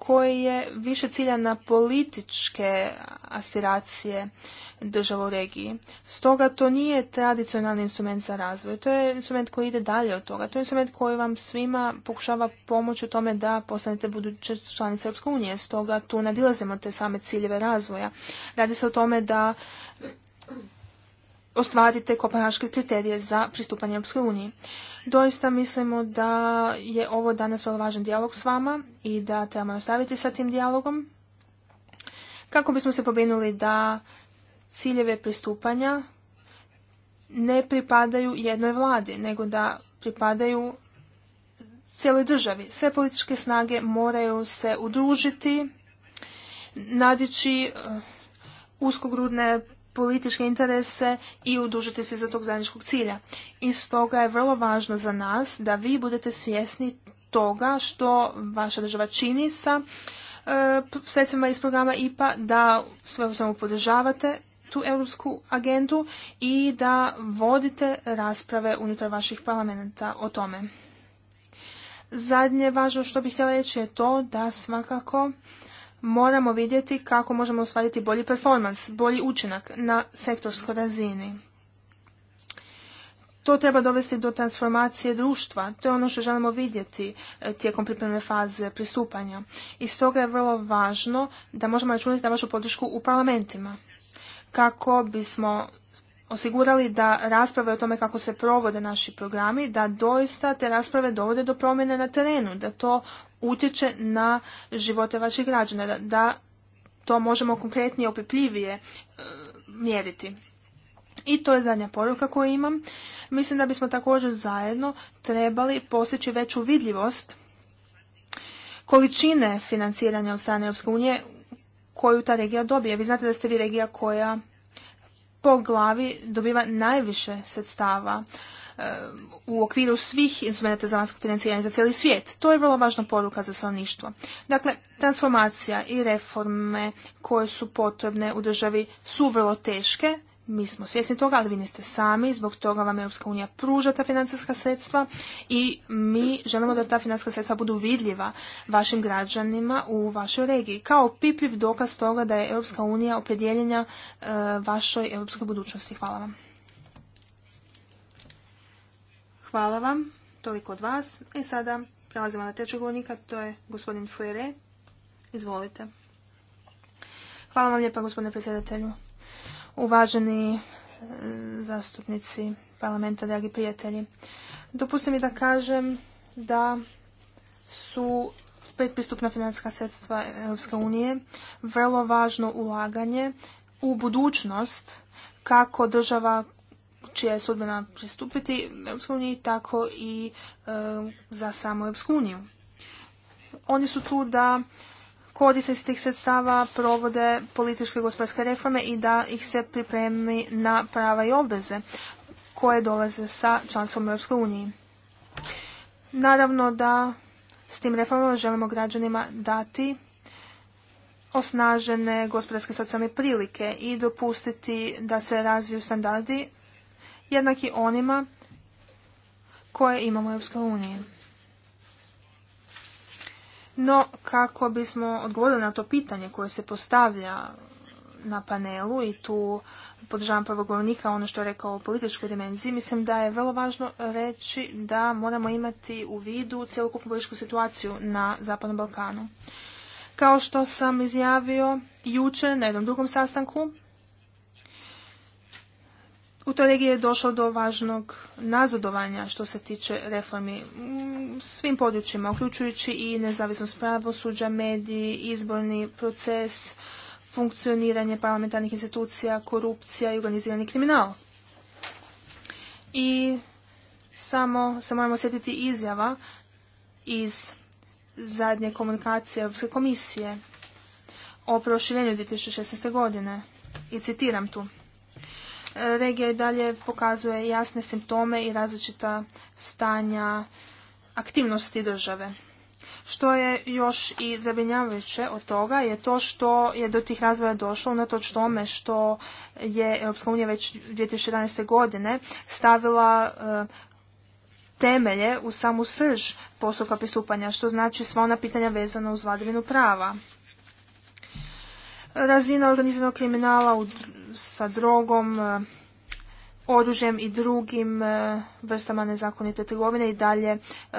koji je više cilja na političke aspiracije država u regiji. Stoga to nije tradicionalni instrument za razvoj, to je instrument koji ide dalje od toga. To je instrument koji vam svima pokušava pomoći u tome da postanete buduće članice Europske unije. Stoga tu nadilazimo te same ciljeve razvoja. Radi se o tome da ostvarite kopenhaške kriterije za pristupanje EU. uniji. Doista mislimo da je ovo danas vrlo važan dijalog s vama i da trebamo nastaviti sa tim dijalogom kako bismo se pobrinuli da ciljeve pristupanja ne pripadaju jednoj vladi, nego da pripadaju cijeloj državi. Sve političke snage moraju se udružiti, nadići eh, uskogrudne političke interese i udužiti se za tog zajedničkog cilja. I stoga je vrlo važno za nas da vi budete svjesni toga što vaša država čini sa e, sredstvima iz programa IPA, da sve u svemu podržavate tu europsku agendu i da vodite rasprave unutar vaših parlamenta o tome. Zadnje važno što bih htjela reći je to da svakako moramo vidjeti kako možemo ostvariti bolji performans, bolji učinak na sektorskoj razini. To treba dovesti do transformacije društva. To je ono što želimo vidjeti e, tijekom pripremne faze pristupanja. I stoga je vrlo važno da možemo računati na vašu podršku u parlamentima kako bismo osigurali da rasprave o tome kako se provode naši programi, da doista te rasprave dovode do promjene na terenu, da to utječe na živote vaših građana, da, to možemo konkretnije, opipljivije e, mjeriti. I to je zadnja poruka koju imam. Mislim da bismo također zajedno trebali postići veću vidljivost količine financiranja od strane Europske unije koju ta regija dobije. Vi znate da ste vi regija koja po glavi dobiva najviše sredstava eh, u okviru svih instrumenta za vanjsko financiranje za cijeli svijet. To je vrlo važna poruka za stanovništvo. Dakle, transformacija i reforme koje su potrebne u državi su vrlo teške, mi smo svjesni toga, ali vi niste sami, zbog toga vam Europska unija pruža ta financijska sredstva i mi želimo da ta financijska sredstva budu vidljiva vašim građanima u vašoj regiji. Kao pipljiv dokaz toga da je Europska unija opredjeljenja e, vašoj europskoj budućnosti. Hvala vam. Hvala vam. Toliko od vas. I e sada prelazimo na trećeg govornika, to je gospodin Fuere. Izvolite. Hvala vam lijepa gospodine predsjedatelju. Uvaženi e, zastupnici parlamenta, dragi prijatelji. Dopustite mi da kažem da su predpristupna financijska sredstva Europske unije vrlo važno ulaganje u budućnost kako država čija je sudbena pristupiti Europskoj uniji, tako i e, za samu Europsku uniju. Oni su tu da korisnici tih sredstava provode političke i gospodarske reforme i da ih se pripremi na prava i obveze koje dolaze sa članstvom Europskoj uniji. Naravno da s tim reformama želimo građanima dati osnažene gospodarske socijalne prilike i dopustiti da se razviju standardi jednaki onima koje imamo u Europskoj uniji. No, kako bismo odgovorili na to pitanje koje se postavlja na panelu i tu podržavam prvog govornika ono što je rekao o političkoj dimenziji, mislim da je vrlo važno reći da moramo imati u vidu cjelokupnu političku situaciju na Zapadnom Balkanu. Kao što sam izjavio jučer na jednom drugom sastanku, u toj regiji je došlo do važnog nazadovanja što se tiče reformi svim područjima, uključujući i nezavisnost pravosuđa, mediji, izborni proces, funkcioniranje parlamentarnih institucija, korupcija i organizirani kriminal. I samo se moramo sjetiti izjava iz zadnje komunikacije Europske komisije o proširenju 2016. godine. I citiram tu regija i dalje pokazuje jasne simptome i različita stanja aktivnosti države. Što je još i zabrinjavajuće od toga je to što je do tih razvoja došlo unatoč tome što je Europska unija već 2011. godine stavila e, temelje u samu srž postupka pristupanja, što znači sva ona pitanja vezana uz vladavinu prava. Razina organiziranog kriminala u sa drogom, e, oružjem i drugim e, vrstama nezakonite trgovine i dalje e,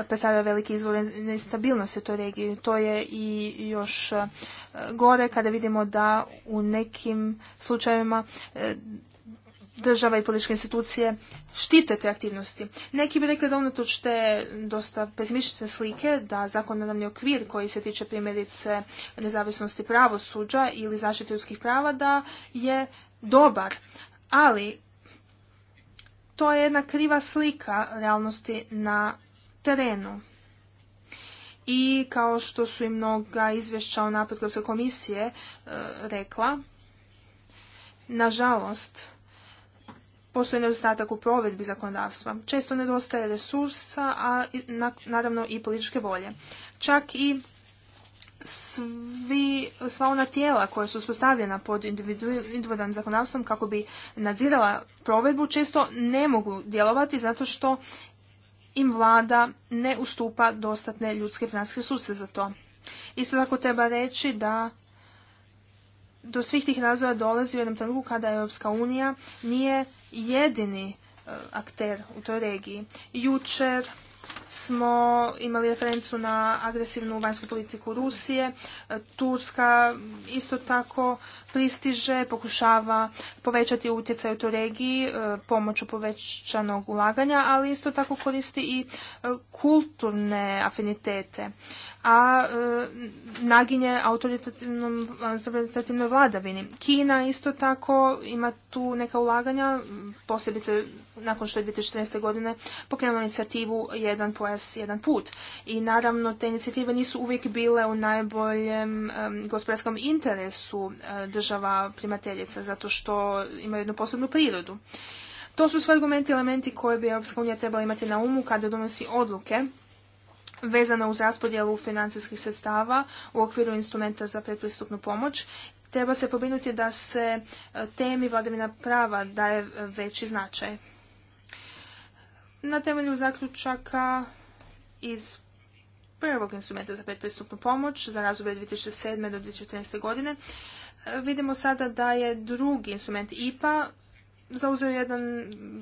predstavlja velike izvore nestabilnosti u toj regiji. To je i još gore kada vidimo da u nekim slučajevima država i političke institucije štite te aktivnosti. Neki bi rekli da unatoč te dosta pesimistične slike da zakonodavni okvir koji se tiče primjerice nezavisnosti pravosuđa ili zaštite ljudskih prava da je dobar, ali to je jedna kriva slika realnosti na terenu. I kao što su i mnoga izvješća o Europske komisije e, rekla, nažalost, postoji nedostatak u provedbi zakonodavstva. Često nedostaje resursa, a naravno i političke volje. Čak i sva ona tijela koja su uspostavljena pod individualnim zakonodavstvom kako bi nadzirala provedbu često ne mogu djelovati zato što im vlada ne ustupa dostatne ljudske financijske resurse za to. Isto tako treba reći da do svih tih razvoja dolazi u jednom trenutku kada Europska unija nije jedini e, akter u toj regiji. Jučer smo imali referencu na agresivnu vanjsku politiku Rusije. Turska isto tako pristiže, pokušava povećati utjecaj u toj regiji e, pomoću povećanog ulaganja, ali isto tako koristi i e, kulturne afinitete a e, naginje autoritativnoj vladavini. Kina isto tako ima tu neka ulaganja, posebice nakon što je 2014. godine pokrenula inicijativu jedan pojas jedan put. I naravno te inicijative nisu uvijek bile u najboljem gospodarskom interesu eh, država primateljica zato što imaju jednu posebnu prirodu. To su sve argumenti elementi koje bi Europska unija trebala imati na umu kada donosi odluke vezano uz raspodjelu financijskih sredstava u okviru instrumenta za pretpristupnu pomoć treba se pobinuti da se eh, temi vladavina prava daje eh, veći značaj. Na temelju zaključaka iz prvog instrumenta za predpristupnu pomoć za razdoblje 2007. do 2014. godine vidimo sada da je drugi instrument IPA zauzeo jedan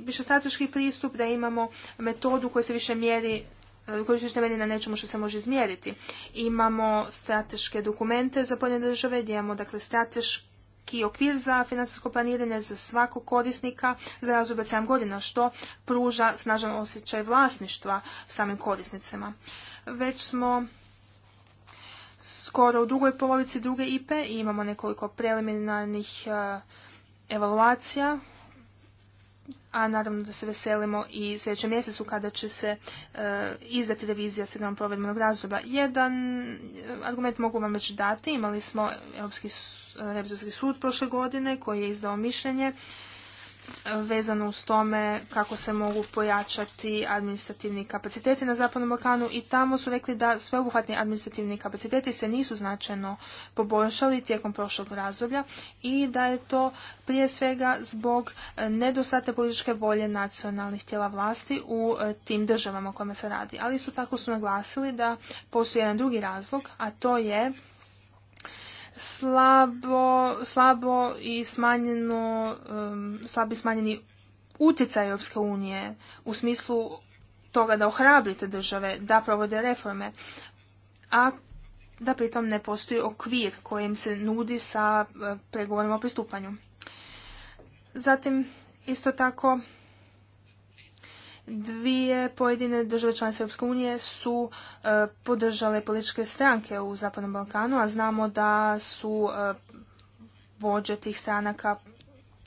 više strateški pristup, da imamo metodu koja se više mjeri koji se temelji na nečemu što se može izmjeriti. Imamo strateške dokumente za pojedine države gdje imamo dakle, strateške i okvir za financijsko planiranje za svakog korisnika za razdoblje 7 godina, što pruža snažan osjećaj vlasništva samim korisnicima. Već smo skoro u drugoj polovici druge IPE i imamo nekoliko preliminarnih eh, evaluacija a naravno da se veselimo i sljedećem mjesecu kada će se e, izdati revizija sedam provedbenog razdoblja. Jedan e, argument mogu vam već dati, imali smo Europski e, revizorski sud prošle godine koji je izdao mišljenje vezano uz tome kako se mogu pojačati administrativni kapaciteti na Zapadnom Balkanu i tamo su rekli da sveobuhvatni administrativni kapaciteti se nisu značajno poboljšali tijekom prošlog razdoblja i da je to prije svega zbog nedostate političke volje nacionalnih tijela vlasti u e, tim državama o kojima se radi. Ali su tako su naglasili da postoji jedan drugi razlog, a to je slabo, i smanjeno, slabi smanjeni utjecaj Europske unije u smislu toga da ohrabrite države da provode reforme, a da pritom ne postoji okvir kojim se nudi sa eh, pregovorima o pristupanju. Zatim, isto tako, dvije pojedine države članice Europske unije su e, podržale političke stranke u Zapadnom Balkanu, a znamo da su e, vođe tih stranaka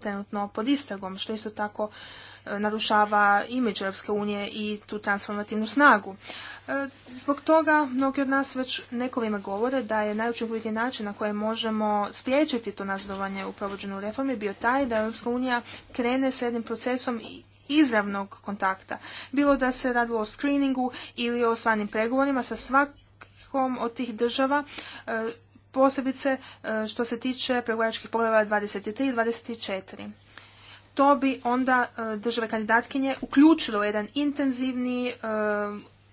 trenutno pod istragom, što isto tako e, narušava imidž Europske unije i tu transformativnu snagu. Zbog toga mnogi od nas već neko govore da je najučinkovitiji način na koje možemo spriječiti to nazdovanje u provođenju reformi bio taj da Europska unija krene s jednim procesom i izravnog kontakta. Bilo da se radilo o screeningu ili o stvarnim pregovorima sa svakom od tih država, e, posebice e, što se tiče pregovaračkih poglava 23 i 24 to bi onda e, države kandidatkinje uključilo u jedan intenzivni,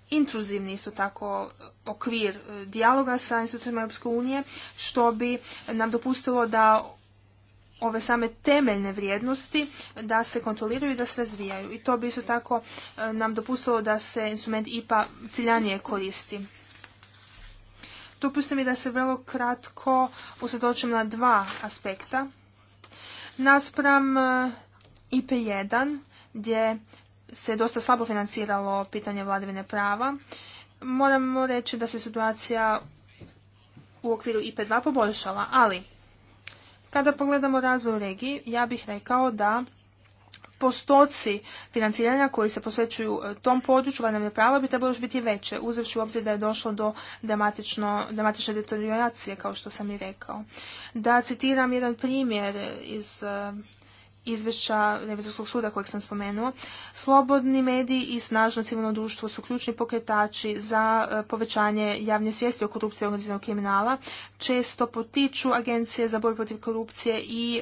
intruzivni isto tako okvir dijaloga sa institucijama Europske unije, što bi nam dopustilo da ove same temeljne vrijednosti da se kontroliraju i da se razvijaju. I to bi isto tako e, nam dopustilo da se instrument IPA ciljanije koristi. Dopustite mi da se vrlo kratko usredočim na dva aspekta. Naspram e, IP1 gdje se dosta slabo financiralo pitanje vladavine prava, moramo reći da se situacija u okviru IP2 poboljšala, ali kada pogledamo razvoj regiji, ja bih rekao da postoci financiranja koji se posvećuju e, tom području je pravo, bi trebalo još biti veće, uzevši u obzir da je došlo do dramatične deterioracije, kao što sam i rekao. Da citiram jedan primjer iz e, izvješća Revizorskog suda kojeg sam spomenuo. Slobodni mediji i snažno civilno društvo su ključni pokretači za e, povećanje javne svijesti o korupciji i organiziranog kriminala. Često potiču agencije za borbu protiv korupcije i e,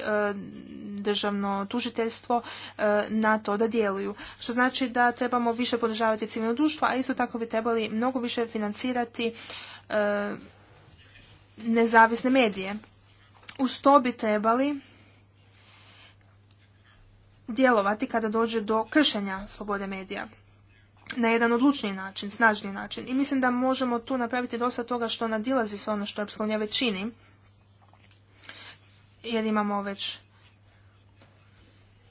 državno tužiteljstvo e, na to da djeluju. Što znači da trebamo više podržavati civilno društvo, a isto tako bi trebali mnogo više financirati nezavisne medije. Uz to bi trebali djelovati kada dođe do kršenja slobode medija na jedan odlučniji način, snažniji način. I mislim da možemo tu napraviti dosta toga što nadilazi sve ono što Europska unija već čini, jer imamo već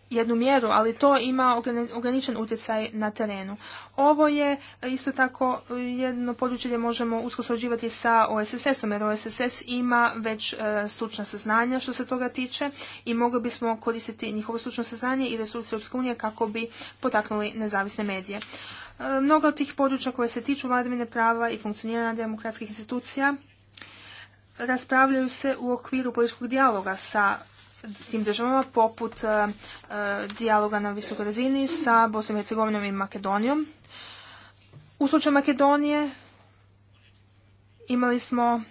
jednu mjeru, ali to ima ograničen utjecaj na terenu. Ovo je e, isto tako e, jedno područje gdje možemo usko sa OSSS-om, jer OSSS ima već e, stručna saznanja što se toga tiče i mogli bismo koristiti njihovo stručno saznanje i resursi Europske unije kako bi potaknuli nezavisne medije. Mnoga od tih područja koje se tiču vladavine prava i funkcioniranja demokratskih institucija raspravljaju se u okviru političkog dijaloga sa tim državama poput e, e, dijaloga na visokoj razini sa Bosnom i Hercegovinom i Makedonijom. U slučaju Makedonije imali smo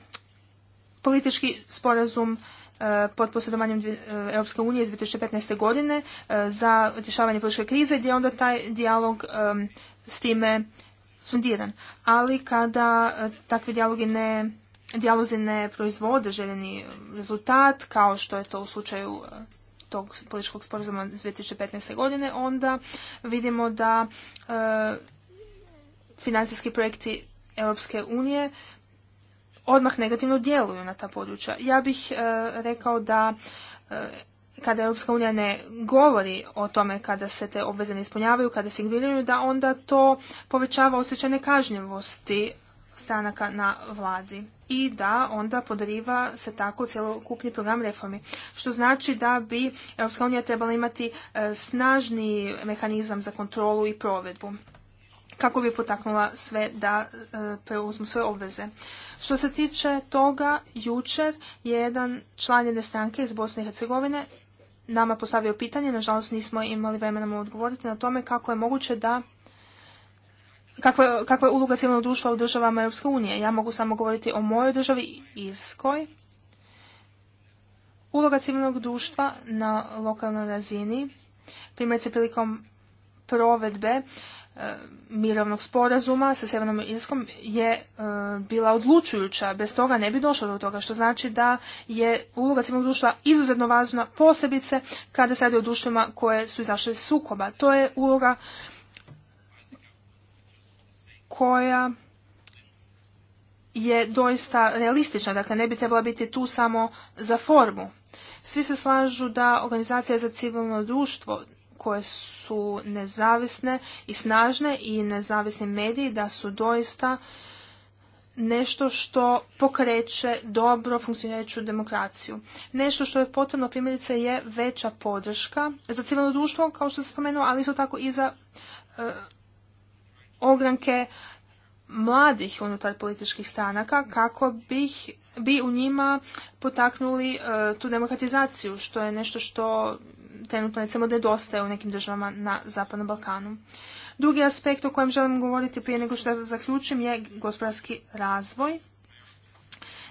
politički sporazum e, pod posredovanjem Europske unije iz 2015. godine za rješavanje političke krize gdje je onda taj dijalog s time sundiran. Ali kada takvi dijalogi ne dijalozi ne proizvode željeni rezultat, kao što je to u slučaju e, tog političkog sporazuma iz 2015. godine, onda vidimo da e, financijski projekti Europske unije odmah negativno djeluju na ta područja. Ja bih e, rekao da kada Europska unija ne govori o tome kada se te obveze ne ispunjavaju, kada se ignoriraju, da onda to povećava osjećaj nekažnjivosti stranaka na vladi i da onda podariva se tako cjelokupni program reformi. Što znači da bi Europska unija trebala imati e, snažni mehanizam za kontrolu i provedbu kako bi potaknula sve da e, preuzmu svoje obveze. Što se tiče toga, jučer je jedan član jedne stranke iz Bosne i Hercegovine nama postavio pitanje, nažalost nismo imali vremena mu odgovoriti na tome kako je moguće da kakva, je uloga civilnog društva u državama Europske unije. Ja mogu samo govoriti o mojoj državi Irskoj. Uloga civilnog društva na lokalnoj razini, primjerice prilikom provedbe e, mirovnog sporazuma sa Sjevernom Irskom je e, bila odlučujuća. Bez toga ne bi došlo do toga, što znači da je uloga civilnog društva izuzetno važna posebice kada se radi o društvima koje su izašle iz sukoba. To je uloga koja je doista realistična, dakle ne bi trebala biti tu samo za formu. Svi se slažu da organizacije za civilno društvo koje su nezavisne i snažne i nezavisni mediji da su doista nešto što pokreće dobro funkcionirajuću demokraciju. Nešto što je potrebno primjerice je veća podrška za civilno društvo, kao što sam spomenuo, ali isto tako i za e, ogranke mladih unutar političkih stranaka kako bih bi u njima potaknuli e, tu demokratizaciju, što je nešto što trenutno recimo nedostaje u nekim državama na Zapadnom Balkanu. Drugi aspekt o kojem želim govoriti prije nego što zaključim je gospodarski razvoj.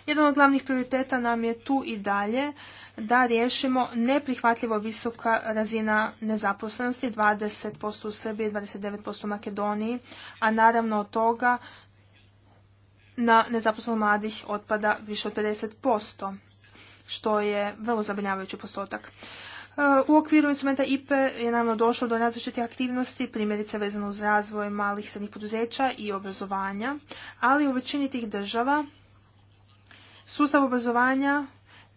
Jedan od glavnih prioriteta nam je tu i dalje da riješimo neprihvatljivo visoka razina nezaposlenosti, 20% u Srbiji, 29% u Makedoniji, a naravno od toga na nezaposlenost mladih otpada više od 50%, što je vrlo zabrinjavajući postotak. E, u okviru instrumenta IPE je naravno došlo do različitih aktivnosti, primjerice vezano uz razvoj malih i srednjih poduzeća i obrazovanja, ali u većini tih država sustav obrazovanja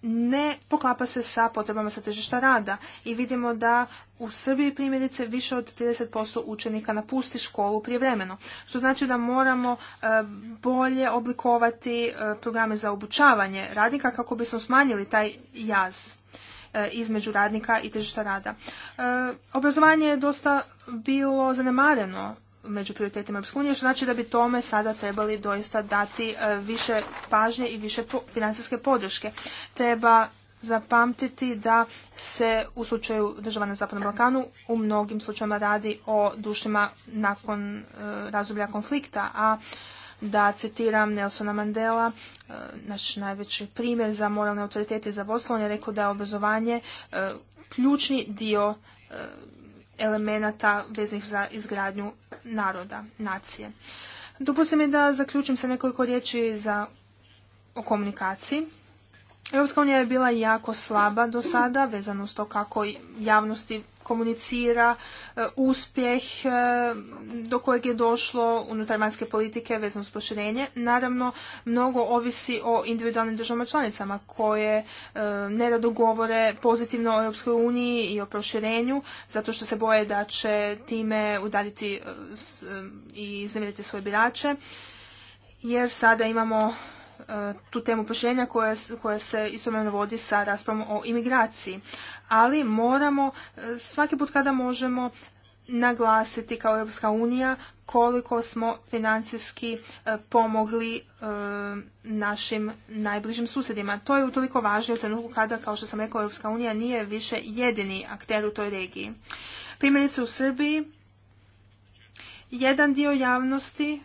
ne poklapa se sa potrebama sa tržišta rada i vidimo da u Srbiji primjerice više od 30% učenika napusti školu prijevremeno, što znači da moramo e, bolje oblikovati e, programe za obučavanje radnika kako bismo smanjili taj jaz e, između radnika i tržišta rada. Obrazovanje je dosta bilo zanemareno među prioritetima Europske što znači da bi tome sada trebali doista dati e, više pažnje i više financijske podrške. Treba zapamtiti da se u slučaju država na Zapadnom Balkanu u mnogim slučajima radi o dušima nakon e, razdoblja konflikta, a da citiram Nelsona Mandela, e, naš najveći primjer za moralne autoritete za vodstvo, on je rekao da je obrazovanje ključni dio elemenata veznih za izgradnju naroda, nacije. Dopustite mi da zaključim sa nekoliko riječi za, o komunikaciji. Europska unija je bila jako slaba do sada vezano uz to kako javnosti komunicira e, uspjeh e, do kojeg je došlo unutar vanjske politike vezano s proširenje. Naravno, mnogo ovisi o individualnim državama članicama koje e, nerado govore pozitivno o Europskoj uniji i o proširenju zato što se boje da će time udaljiti i zemljati svoje birače jer sada imamo E, tu temu proširenja koja, koja se istovremeno vodi sa raspravom o imigraciji. Ali moramo e, svaki put kada možemo naglasiti kao Europska unija koliko smo financijski e, pomogli našim najbližim susjedima. To je utoliko važno u trenutku kada, kao što sam rekao, Europska unija nije više jedini akter u toj regiji. Primjerice u Srbiji jedan dio javnosti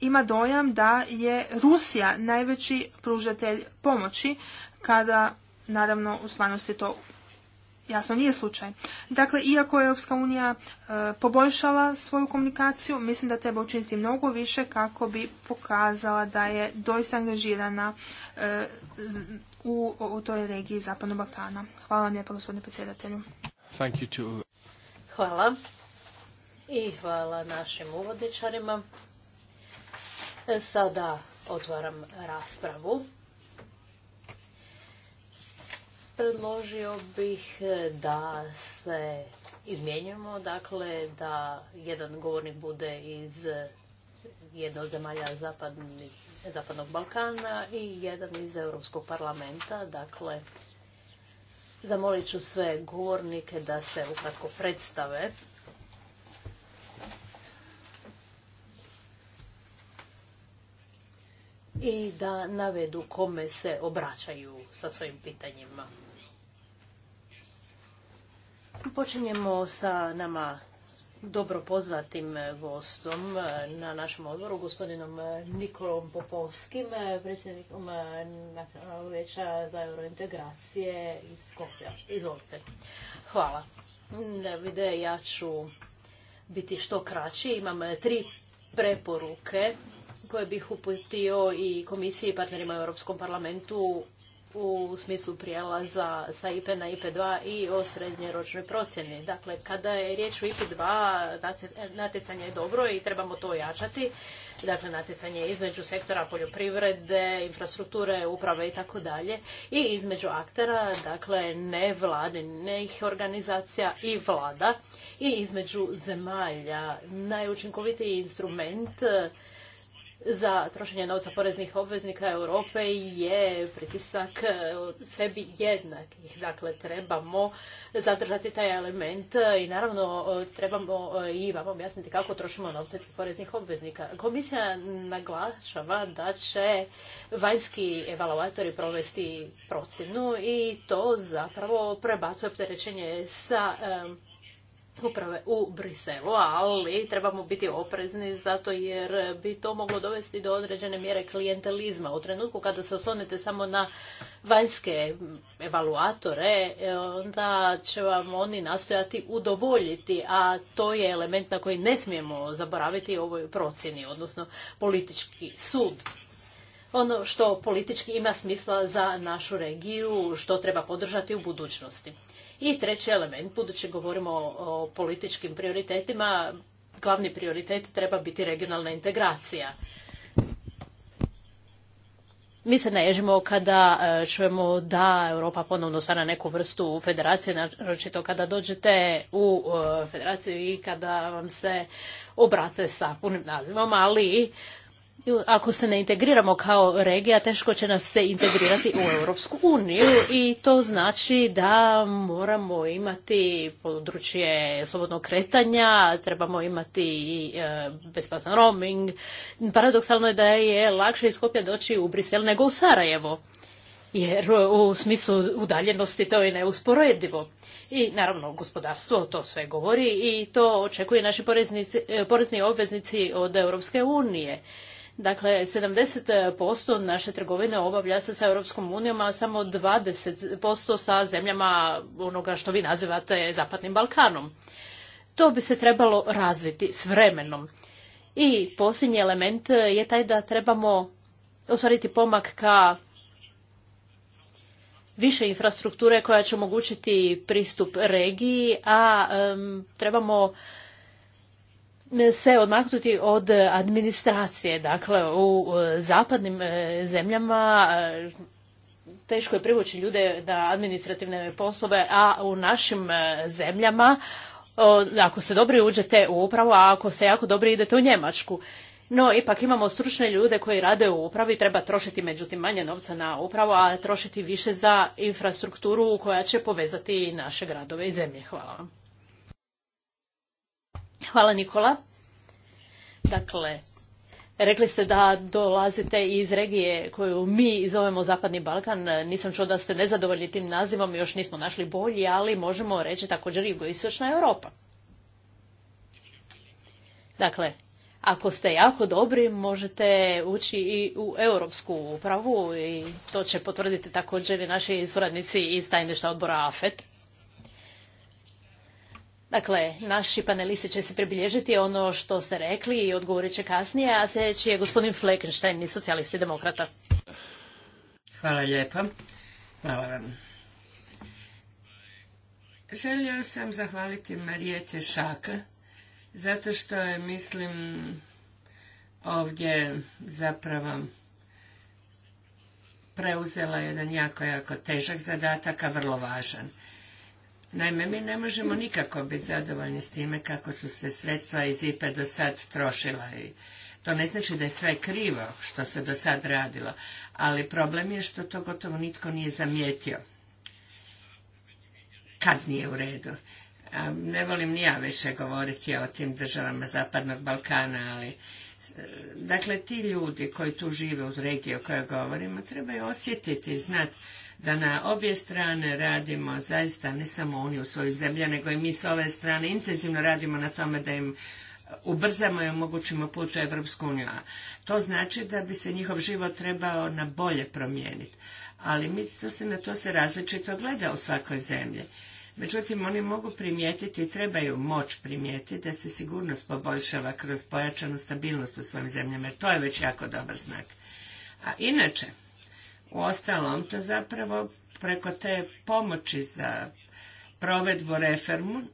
ima dojam da je Rusija najveći pružatelj pomoći kada naravno u stvarnosti to jasno nije slučaj. Dakle, iako je Europska unija e, poboljšala svoju komunikaciju, mislim da treba učiniti mnogo više kako bi pokazala da je doista angažirana e, u, toj regiji Zapadnog Balkana. Hvala vam lijepa gospodine predsjedatelju. Hvala. I hvala našim uvodničarima. Sada otvaram raspravu. Predložio bih e, da se izmjenjujemo, dakle da jedan govornik bude iz jednog zemalja Zapadnog Balkana i jedan iz Europskog parlamenta. Dakle, zamolit ću sve govornike da se ukratko predstave. i da navedu kome se obraćaju sa svojim pitanjima. Počinjemo sa nama dobro poznatim gostom na našem odboru, gospodinom Nikolom Popovskim, predsjednikom Nacionalnog vijeća za eurointegracije iz skopja Izvolite. Hvala. vide ja ću biti što kraći. Imam tri preporuke koje bih uputio i komisiji i partnerima u Europskom parlamentu u smislu prijelaza sa IP na IP2 i o srednjeročnoj procjeni. Dakle, kada je riječ o IP2, natjecanje je dobro i trebamo to ojačati. Dakle, natjecanje između sektora poljoprivrede, infrastrukture, uprave i tako dalje. I između aktera, dakle, ne nevladinih organizacija i vlada. I između zemalja. Najučinkovitiji instrument za trošenje novca poreznih obveznika Europe je pritisak e, sebi jednakih. Dakle, trebamo zadržati taj element i naravno e, trebamo e, i vam objasniti kako trošimo novce tih poreznih obveznika. Komisija naglašava da će vanjski evaluatori provesti procjenu i to zapravo prebacuje opterećenje sa uprave u Briselu, ali trebamo biti oprezni zato jer bi to moglo dovesti do određene mjere klijentelizma. U trenutku kada se osonete samo na vanjske evaluatore, e, onda će vam oni nastojati udovoljiti, a to je element na koji ne smijemo zaboraviti u ovoj procjeni, odnosno politički sud ono što politički ima smisla za našu regiju, što treba podržati u budućnosti. I treći element, budući govorimo o političkim prioritetima, glavni prioritet treba biti regionalna integracija. Mi se naježimo kada e, čujemo da Europa ponovno stvara neku vrstu federacije, naročito kada dođete u e, federaciju i kada vam se obrate sa punim nazivom, ali ako se ne integriramo kao regija, teško će nas se integrirati u Europsku uniju i to znači da moramo imati područje slobodnog kretanja, trebamo imati i e, besplatan roaming. Paradoksalno je da je lakše iz Skopja doći u Brisel nego u Sarajevo, jer u smislu udaljenosti to je neusporedivo. I naravno gospodarstvo to sve govori i to očekuje naši e, porezni obveznici od Europske unije Dakle, 70% naše trgovine obavlja se sa Europskom unijom, a samo 20% sa zemljama onoga što vi nazivate Zapadnim Balkanom. To bi se trebalo razviti s vremenom. I posljednji element je taj da trebamo ostvariti pomak ka više infrastrukture koja će omogućiti pristup regiji, a trebamo se odmaknuti od administracije. Dakle, u zapadnim e, zemljama e, teško je privući ljude da administrativne poslove, a u našim e, zemljama ako se dobro uđete u upravu, a ako se jako dobro idete u Njemačku. No, ipak imamo stručne ljude koji rade u upravi, treba trošiti međutim manje novca na upravu, a trošiti više za infrastrukturu koja će povezati naše gradove i zemlje. Hvala vam. Hvala Nikola. Dakle, rekli ste da dolazite iz regije koju mi zovemo Zapadni Balkan. Nisam čuo da ste nezadovoljni tim nazivom, još nismo našli bolji, ali možemo reći također jugoistočna Europa. Dakle, ako ste jako dobri, možete ući i u europsku upravu i to će potvrditi također i naši suradnici iz tajništa odbora AFET. Dakle, naši panelisti će se pribilježiti ono što ste rekli i odgovorit će kasnije, a sljedeći je gospodin Fleckenstein iz socijalisti demokrata. Hvala lijepa. Hvala vam. Želio sam zahvaliti Marije Tješaka, zato što je, mislim, ovdje zapravo preuzela jedan jako, jako težak zadatak, a vrlo važan. Naime, mi ne možemo nikako biti zadovoljni s time kako su se sredstva iz IPE do sad trošila to ne znači da je sve krivo što se do sad radilo, ali problem je što to gotovo nitko nije zamijetio. Kad nije u redu. ne volim ni ja više govoriti o tim državama Zapadnog Balkana, ali e, dakle ti ljudi koji tu žive u regiji o kojoj govorimo trebaju osjetiti i znati da na obje strane radimo zaista ne samo oni u svojoj zemlji, nego i mi s ove strane intenzivno radimo na tome da im ubrzamo i omogućimo put u Europsku uniju. To znači da bi se njihov život trebao na bolje promijeniti. Ali mi se, na to se različito gleda u svakoj zemlji. Međutim, oni mogu primijetiti i trebaju moć primijetiti da se sigurnost poboljšava kroz pojačanu stabilnost u svojim zemljama, jer to je već jako dobar znak. A inače, Uostalom, to zapravo preko te pomoći za provedbu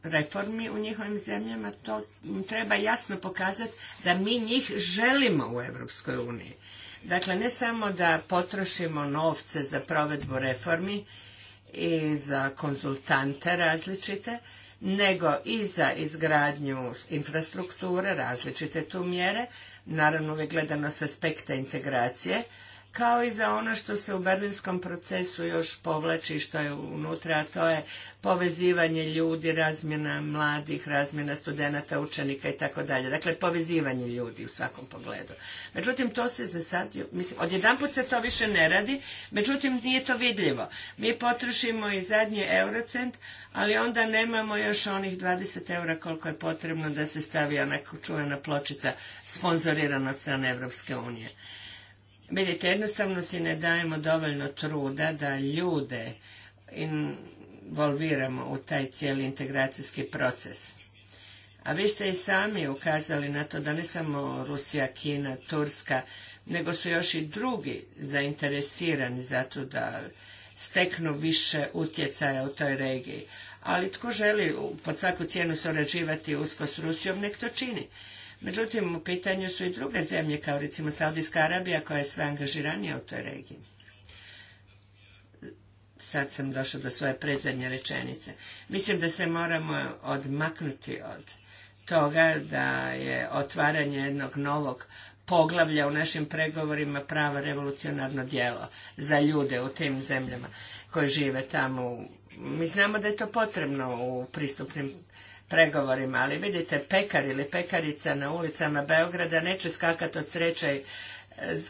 reformi u njihovim zemljama, to treba jasno pokazati da mi njih želimo u Europskoj uniji. Dakle, ne samo da potrošimo novce za provedbu reformi i za konzultante različite, nego i za izgradnju infrastrukture, različite tu mjere, naravno uvijek gledano s aspekta integracije, kao i za ono što se u berlinskom procesu još povlači što je unutra, a to je povezivanje ljudi, razmjena mladih, razmjena studenata, učenika i tako dalje. Dakle, povezivanje ljudi u svakom pogledu. Međutim, to se za sad, mislim, odjedanput se to više ne radi, međutim, nije to vidljivo. Mi potrošimo i zadnji eurocent, ali onda nemamo još onih 20 eura koliko je potrebno da se stavi ona čuvena pločica sponzorirana od strane Evropske unije. Vidite, jednostavno si ne dajemo dovoljno truda da ljude involviramo u taj cijeli integracijski proces. A vi ste i sami ukazali na to da ne samo Rusija, Kina, Turska, nego su još i drugi zainteresirani za to da steknu više utjecaja u toj regiji. Ali tko želi pod svaku cijenu surađivati usko s Rusijom, nek to čini. Međutim, u pitanju su i druge zemlje, kao recimo Saudijska Arabija, koja je sve angažiranija u toj regiji. Sad sam došla do svoje predzadnje rečenice. Mislim da se moramo odmaknuti od toga da je otvaranje jednog novog poglavlja u našim pregovorima pravo revolucionarno djelo za ljude u tim zemljama koje žive tamo. Mi znamo da je to potrebno u pristupnim pregovorima. Ali vidite, pekar ili pekarica na ulicama Beograda neće skakati od sreće e,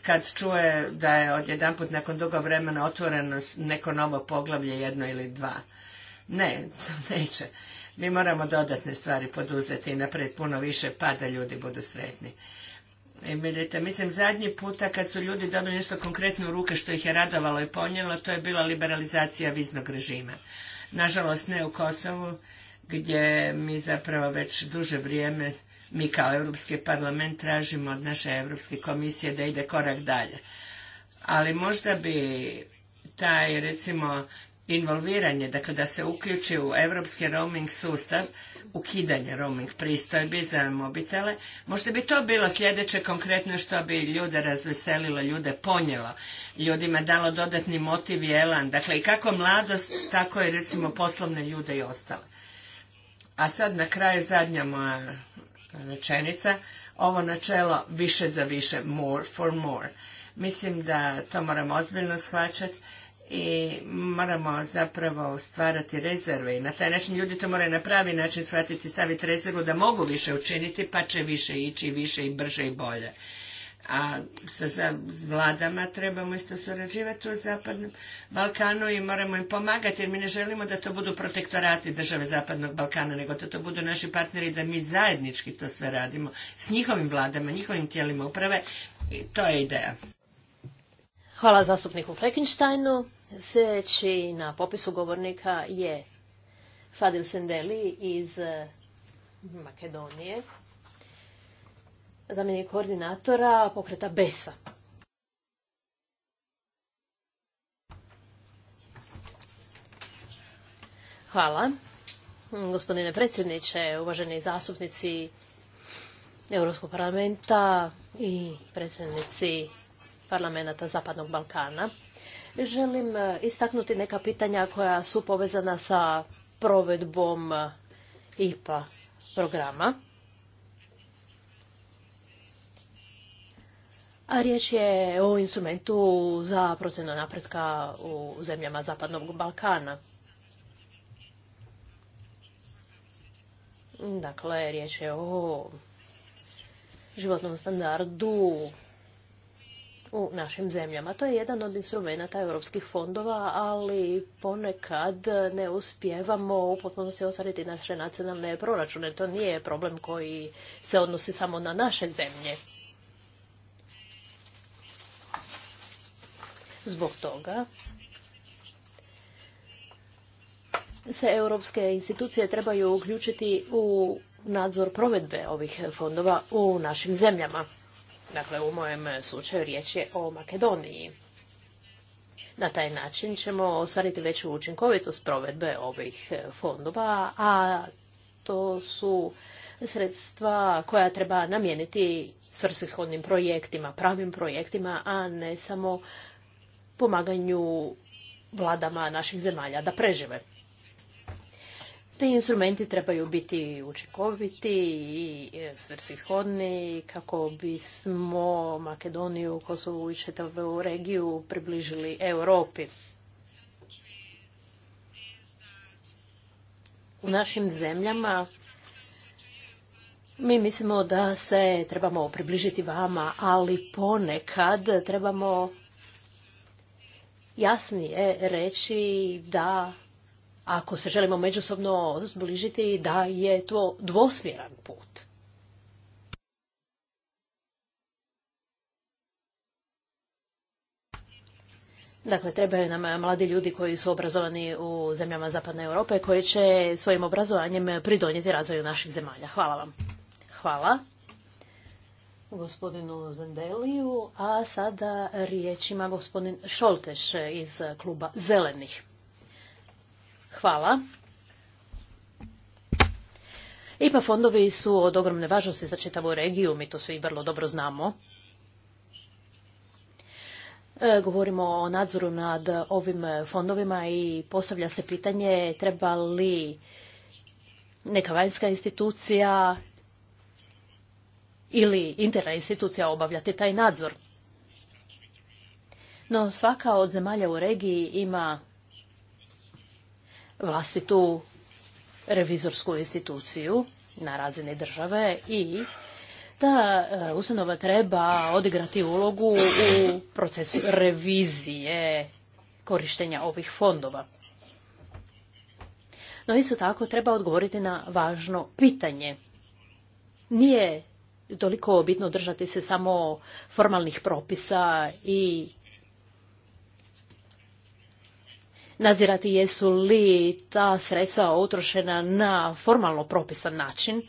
kad čuje da je odjedanput nakon dugo vremena otvoreno neko novo poglavlje jedno ili dva. Ne, neće. Mi moramo dodatne stvari poduzeti i napred puno više pa da ljudi budu sretni. I e, vidite, mislim zadnji puta kad su ljudi dobili nešto konkretno u ruke što ih je radovalo i ponijelo, to je bila liberalizacija viznog režima. Nažalost ne u Kosovu gdje mi zapravo već duže vrijeme mi kao Europski parlament tražimo od naše Europske komisije da ide korak dalje. Ali možda bi taj recimo involviranje, dakle da se uključi u europski roaming sustav, ukidanje roaming pristojbi za mobitele, možda bi to bilo sljedeće konkretno što bi ljude razveselilo, ljude ponijelo, ljudima dalo dodatni motiv i elan, dakle i kako mladost, tako i recimo poslovne ljude i ostale. A sad na kraju zadnja moja rečenica, ovo načelo više za više, more for more. Mislim da to moramo ozbiljno shvaćati i moramo zapravo stvarati rezerve i na taj način ljudi to moraju na pravi način shvatiti, staviti rezervu da mogu više učiniti pa će više ići, više i brže i bolje a sa, vladama trebamo isto surađivati u Zapadnom Balkanu i moramo im pomagati jer mi ne želimo da to budu protektorati države Zapadnog Balkana, nego da to budu naši partneri da mi zajednički to sve radimo s njihovim vladama, njihovim tijelima uprave. I to je ideja. Hvala zastupniku Fleckensteinu. Sljedeći na popisu govornika je Fadil Sendeli iz Makedonije zamjenik koordinatora pokreta BESA. Hvala. Gospodine predsjedniče, uvaženi zastupnici Europskog parlamenta i predsjednici parlamenta Zapadnog Balkana. Želim e, istaknuti neka pitanja koja su povezana sa provedbom e, IPA programa. A riječ je o instrumentu za procjenu napretka u zemljama Zapadnog Balkana. Dakle, riječ je o životnom standardu u našim zemljama. To je jedan od instrumenta europskih fondova, ali ponekad ne uspijevamo u potpunosti ostvariti naše nacionalne proračune. To nije problem koji se odnosi samo na naše zemlje. Zbog toga se europske institucije trebaju uključiti u nadzor provedbe ovih fondova u našim zemljama. Dakle, u mojem slučaju riječ je o Makedoniji. Na taj način ćemo ostvariti veću učinkovitost provedbe ovih fondova, a to su sredstva koja treba namijeniti svrsishodnim projektima, pravim projektima, a ne samo pomaganju vladama naših zemalja da prežive. Ti instrumenti trebaju biti učinkoviti i svrsishodni kako bismo Makedoniju, Kosovu i čitavu regiju približili Europi. U našim zemljama mi mislimo da se trebamo približiti vama, ali ponekad trebamo jasnije reći da ako se želimo međusobno zbližiti, da je to dvosmjeran put. Dakle, trebaju nam mladi ljudi koji su obrazovani u zemljama Zapadne Europe, koji će svojim obrazovanjem pridonijeti razvoju naših zemalja. Hvala vam. Hvala gospodinu Zendeliju, a sada riječ ima gospodin Šolteš iz kluba Zelenih. Hvala. IPA fondovi su od ogromne važnosti za čitavu regiju, mi to svi vrlo dobro znamo. E, govorimo o nadzoru nad ovim fondovima i postavlja se pitanje treba li neka vanjska institucija ili interna institucija obavljati taj nadzor. No svaka od zemalja u regiji ima vlastitu revizorsku instituciju na razini države i ta e, ustanova treba odigrati ulogu u procesu revizije korištenja ovih fondova. No isto tako treba odgovoriti na važno pitanje. Nije toliko bitno držati se samo formalnih propisa i nazirati jesu li ta sredstva utrošena na formalno propisan način,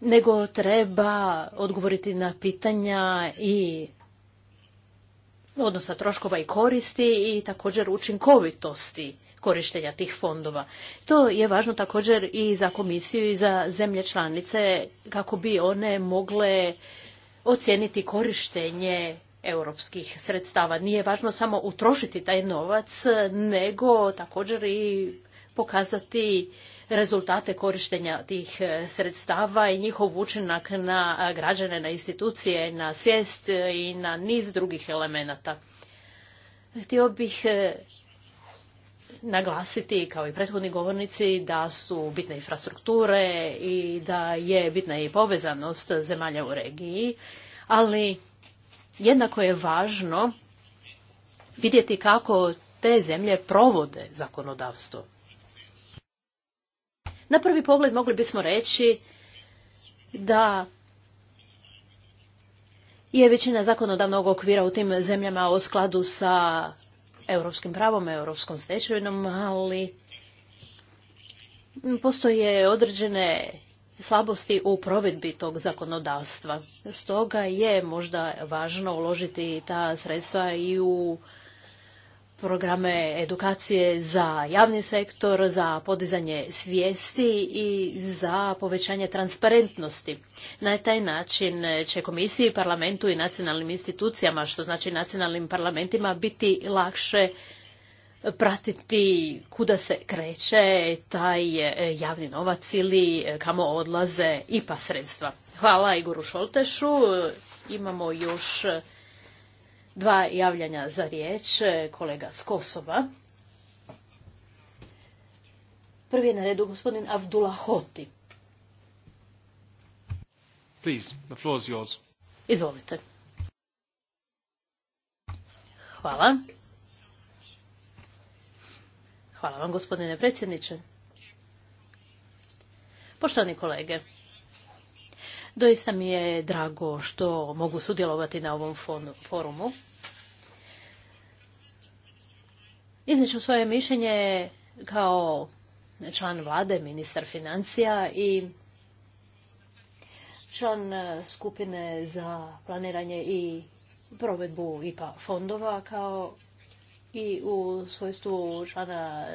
nego treba odgovoriti na pitanja i odnosa troškova i koristi i također učinkovitosti korištenja tih fondova. To je važno također i za komisiju i za zemlje članice kako bi one mogle ocijeniti korištenje europskih sredstava. Nije važno samo utrošiti taj novac, nego također i pokazati rezultate korištenja tih e, sredstava i njihov učinak na građane, na institucije, na svijest i na niz drugih elemenata. Htio bih e, naglasiti, kao i prethodni govornici, da su bitne infrastrukture i da je bitna i povezanost zemalja u regiji, ali jednako je važno vidjeti kako te zemlje provode zakonodavstvo. Na prvi pogled mogli bismo reći da je većina zakonodavnog okvira u tim zemljama u skladu sa europskim pravom, europskom stečevinom, ali postoje određene slabosti u provedbi tog zakonodavstva. Stoga je možda važno uložiti ta sredstva i u programe edukacije za javni sektor, za podizanje svijesti i za povećanje transparentnosti. Na taj način će komisiji, parlamentu i nacionalnim institucijama, što znači nacionalnim parlamentima, biti lakše pratiti kuda se kreće taj javni novac ili kamo odlaze i pa sredstva. Hvala Igoru Šoltešu. Imamo još dva javljanja za riječ e, kolega s Kosova. Prvi je na redu gospodin Avdula Hoti. Please, the floor is yours. Izvolite. Hvala. Hvala vam, gospodine predsjedniče. Poštovani kolege, Doista mi je drago što mogu sudjelovati na ovom forumu. Izniču svoje mišljenje kao član vlade, ministar financija i član e, skupine za planiranje i provedbu IPA fondova kao i u svojstvu člana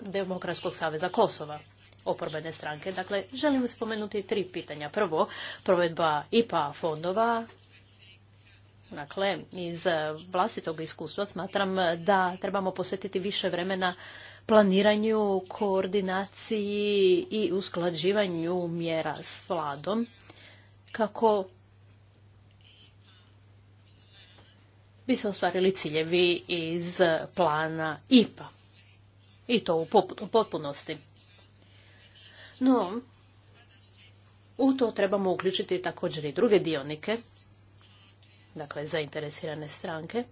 Demokratskog saveza Kosova oporbene stranke. Dakle, želim spomenuti tri pitanja. Prvo, provedba IPA fondova. Dakle, iz vlastitog iskustva smatram da trebamo posjetiti više vremena planiranju, koordinaciji i usklađivanju mjera s vladom kako bi se ostvarili ciljevi iz plana IPA. I to u potpunosti. No, u to trebamo uključiti također i druge dionike, dakle zainteresirane stranke.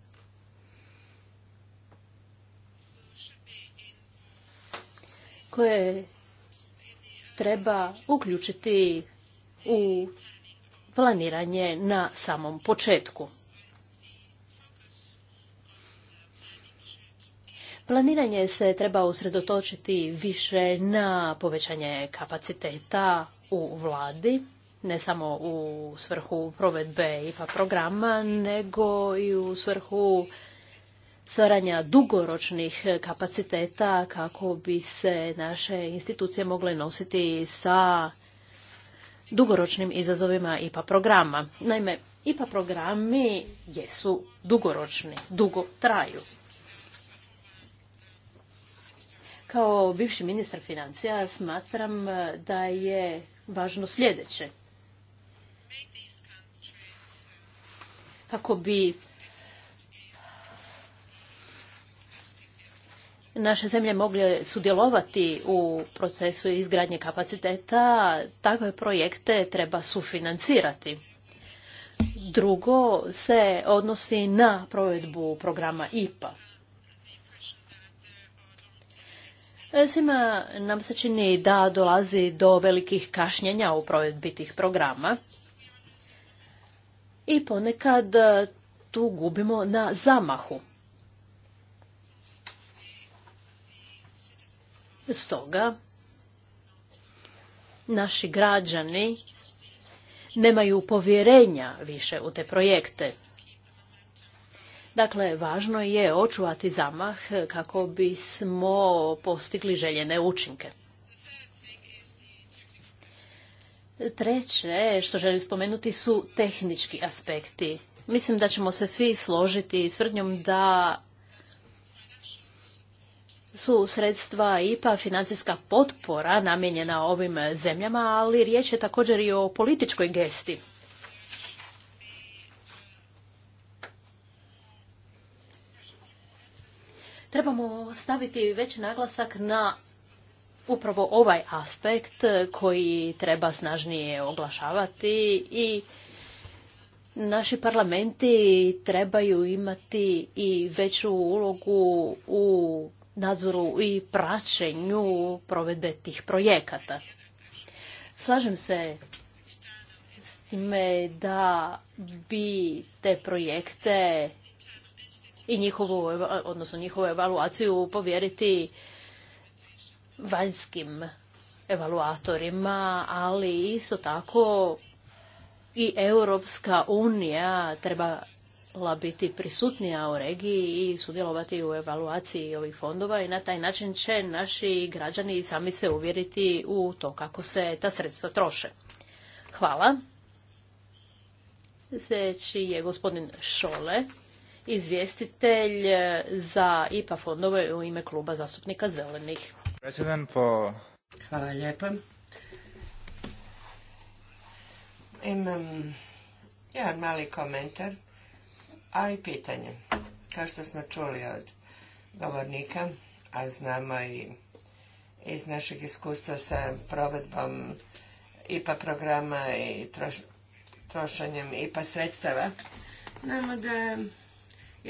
koje treba uključiti u planiranje na samom početku. Planiranje se treba usredotočiti više na povećanje kapaciteta u vladi, ne samo u svrhu provedbe IPA programa, nego i u svrhu stvaranja dugoročnih kapaciteta kako bi se naše institucije mogle nositi sa dugoročnim izazovima IPA programa. Naime, IPA programi jesu dugoročni, dugo traju. Kao bivši ministar financija smatram e, da je važno sljedeće. Kako bi naše zemlje mogle sudjelovati u procesu izgradnje kapaciteta, takve projekte treba sufinancirati. Drugo se odnosi na provedbu programa IPA. E, svima nam se čini da dolazi do velikih kašnjenja u provedbi tih programa i ponekad e, tu gubimo na zamahu. Stoga, naši građani nemaju povjerenja više u te projekte. Dakle, važno je očuvati zamah kako bismo postigli željene učinke. Treće što želim spomenuti su tehnički aspekti. Mislim da ćemo se svi složiti s tvrdnjom da su sredstva IPA financijska potpora namijenjena ovim zemljama, ali riječ je također i o političkoj gesti. trebamo staviti veći naglasak na upravo ovaj aspekt koji treba snažnije oglašavati i naši parlamenti trebaju imati i veću ulogu u nadzoru i praćenju provedbe tih projekata. Slažem se s time da bi te projekte i njihovu, odnosno njihovu evaluaciju povjeriti vanjskim evaluatorima, ali isto tako i Europska unija trebala biti prisutnija u regiji i sudjelovati u evaluaciji ovih fondova i na taj način će naši građani sami se uvjeriti u to kako se ta sredstva troše. Hvala. Sljedeći je gospodin Šole izvjestitelj e, za IPA fondove u ime kluba zastupnika Zelenih. Hvala lijepa Imam jedan mali komentar, a i pitanje. Kao što smo čuli od govornika, a znamo i iz našeg iskustva sa provedbom IPA programa i trošenjem IPA sredstava, znamo da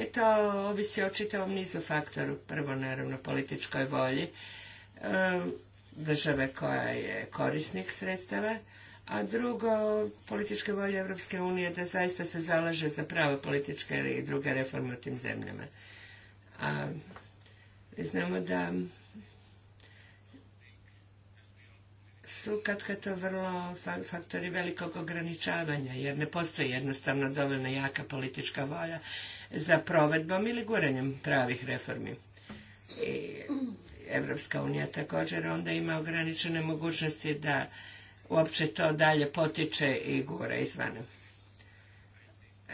i to ovisi o čitavom nizu faktoru. Prvo, naravno, političkoj volji e, države koja je korisnik sredstava, a drugo, političke volje Europske unije da zaista se zalaže za pravo političke i druge reforme u tim zemljama. A znamo da su kad to vrlo faktori velikog ograničavanja, jer ne postoji jednostavno dovoljno jaka politička volja za provedbom ili guranjem pravih reformi. I Evropska unija također onda ima ograničene mogućnosti da uopće to dalje potiče i gura izvana.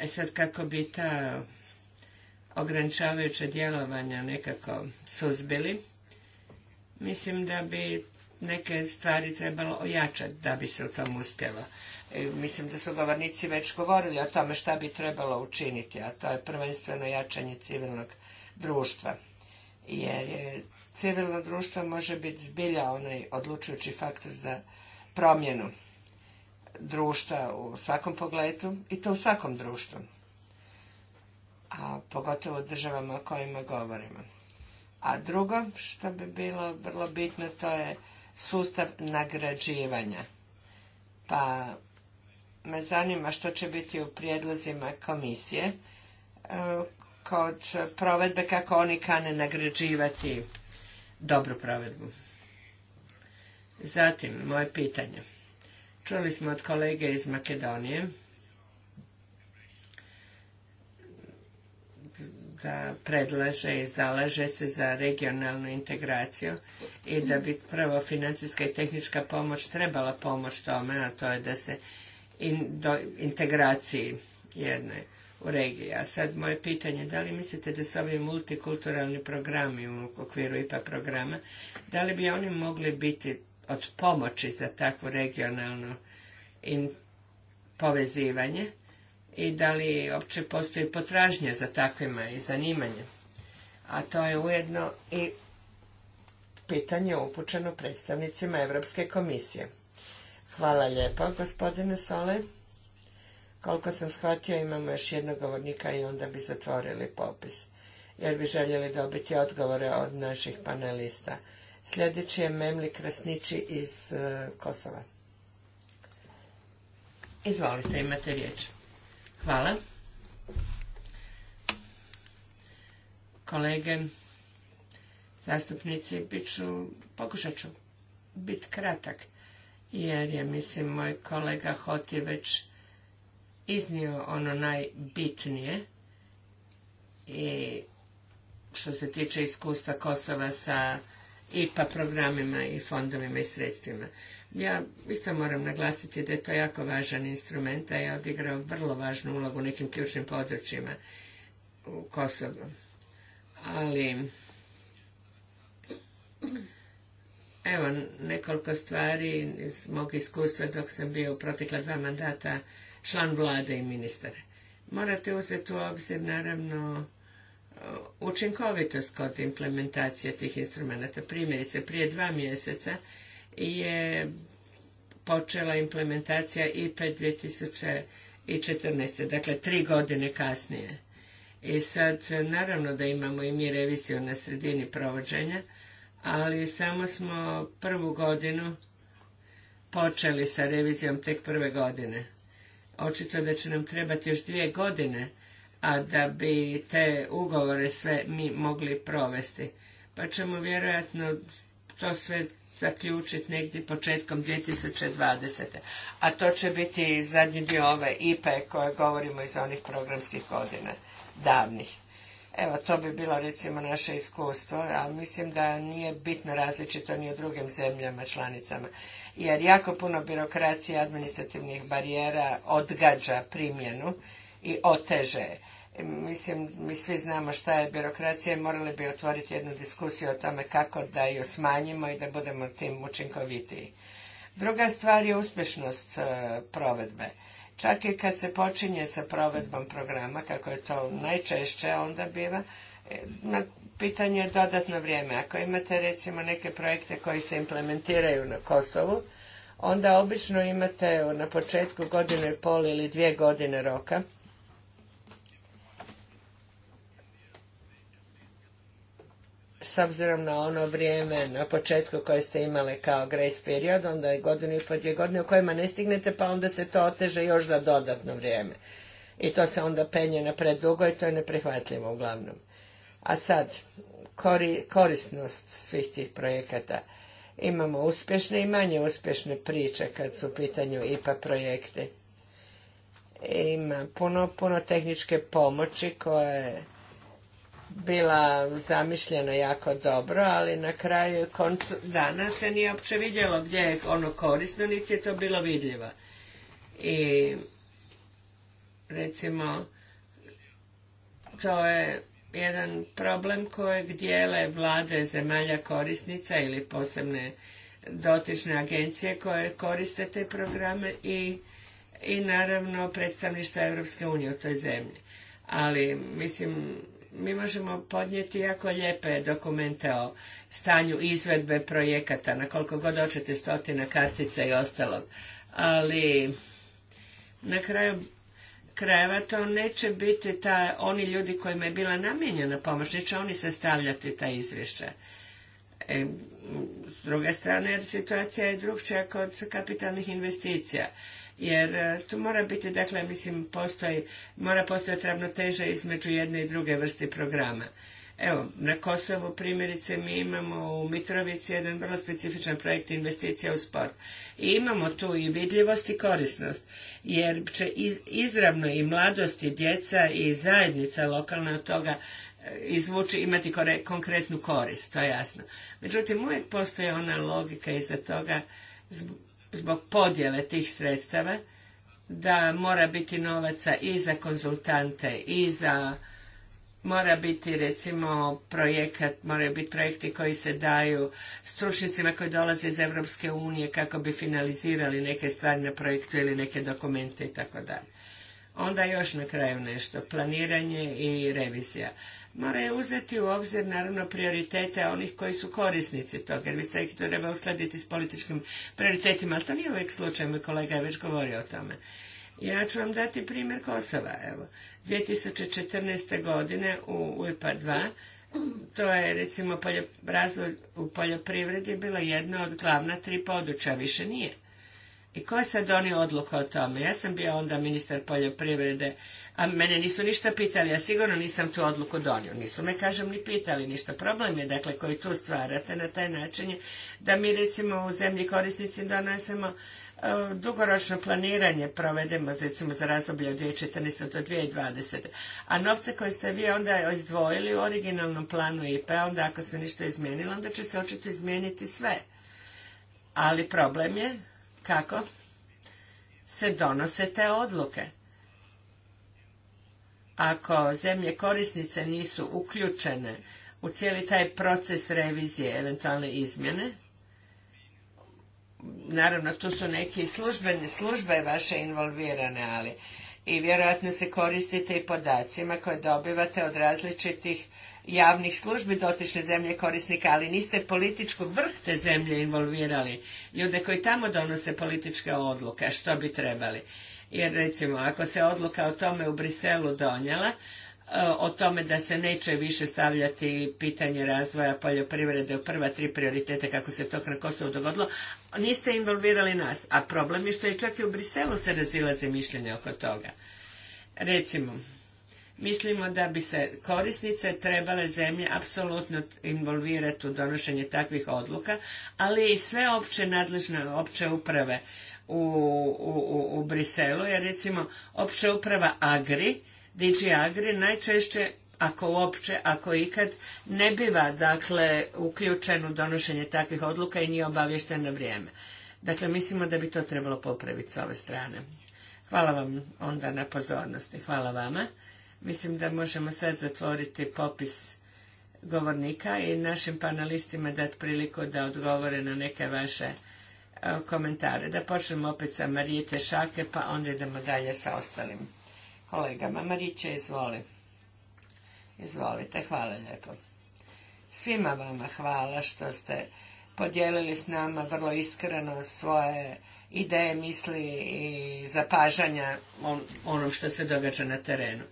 E sad kako bi ta ograničavajuća djelovanja nekako suzbili, mislim da bi neke stvari trebalo ojačati da bi se u tom uspjelo. E, mislim da su govornici već govorili o tome šta bi trebalo učiniti, a to je prvenstveno jačanje civilnog društva. Jer civilno društvo može biti zbilja onaj odlučujući faktor za promjenu društva u svakom pogledu i to u svakom društvu, a pogotovo u državama o kojima govorimo. A drugo što bi bilo vrlo bitno to je sustav nagrađivanja. Pa me zanima što će biti u prijedlozima komisije e, kod provedbe kako oni kane nagrađivati dobru provedbu. Zatim, moje pitanje. Čuli smo od kolege iz Makedonije da predlaže i zalaže se za regionalnu integraciju i da bi prvo financijska i tehnička pomoć trebala pomoć tome, a to je da se integraciji jedne u regiji. A sad moje pitanje, da li mislite da su ovi multikulturalni programi u okviru IPA programa, da li bi oni mogli biti od pomoći za takvo regionalno povezivanje i da li opće postoji potražnja za takvima i zanimanje. A to je ujedno i pitanje upućeno predstavnicima Europske komisije. Hvala lijepa, gospodine Sole. Koliko sam shvatio, imamo još jednog govornika i onda bi zatvorili popis, jer bi željeli dobiti odgovore od naših panelista. Sljedeći je Memli Krasnići iz e, Kosova. Izvolite, imate riječ. Hvala. Kolege, zastupnici, bit pokušat ću biti kratak jer je, mislim, moj kolega Hot je već iznio ono najbitnije i što se tiče iskustva Kosova sa IPA programima i fondovima i sredstvima. Ja isto moram naglasiti da je to jako važan instrument, a je odigrao vrlo važnu ulogu u nekim ključnim područjima u Kosovu. Ali Evo, nekoliko stvari iz mog iskustva dok sam bio u protekla dva mandata član vlade i ministar. Morate uzeti u obzir, naravno, uh, učinkovitost kod implementacije tih instrumenta. Primjerice, prije dva mjeseca je počela implementacija IPE 2014. Dakle, tri godine kasnije. I sad, naravno da imamo i mi reviziju na sredini provođenja, ali samo smo prvu godinu počeli sa revizijom tek prve godine. Očito da će nam trebati još dvije godine, a da bi te ugovore sve mi mogli provesti. Pa ćemo vjerojatno to sve zaključiti negdje početkom 2020. A to će biti zadnji dio ove IPE koje govorimo iz onih programskih godina davnih. Evo, to bi bilo recimo naše iskustvo, ali mislim da nije bitno različito ni u drugim zemljama članicama, jer jako puno birokracije administrativnih barijera odgađa primjenu i oteže. Mislim, mi svi znamo šta je birokracija i morali bi otvoriti jednu diskusiju o tome kako da ju smanjimo i da budemo tim učinkovitiji. Druga stvar je uspješnost e, provedbe. Čak i kad se počinje sa provedbom programa, kako je to najčešće onda biva, e, na pitanje je dodatno vrijeme. Ako imate recimo neke projekte koji se implementiraju na Kosovu, onda obično imate na početku godine i pol ili dvije godine roka s obzirom na ono vrijeme na početku koje ste imale kao grace period, onda je godinu i po dvije godine u kojima ne stignete, pa onda se to oteže još za dodatno vrijeme. I to se onda penje na predugo i to je neprihvatljivo uglavnom. A sad, korisnost svih tih projekata. Imamo uspješne i manje uspješne priče kad su u pitanju IPA projekte. Ima puno, puno tehničke pomoći koje bila zamišljena jako dobro, ali na kraju koncu dana se nije uopće vidjelo gdje je ono korisno, niti je to bilo vidljivo. I recimo to je jedan problem kojeg dijele vlade zemalja korisnica ili posebne dotične agencije koje koriste te programe i, i naravno predstavništva Europske unije u toj zemlji. Ali mislim mi možemo podnijeti jako lijepe dokumente o stanju izvedbe projekata, na koliko god hoćete stotina kartica i ostalog. Ali na kraju krajeva to neće biti ta, oni ljudi kojima je bila namijenjena pomoć, neće oni sastavljati ta izvješća. E, s druge strane, situacija je drugčija kod kapitalnih investicija jer e, tu mora biti, dakle, mislim, postoji, mora postojati ravnoteža između jedne i druge vrste programa. Evo, na Kosovu primjerice mi imamo u Mitrovici jedan vrlo specifičan projekt investicija u sport. I imamo tu i vidljivost i korisnost, jer će izravno i mladost i djeca i zajednica lokalna od toga e, izvući, imati konkretnu korist, to je jasno. Međutim, uvijek postoji ona logika iza toga zbog podjele tih sredstava da mora biti novaca i za konzultante i za mora biti recimo projekat, moraju biti projekti koji se daju stručnicima koji dolaze iz Europske unije kako bi finalizirali neke stvari na projektu ili neke dokumente i tako dalje. Onda još na kraju nešto, planiranje i revizija moraju uzeti u obzir naravno prioritete onih koji su korisnici toga, jer vi ste rekli to treba uskladiti s političkim prioritetima, ali to nije uvijek slučaj, moj kolega je već govorio o tome. Ja ću vam dati primjer Kosova, evo. 2014. godine u UIPA e 2, to je recimo razvoj u poljoprivredi bilo jedno od glavna tri područja, više nije. I ko je sad donio odluku o tome? Ja sam bio onda ministar poljoprivrede a mene nisu ništa pitali, ja sigurno nisam tu odluku donio, nisu me, kažem, ni pitali ništa. Problem je, dakle, koji tu stvarate na taj način je da mi, recimo, u zemlji korisnici donesemo e, dugoročno planiranje provedemo, recimo, za razdoblje od 2014. do 2020. A novce koje ste vi onda izdvojili u originalnom planu IPA, onda ako se ništa izmijenilo, onda će se očito izmijeniti sve. Ali problem je kako se donose te odluke ako zemlje korisnice nisu uključene u cijeli taj proces revizije, eventualne izmjene, naravno tu su neke službene službe vaše involvirane, ali i vjerojatno se koristite i podacima koje dobivate od različitih javnih službi dotične zemlje korisnika, ali niste političku vrh te zemlje involvirali, ljude koji tamo donose političke odluke, što bi trebali. Jer recimo, ako se odluka o tome u Briselu donijela, e, o tome da se neće više stavljati pitanje razvoja poljoprivrede u prva tri prioriteta kako se to na Kosovo dogodilo, niste involvirali nas. A problem je što i čak i u Briselu se razilaze mišljenja oko toga. Recimo, mislimo da bi se korisnice trebale zemlje apsolutno involvirati u donošenje takvih odluka, ali i sve opće nadležne opće uprave u, Briselu, jer recimo opće uprava Agri, DG Agri, najčešće ako uopće, ako ikad, ne biva dakle uključen u donošenje takvih odluka i nije obavješten na vrijeme. Dakle, mislimo da bi to trebalo popraviti s ove strane. Hvala vam onda na pozornosti. Hvala vama. Mislim da možemo sad zatvoriti popis govornika i našim panelistima dati priliku da odgovore na neke vaše komentare. Da počnemo opet sa Marije Tešake, pa onda idemo dalje sa ostalim kolegama. Mariće, izvoli. Izvolite, hvala lijepo. Svima vama hvala što ste podijelili s nama vrlo iskreno svoje ideje, misli i zapažanja onom što se događa na terenu.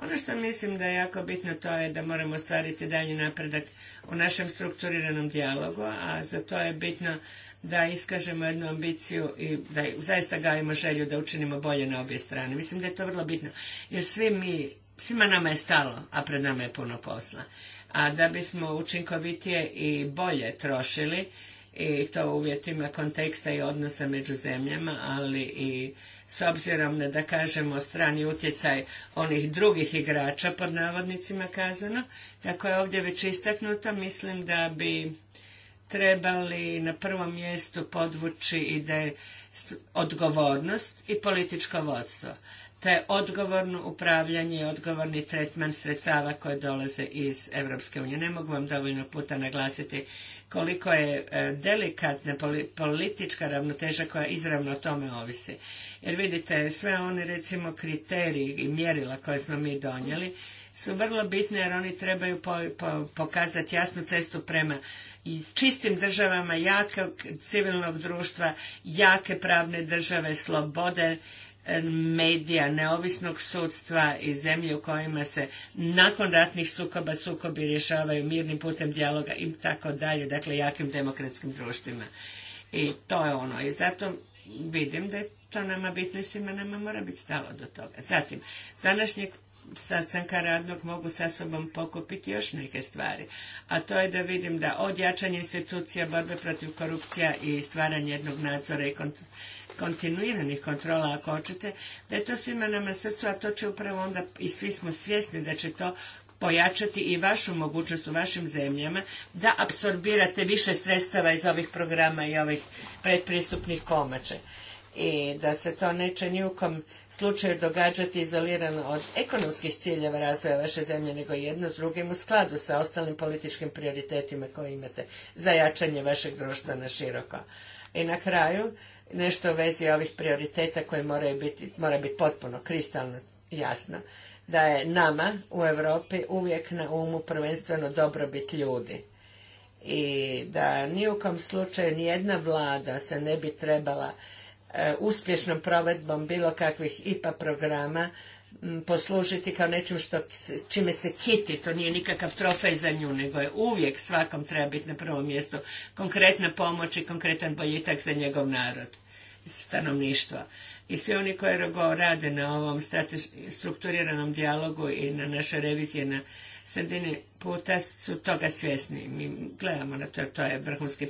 Ono što mislim da je jako bitno to je da moramo ostvariti dalji napredak u našem strukturiranom dijalogu, a za to je bitno da iskažemo jednu ambiciju i da zaista gajimo želju da učinimo bolje na obje strane. Mislim da je to vrlo bitno, jer svi mi, svima nama je stalo, a pred nama je puno posla. A da bismo učinkovitije i bolje trošili, i to u uvjetima konteksta i odnosa među zemljama, ali i s obzirom na, da kažemo, strani utjecaj onih drugih igrača, pod navodnicima kazano, tako je ovdje već istaknuto, mislim da bi trebali na prvom mjestu podvući ide odgovornost i političko vodstvo, te odgovorno upravljanje i odgovorni tretman sredstava koje dolaze iz Europske unije. Ne mogu vam dovoljno puta naglasiti koliko je e, delikatna politička ravnoteža koja izravno o tome ovisi. Jer vidite, sve oni recimo kriteriji i mjerila koje smo mi donijeli su vrlo bitne jer oni trebaju pokazati jasnu cestu prema i čistim državama jakog civilnog društva, jake pravne države, slobode, eh, medija, neovisnog sudstva i zemlje u kojima se nakon ratnih sukoba sukobi rješavaju mirnim putem dijaloga i tako dalje, dakle jakim demokratskim društvima. I to je ono. I zato vidim da je to nama bitno i svima nama mora biti stalo do toga. Zatim, današnjeg sastanka radnog mogu sa sobom pokupiti još neke stvari. A to je da vidim da od jačanja institucija, borbe protiv korupcija i stvaranje jednog nadzora i kontinuiranih kontrola ako hoćete, da je to svima nama srcu, a to će upravo onda i svi smo svjesni da će to pojačati i vašu mogućnost u vašim zemljama da apsorbirate više sredstava iz ovih programa i ovih predpristupnih pomoći i da se to neće ni u kom slučaju događati izolirano od ekonomskih ciljeva razvoja vaše zemlje, nego jedno s drugim u skladu sa ostalim političkim prioritetima koje imate za jačanje vašeg društva na široko. I na kraju, nešto u vezi ovih prioriteta koje moraju biti, mora biti potpuno kristalno jasno, da je nama u Europi uvijek na umu prvenstveno dobrobit ljudi i da ni u kom slučaju nijedna vlada se ne bi trebala E, uspješnom provedbom bilo kakvih IPA programa poslužiti kao nečim što, čime se kiti, to nije nikakav trofej za nju, nego je uvijek svakom treba biti na prvom mjestu konkretna pomoć i konkretan boljitak za njegov narod stanovništva. I svi oni koji rade na ovom strukturiranom dijalogu i na našoj reviziji na sredini puta su toga svjesni. Mi gledamo na to, to je vrhunski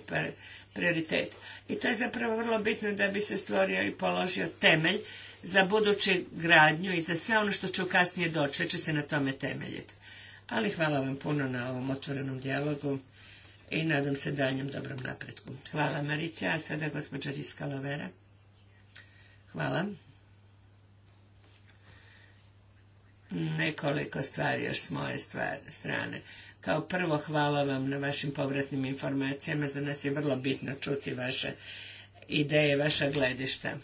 prioritet. I to je zapravo vrlo bitno da bi se stvorio i položio temelj za buduću gradnju i za sve ono što će kasnije doći, sve će se na tome temeljiti. Ali hvala vam puno na ovom otvorenom dijalogu i nadam se daljem dobrom napretku. Hvala Marića, a sada gospođa Riska Lovera. Hvala. Nekoliko stvari još s moje strane. Kao prvo hvala vam na vašim povratnim informacijama, za nas je vrlo bitno čuti vaše ideje, vaša gledišta.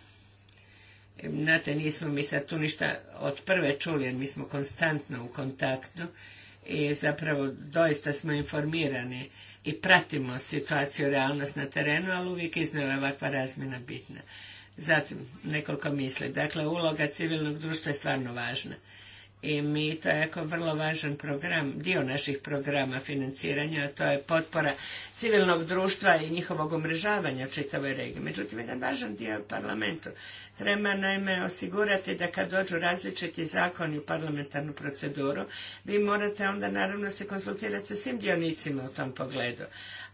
Znate, nismo mi sad tu ništa od prve čuli, jer mi smo konstantno u kontaktu i zapravo doista smo informirani i pratimo situaciju, realnost na terenu, ali uvijek iznova ovakva razmjena bitna. Zatim, nekoliko misli. Dakle, uloga civilnog društva je stvarno važna i mi to je jako vrlo važan program, dio naših programa financiranja, a to je potpora civilnog društva i njihovog umrežavanja čitavoj regiji. Međutim, jedan važan dio je parlamentu. Treba naime osigurati da kad dođu različiti zakoni u parlamentarnu proceduru, vi morate onda naravno se konsultirati sa svim dionicima u tom pogledu.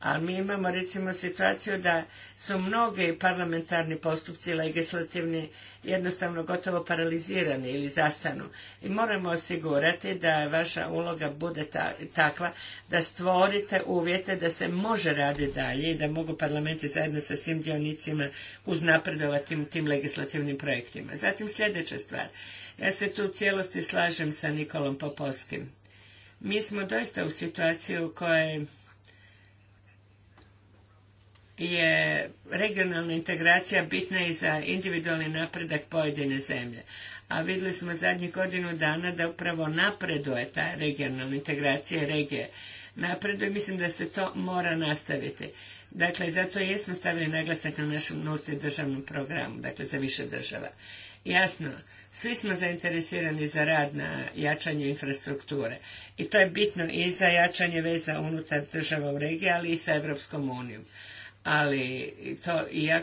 A mi imamo recimo situaciju da su mnogi parlamentarni postupci legislativni jednostavno gotovo paralizirani ili zastanu. I moramo osigurati da vaša uloga bude takva da stvorite uvjete da se može raditi dalje i da mogu parlamenti zajedno sa svim dionicima uznapredovati tim, tim legislativnim projektima. Zatim sljedeća stvar. Ja se tu u cijelosti slažem sa Nikolom Popovskim. Mi smo doista u situaciji u kojoj je regionalna integracija bitna i za individualni napredak pojedine zemlje. A vidjeli smo zadnjih godinu dana da upravo napreduje ta regionalna integracija regije. Napreduje, mislim da se to mora nastaviti. Dakle, zato jesmo stavili naglasak na našem državnom programu, dakle za više država. Jasno, svi smo zainteresirani za rad na jačanju infrastrukture i to je bitno i za jačanje veza unutar država u regiji, ali i sa Europskom unijom ali to ja,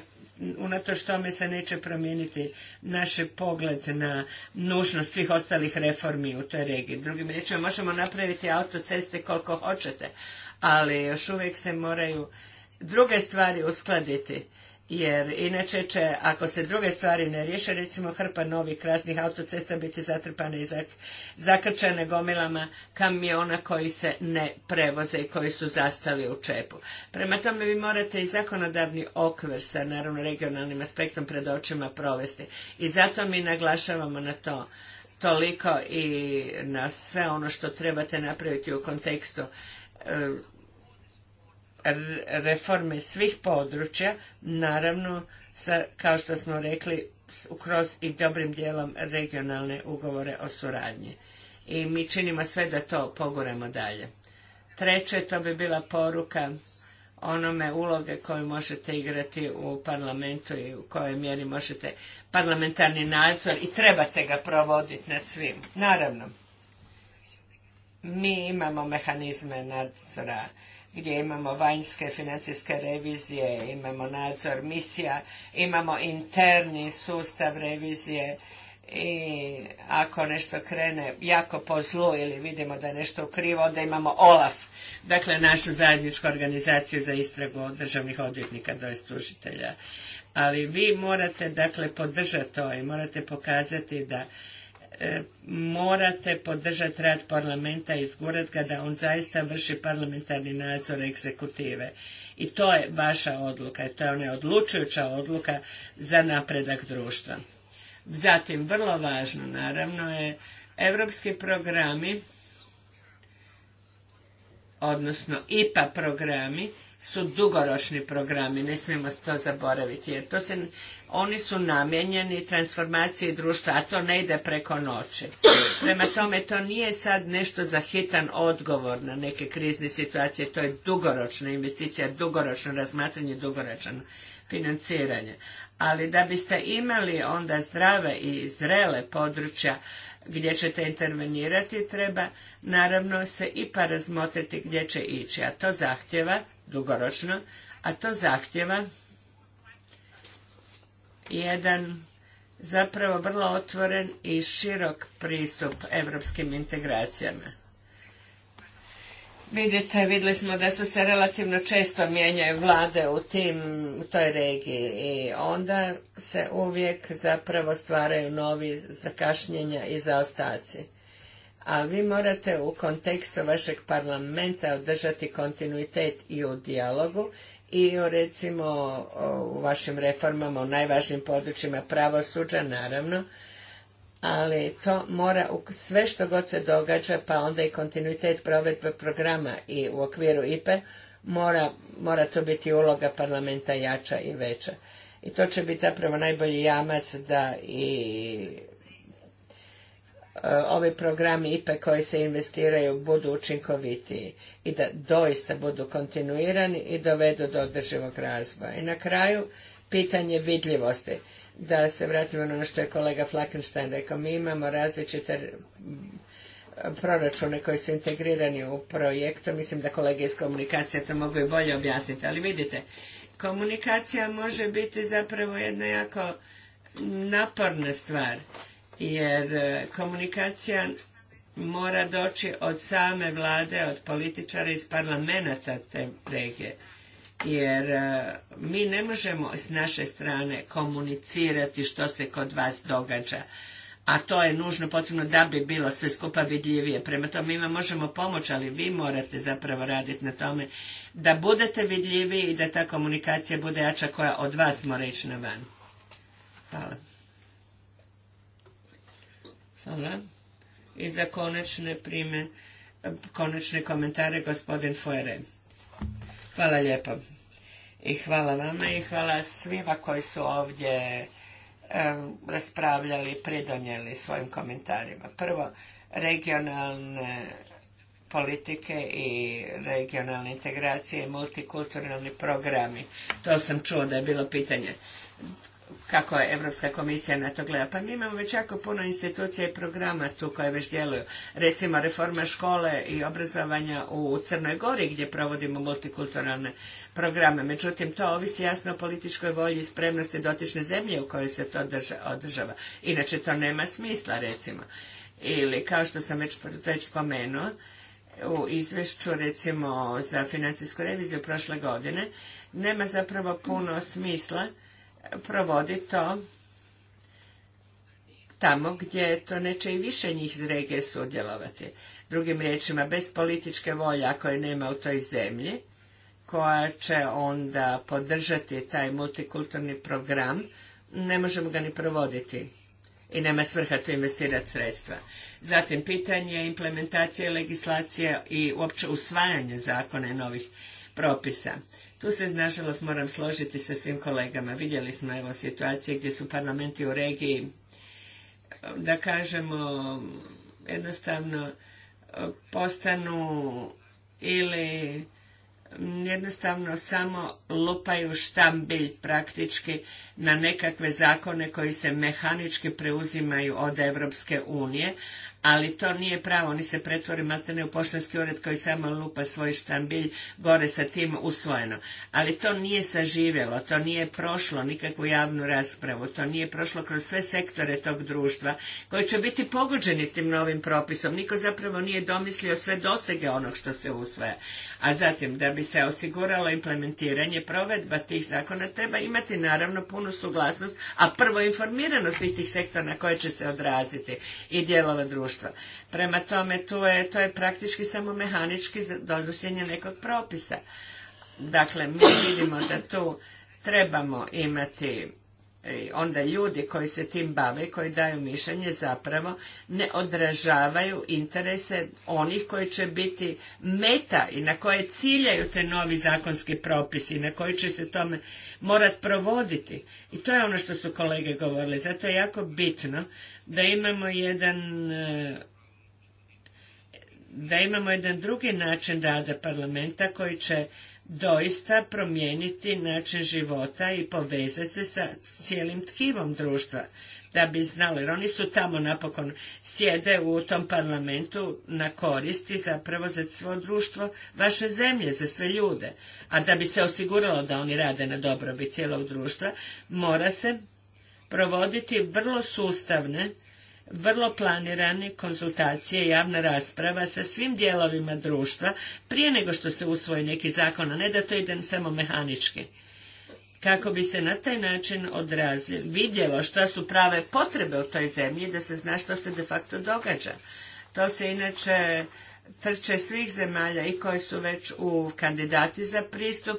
unatoč tome se neće promijeniti naš pogled na nužnost svih ostalih reformi u toj regiji. Drugim riječima, možemo napraviti autoceste koliko hoćete, ali još uvijek se moraju druge stvari uskladiti jer inače će, ako se druge stvari ne riješe, recimo hrpa novih krasnih autocesta biti zatrpane i zakrčene gomilama kamiona koji se ne prevoze i koji su zastali u čepu. Prema tome vi morate i zakonodavni okvir sa naravno regionalnim aspektom pred očima provesti i zato mi naglašavamo na to toliko i na sve ono što trebate napraviti u kontekstu e, reforme svih područja, naravno sa, kao što smo rekli, kroz i dobrim dijelom regionalne ugovore o suradnji. I mi činimo sve da to poguramo dalje. Treće, to bi bila poruka onome uloge koju možete igrati u parlamentu i u kojoj mjeri možete parlamentarni nadzor i trebate ga provoditi nad svim. Naravno, mi imamo mehanizme nadzora gdje imamo vanjske financijske revizije, imamo nadzor misija, imamo interni sustav revizije i ako nešto krene jako po zlu ili vidimo da je nešto krivo, onda imamo OLAF, dakle našu zajedničku organizaciju za istragu državnih odvjetnika, do tužitelja. Ali vi morate, dakle, podržati to i morate pokazati da E, morate podržati rad parlamenta i izgurat ga da on zaista vrši parlamentarni nadzor egzekutive. I to je vaša odluka to je ona odlučujuća odluka za napredak društva. Zatim, vrlo važno naravno je evropski programi odnosno IPA programi su dugoročni programi, ne smijemo to zaboraviti, jer to se oni su namijenjeni transformaciji društva, a to ne ide preko noći. Prema tome, to nije sad nešto za hitan odgovor na neke krizne situacije, to je dugoročna investicija, dugoročno razmatranje, dugoročno financiranje. Ali da biste imali onda zdrave i zrele područja gdje ćete intervenirati, treba naravno se i razmotriti gdje će ići, a to zahtjeva dugoročno, a to zahtjeva jedan zapravo vrlo otvoren i širok pristup europskim integracijama. Vidite, vidjeli smo da su se relativno često mijenjaju vlade u tim, u toj regiji i onda se uvijek zapravo stvaraju novi zakašnjenja i zaostaci. A vi morate u kontekstu vašeg parlamenta održati kontinuitet i u dijalogu i o recimo u vašim reformama, o najvažnijim područjima pravosuđa naravno, ali to mora sve što god se događa pa onda i kontinuitet provedbe programa i u okviru IPE mora, mora to biti uloga parlamenta jača i veća. I to će biti zapravo najbolji jamac da i E, ovi programi IPE koji se investiraju budu učinkovitiji i da doista budu kontinuirani i dovedu do održivog razvoja. I na kraju pitanje vidljivosti. Da se vratimo na ono što je kolega Flakenstein rekao, mi imamo različite proračune koji su integrirani u projektu, mislim da kolege iz komunikacije to mogu i bolje objasniti, ali vidite, komunikacija može biti zapravo jedna jako naporna stvar jer e, komunikacija mora doći od same vlade, od političara iz parlamenta te regije. Jer e, mi ne možemo s naše strane komunicirati što se kod vas događa. A to je nužno potrebno da bi bilo sve skupa vidljivije. Prema tome mi možemo pomoći, ali vi morate zapravo raditi na tome da budete vidljiviji i da ta komunikacija bude jača koja od vas mora ići na van. Hvala. Hvala. I za konačne prime, konačne komentare gospodin Fuere. Hvala lijepo. I hvala vama i hvala svima koji su ovdje raspravljali, pridonijeli svojim komentarima. Prvo, regionalne politike i regionalne integracije i multikulturalni programi. To sam čuo da je bilo pitanje kako je Europska komisija na to gleda. Pa mi imamo već jako puno institucija i programa tu koje već djeluju. Recimo reforma škole i obrazovanja u Crnoj Gori gdje provodimo multikulturalne programe. Međutim, to ovisi jasno o političkoj volji i spremnosti dotične zemlje u kojoj se to održava. Inače, to nema smisla, recimo. Ili, kao što sam već, već spomenuo, u izvješću recimo za financijsku reviziju prošle godine, nema zapravo puno smisla provoditi to tamo gdje to neće i više njih iz regije sudjelovati. Drugim riječima, bez političke volje ako je nema u toj zemlji, koja će onda podržati taj multikulturni program, ne možemo ga ni provoditi i nema svrha tu investirati sredstva. Zatim, pitanje implementacije legislacije i uopće usvajanje zakona i novih propisa. Tu se, nažalost, moram složiti sa svim kolegama. Vidjeli smo evo situacije gdje su parlamenti u regiji, da kažemo, jednostavno postanu ili jednostavno samo lupaju štambilj praktički na nekakve zakone koji se mehanički preuzimaju od Evropske unije, ali to nije pravo, oni se pretvori maltene u poštanski ured koji samo lupa svoj štambilj gore sa tim usvojeno. Ali to nije saživjelo, to nije prošlo nikakvu javnu raspravu, to nije prošlo kroz sve sektore tog društva koji će biti pogođeni tim novim propisom. Niko zapravo nije domislio sve dosege onog što se usvaja. A zatim, da bi se osiguralo implementiranje, provedba tih zakona treba imati naravno punu suglasnost, a prvo informiranost svih tih sektora na koje će se odraziti i dijelova društva Prema tome, tu je, to je praktički samo mehanički donošenje nekog propisa. Dakle, mi vidimo da tu trebamo imati E, onda ljudi koji se tim bave i koji daju mišljenje zapravo ne odražavaju interese onih koji će biti meta i na koje ciljaju te novi zakonski propisi i na koji će se tome morat provoditi. I to je ono što su kolege govorili. Zato je jako bitno da imamo jedan e, da imamo jedan drugi način rada parlamenta koji će doista promijeniti način života i povezati se sa cijelim tkivom društva da bi znali. Jer oni su tamo napokon sjede u tom parlamentu na koristi zapravo za svo društvo vaše zemlje, za sve ljude. A da bi se osiguralo da oni rade na dobrobi cijelog društva, mora se provoditi vrlo sustavne vrlo planirane konzultacije, javna rasprava sa svim dijelovima društva prije nego što se usvoji neki zakon, a ne da to ide samo mehanički. Kako bi se na taj način odrazilo, vidjelo šta su prave potrebe u toj zemlji, da se zna što se de facto događa. To se inače trče svih zemalja i koji su već u kandidati za pristup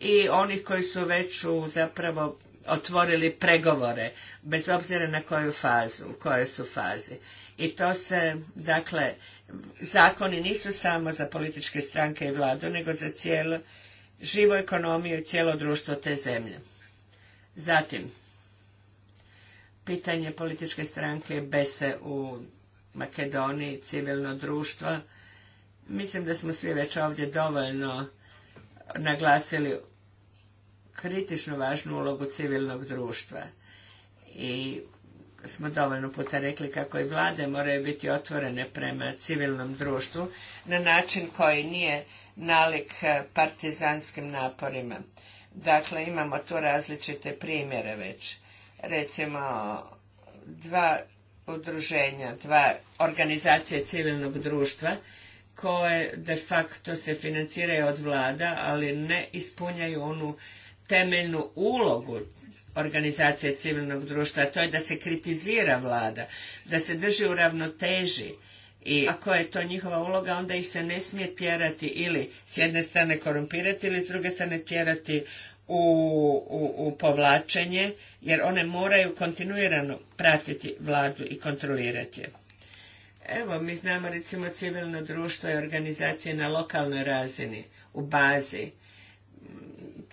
i onih koji su već u zapravo otvorili pregovore, bez obzira na koju fazu, u kojoj su fazi. I to se, dakle, zakoni nisu samo za političke stranke i vladu, nego za cijelu živu ekonomiju i cijelo društvo te zemlje. Zatim, pitanje političke stranke Bese u Makedoniji, civilno društvo. Mislim da smo svi već ovdje dovoljno naglasili kritično važnu ulogu civilnog društva i smo dovoljno puta rekli kako i vlade moraju biti otvorene prema civilnom društvu na način koji nije nalik eh, partizanskim naporima. Dakle, imamo tu različite primjere već. Recimo, dva udruženja, dva organizacije civilnog društva koje de facto se financiraju od vlada, ali ne ispunjaju onu temeljnu ulogu organizacije civilnog društva, a to je da se kritizira vlada, da se drži u ravnoteži i ako je to njihova uloga, onda ih se ne smije tjerati ili s jedne strane korumpirati ili s druge strane tjerati u, u povlačenje, jer one moraju kontinuirano pratiti vladu i kontrolirati je. Evo, mi znamo recimo civilno društvo i organizacije na lokalnoj razini, u bazi,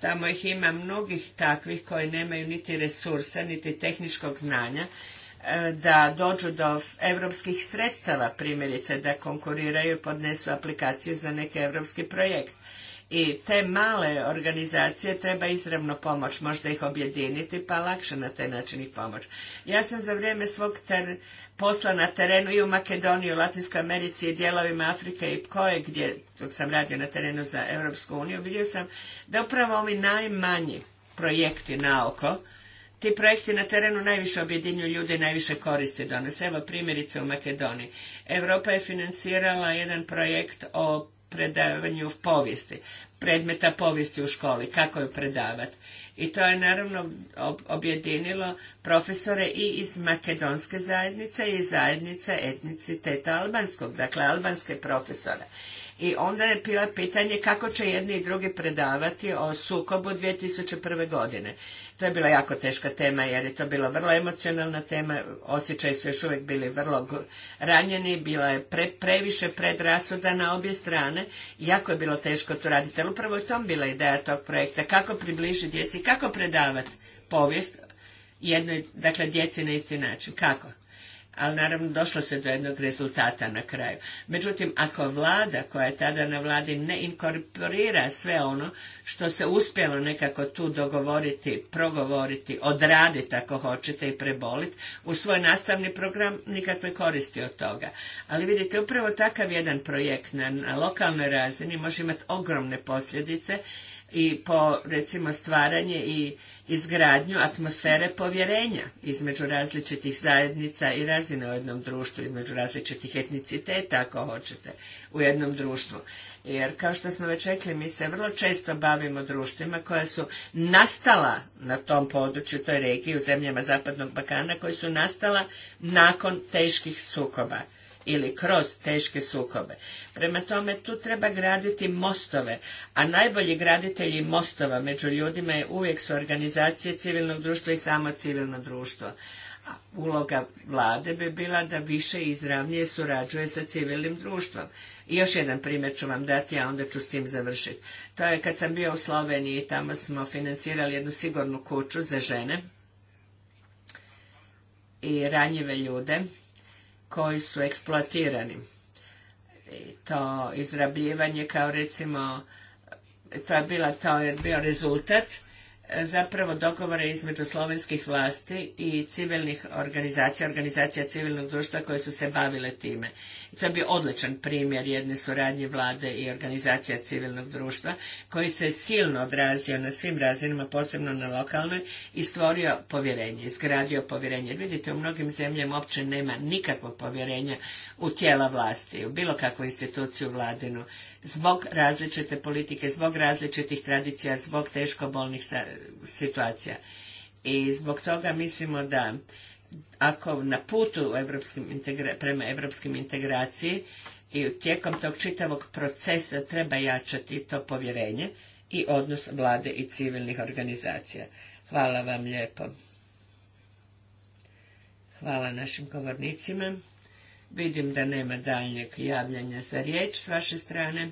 tamo ih ima mnogih takvih koji nemaju niti resursa, niti tehničkog znanja e, da dođu do europskih sredstava, primjerice da konkuriraju i podnesu aplikacije za neki europski projekt. I te male organizacije treba izravno pomoć, možda ih objediniti pa lakše na taj način i pomoć. Ja sam za vrijeme svog posla na terenu i u Makedoniji, u Latinskoj Americi i dijelovima Afrike i koje gdje, dok sam radio na terenu za Europsku uniju, vidio sam da upravo ovi najmanji projekti na oko, ti projekti na terenu najviše objedinju ljude i najviše koristi donose. Evo primjerice u Makedoniji. Europa je financirala jedan projekt o predavanju povijesti, predmeta povijesti u školi, kako ju predavati. I to je naravno objedinilo profesore i iz makedonske zajednice i zajednice etniciteta albanskog, dakle albanske profesore. I onda je bilo pitanje kako će jedni i drugi predavati o sukobu 2001. godine. To je bila jako teška tema jer je to bila vrlo emocionalna tema, osjećaj su još uvijek bili vrlo ranjeni, bila je previše predrasuda na obje strane, jako je bilo teško to raditi, ali upravo je tom bila ideja tog projekta, kako približiti djeci, kako predavati povijest jednoj, dakle djeci na isti način, kako? ali naravno došlo se do jednog rezultata na kraju. Međutim, ako vlada koja je tada na vladi ne inkorporira sve ono što se uspjelo nekako tu dogovoriti, progovoriti, odraditi ako hoćete i preboliti, u svoj nastavni program nikakve koristi od toga. Ali vidite, upravo takav jedan projekt na, na lokalnoj razini može imati ogromne posljedice i po recimo stvaranje i izgradnju atmosfere povjerenja između različitih zajednica i razine u jednom društvu, između različitih etniciteta ako hoćete u jednom društvu. Jer kao što smo već rekli, mi se vrlo često bavimo društvima koja su nastala na tom području, toj regiji, u zemljama Zapadnog bakana koji su nastala nakon teških sukoba ili kroz teške sukobe. Prema tome tu treba graditi mostove, a najbolji graditelji mostova među ljudima je uvijek su organizacije civilnog društva i samo civilno društvo. uloga vlade bi bila da više izravnije surađuje sa civilnim društvom. I još jedan primjer ću vam dati, a onda ću s tim završiti. To je kad sam bio u Sloveniji, tamo smo financirali jednu sigurnu kuću za žene i ranjive ljude koji su eksploatirani. to izrabljivanje kao recimo, to je bila to je bio rezultat E, zapravo dogovore između slovenskih vlasti i civilnih organizacija, organizacija civilnog društva koje su se bavile time. to je bio odličan primjer jedne suradnje vlade i organizacija civilnog društva koji se silno odrazio na svim razinama, posebno na lokalnoj i stvorio povjerenje, izgradio povjerenje. vidite, u mnogim zemljama uopće nema nikakvog povjerenja u tijela vlasti, u bilo kakvu instituciju vladinu zbog različite politike, zbog različitih tradicija, zbog teško bolnih situacija. I zbog toga mislimo da ako na putu prema evropskim integraciji i tijekom tog čitavog procesa treba jačati to povjerenje i odnos vlade i civilnih organizacija. Hvala vam lijepo. Hvala našim govornicima. Vidim da nema daljnjeg javljanja za riječ s vaše strane,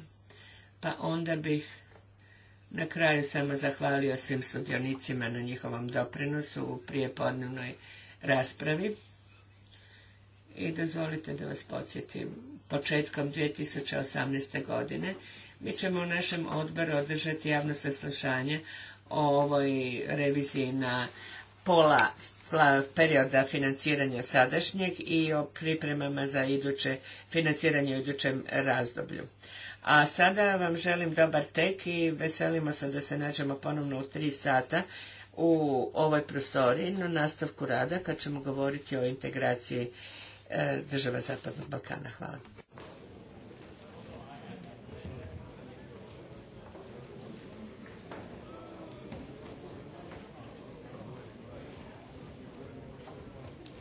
pa onda bih na kraju samo zahvalio svim sudionicima na njihovom doprinosu u prijepodnevnoj raspravi. I dozvolite da vas podsjetim, početkom 2018. godine mi ćemo u našem odboru održati javno saslušanje o ovoj reviziji na pola perioda financiranja sadašnjeg i o pripremama za iduće financiranje u idućem razdoblju. A sada vam želim dobar tek i veselimo se da se nađemo ponovno u tri sata u ovoj prostoriji na nastavku rada kad ćemo govoriti o integraciji e, država Zapadnog Balkana. Hvala.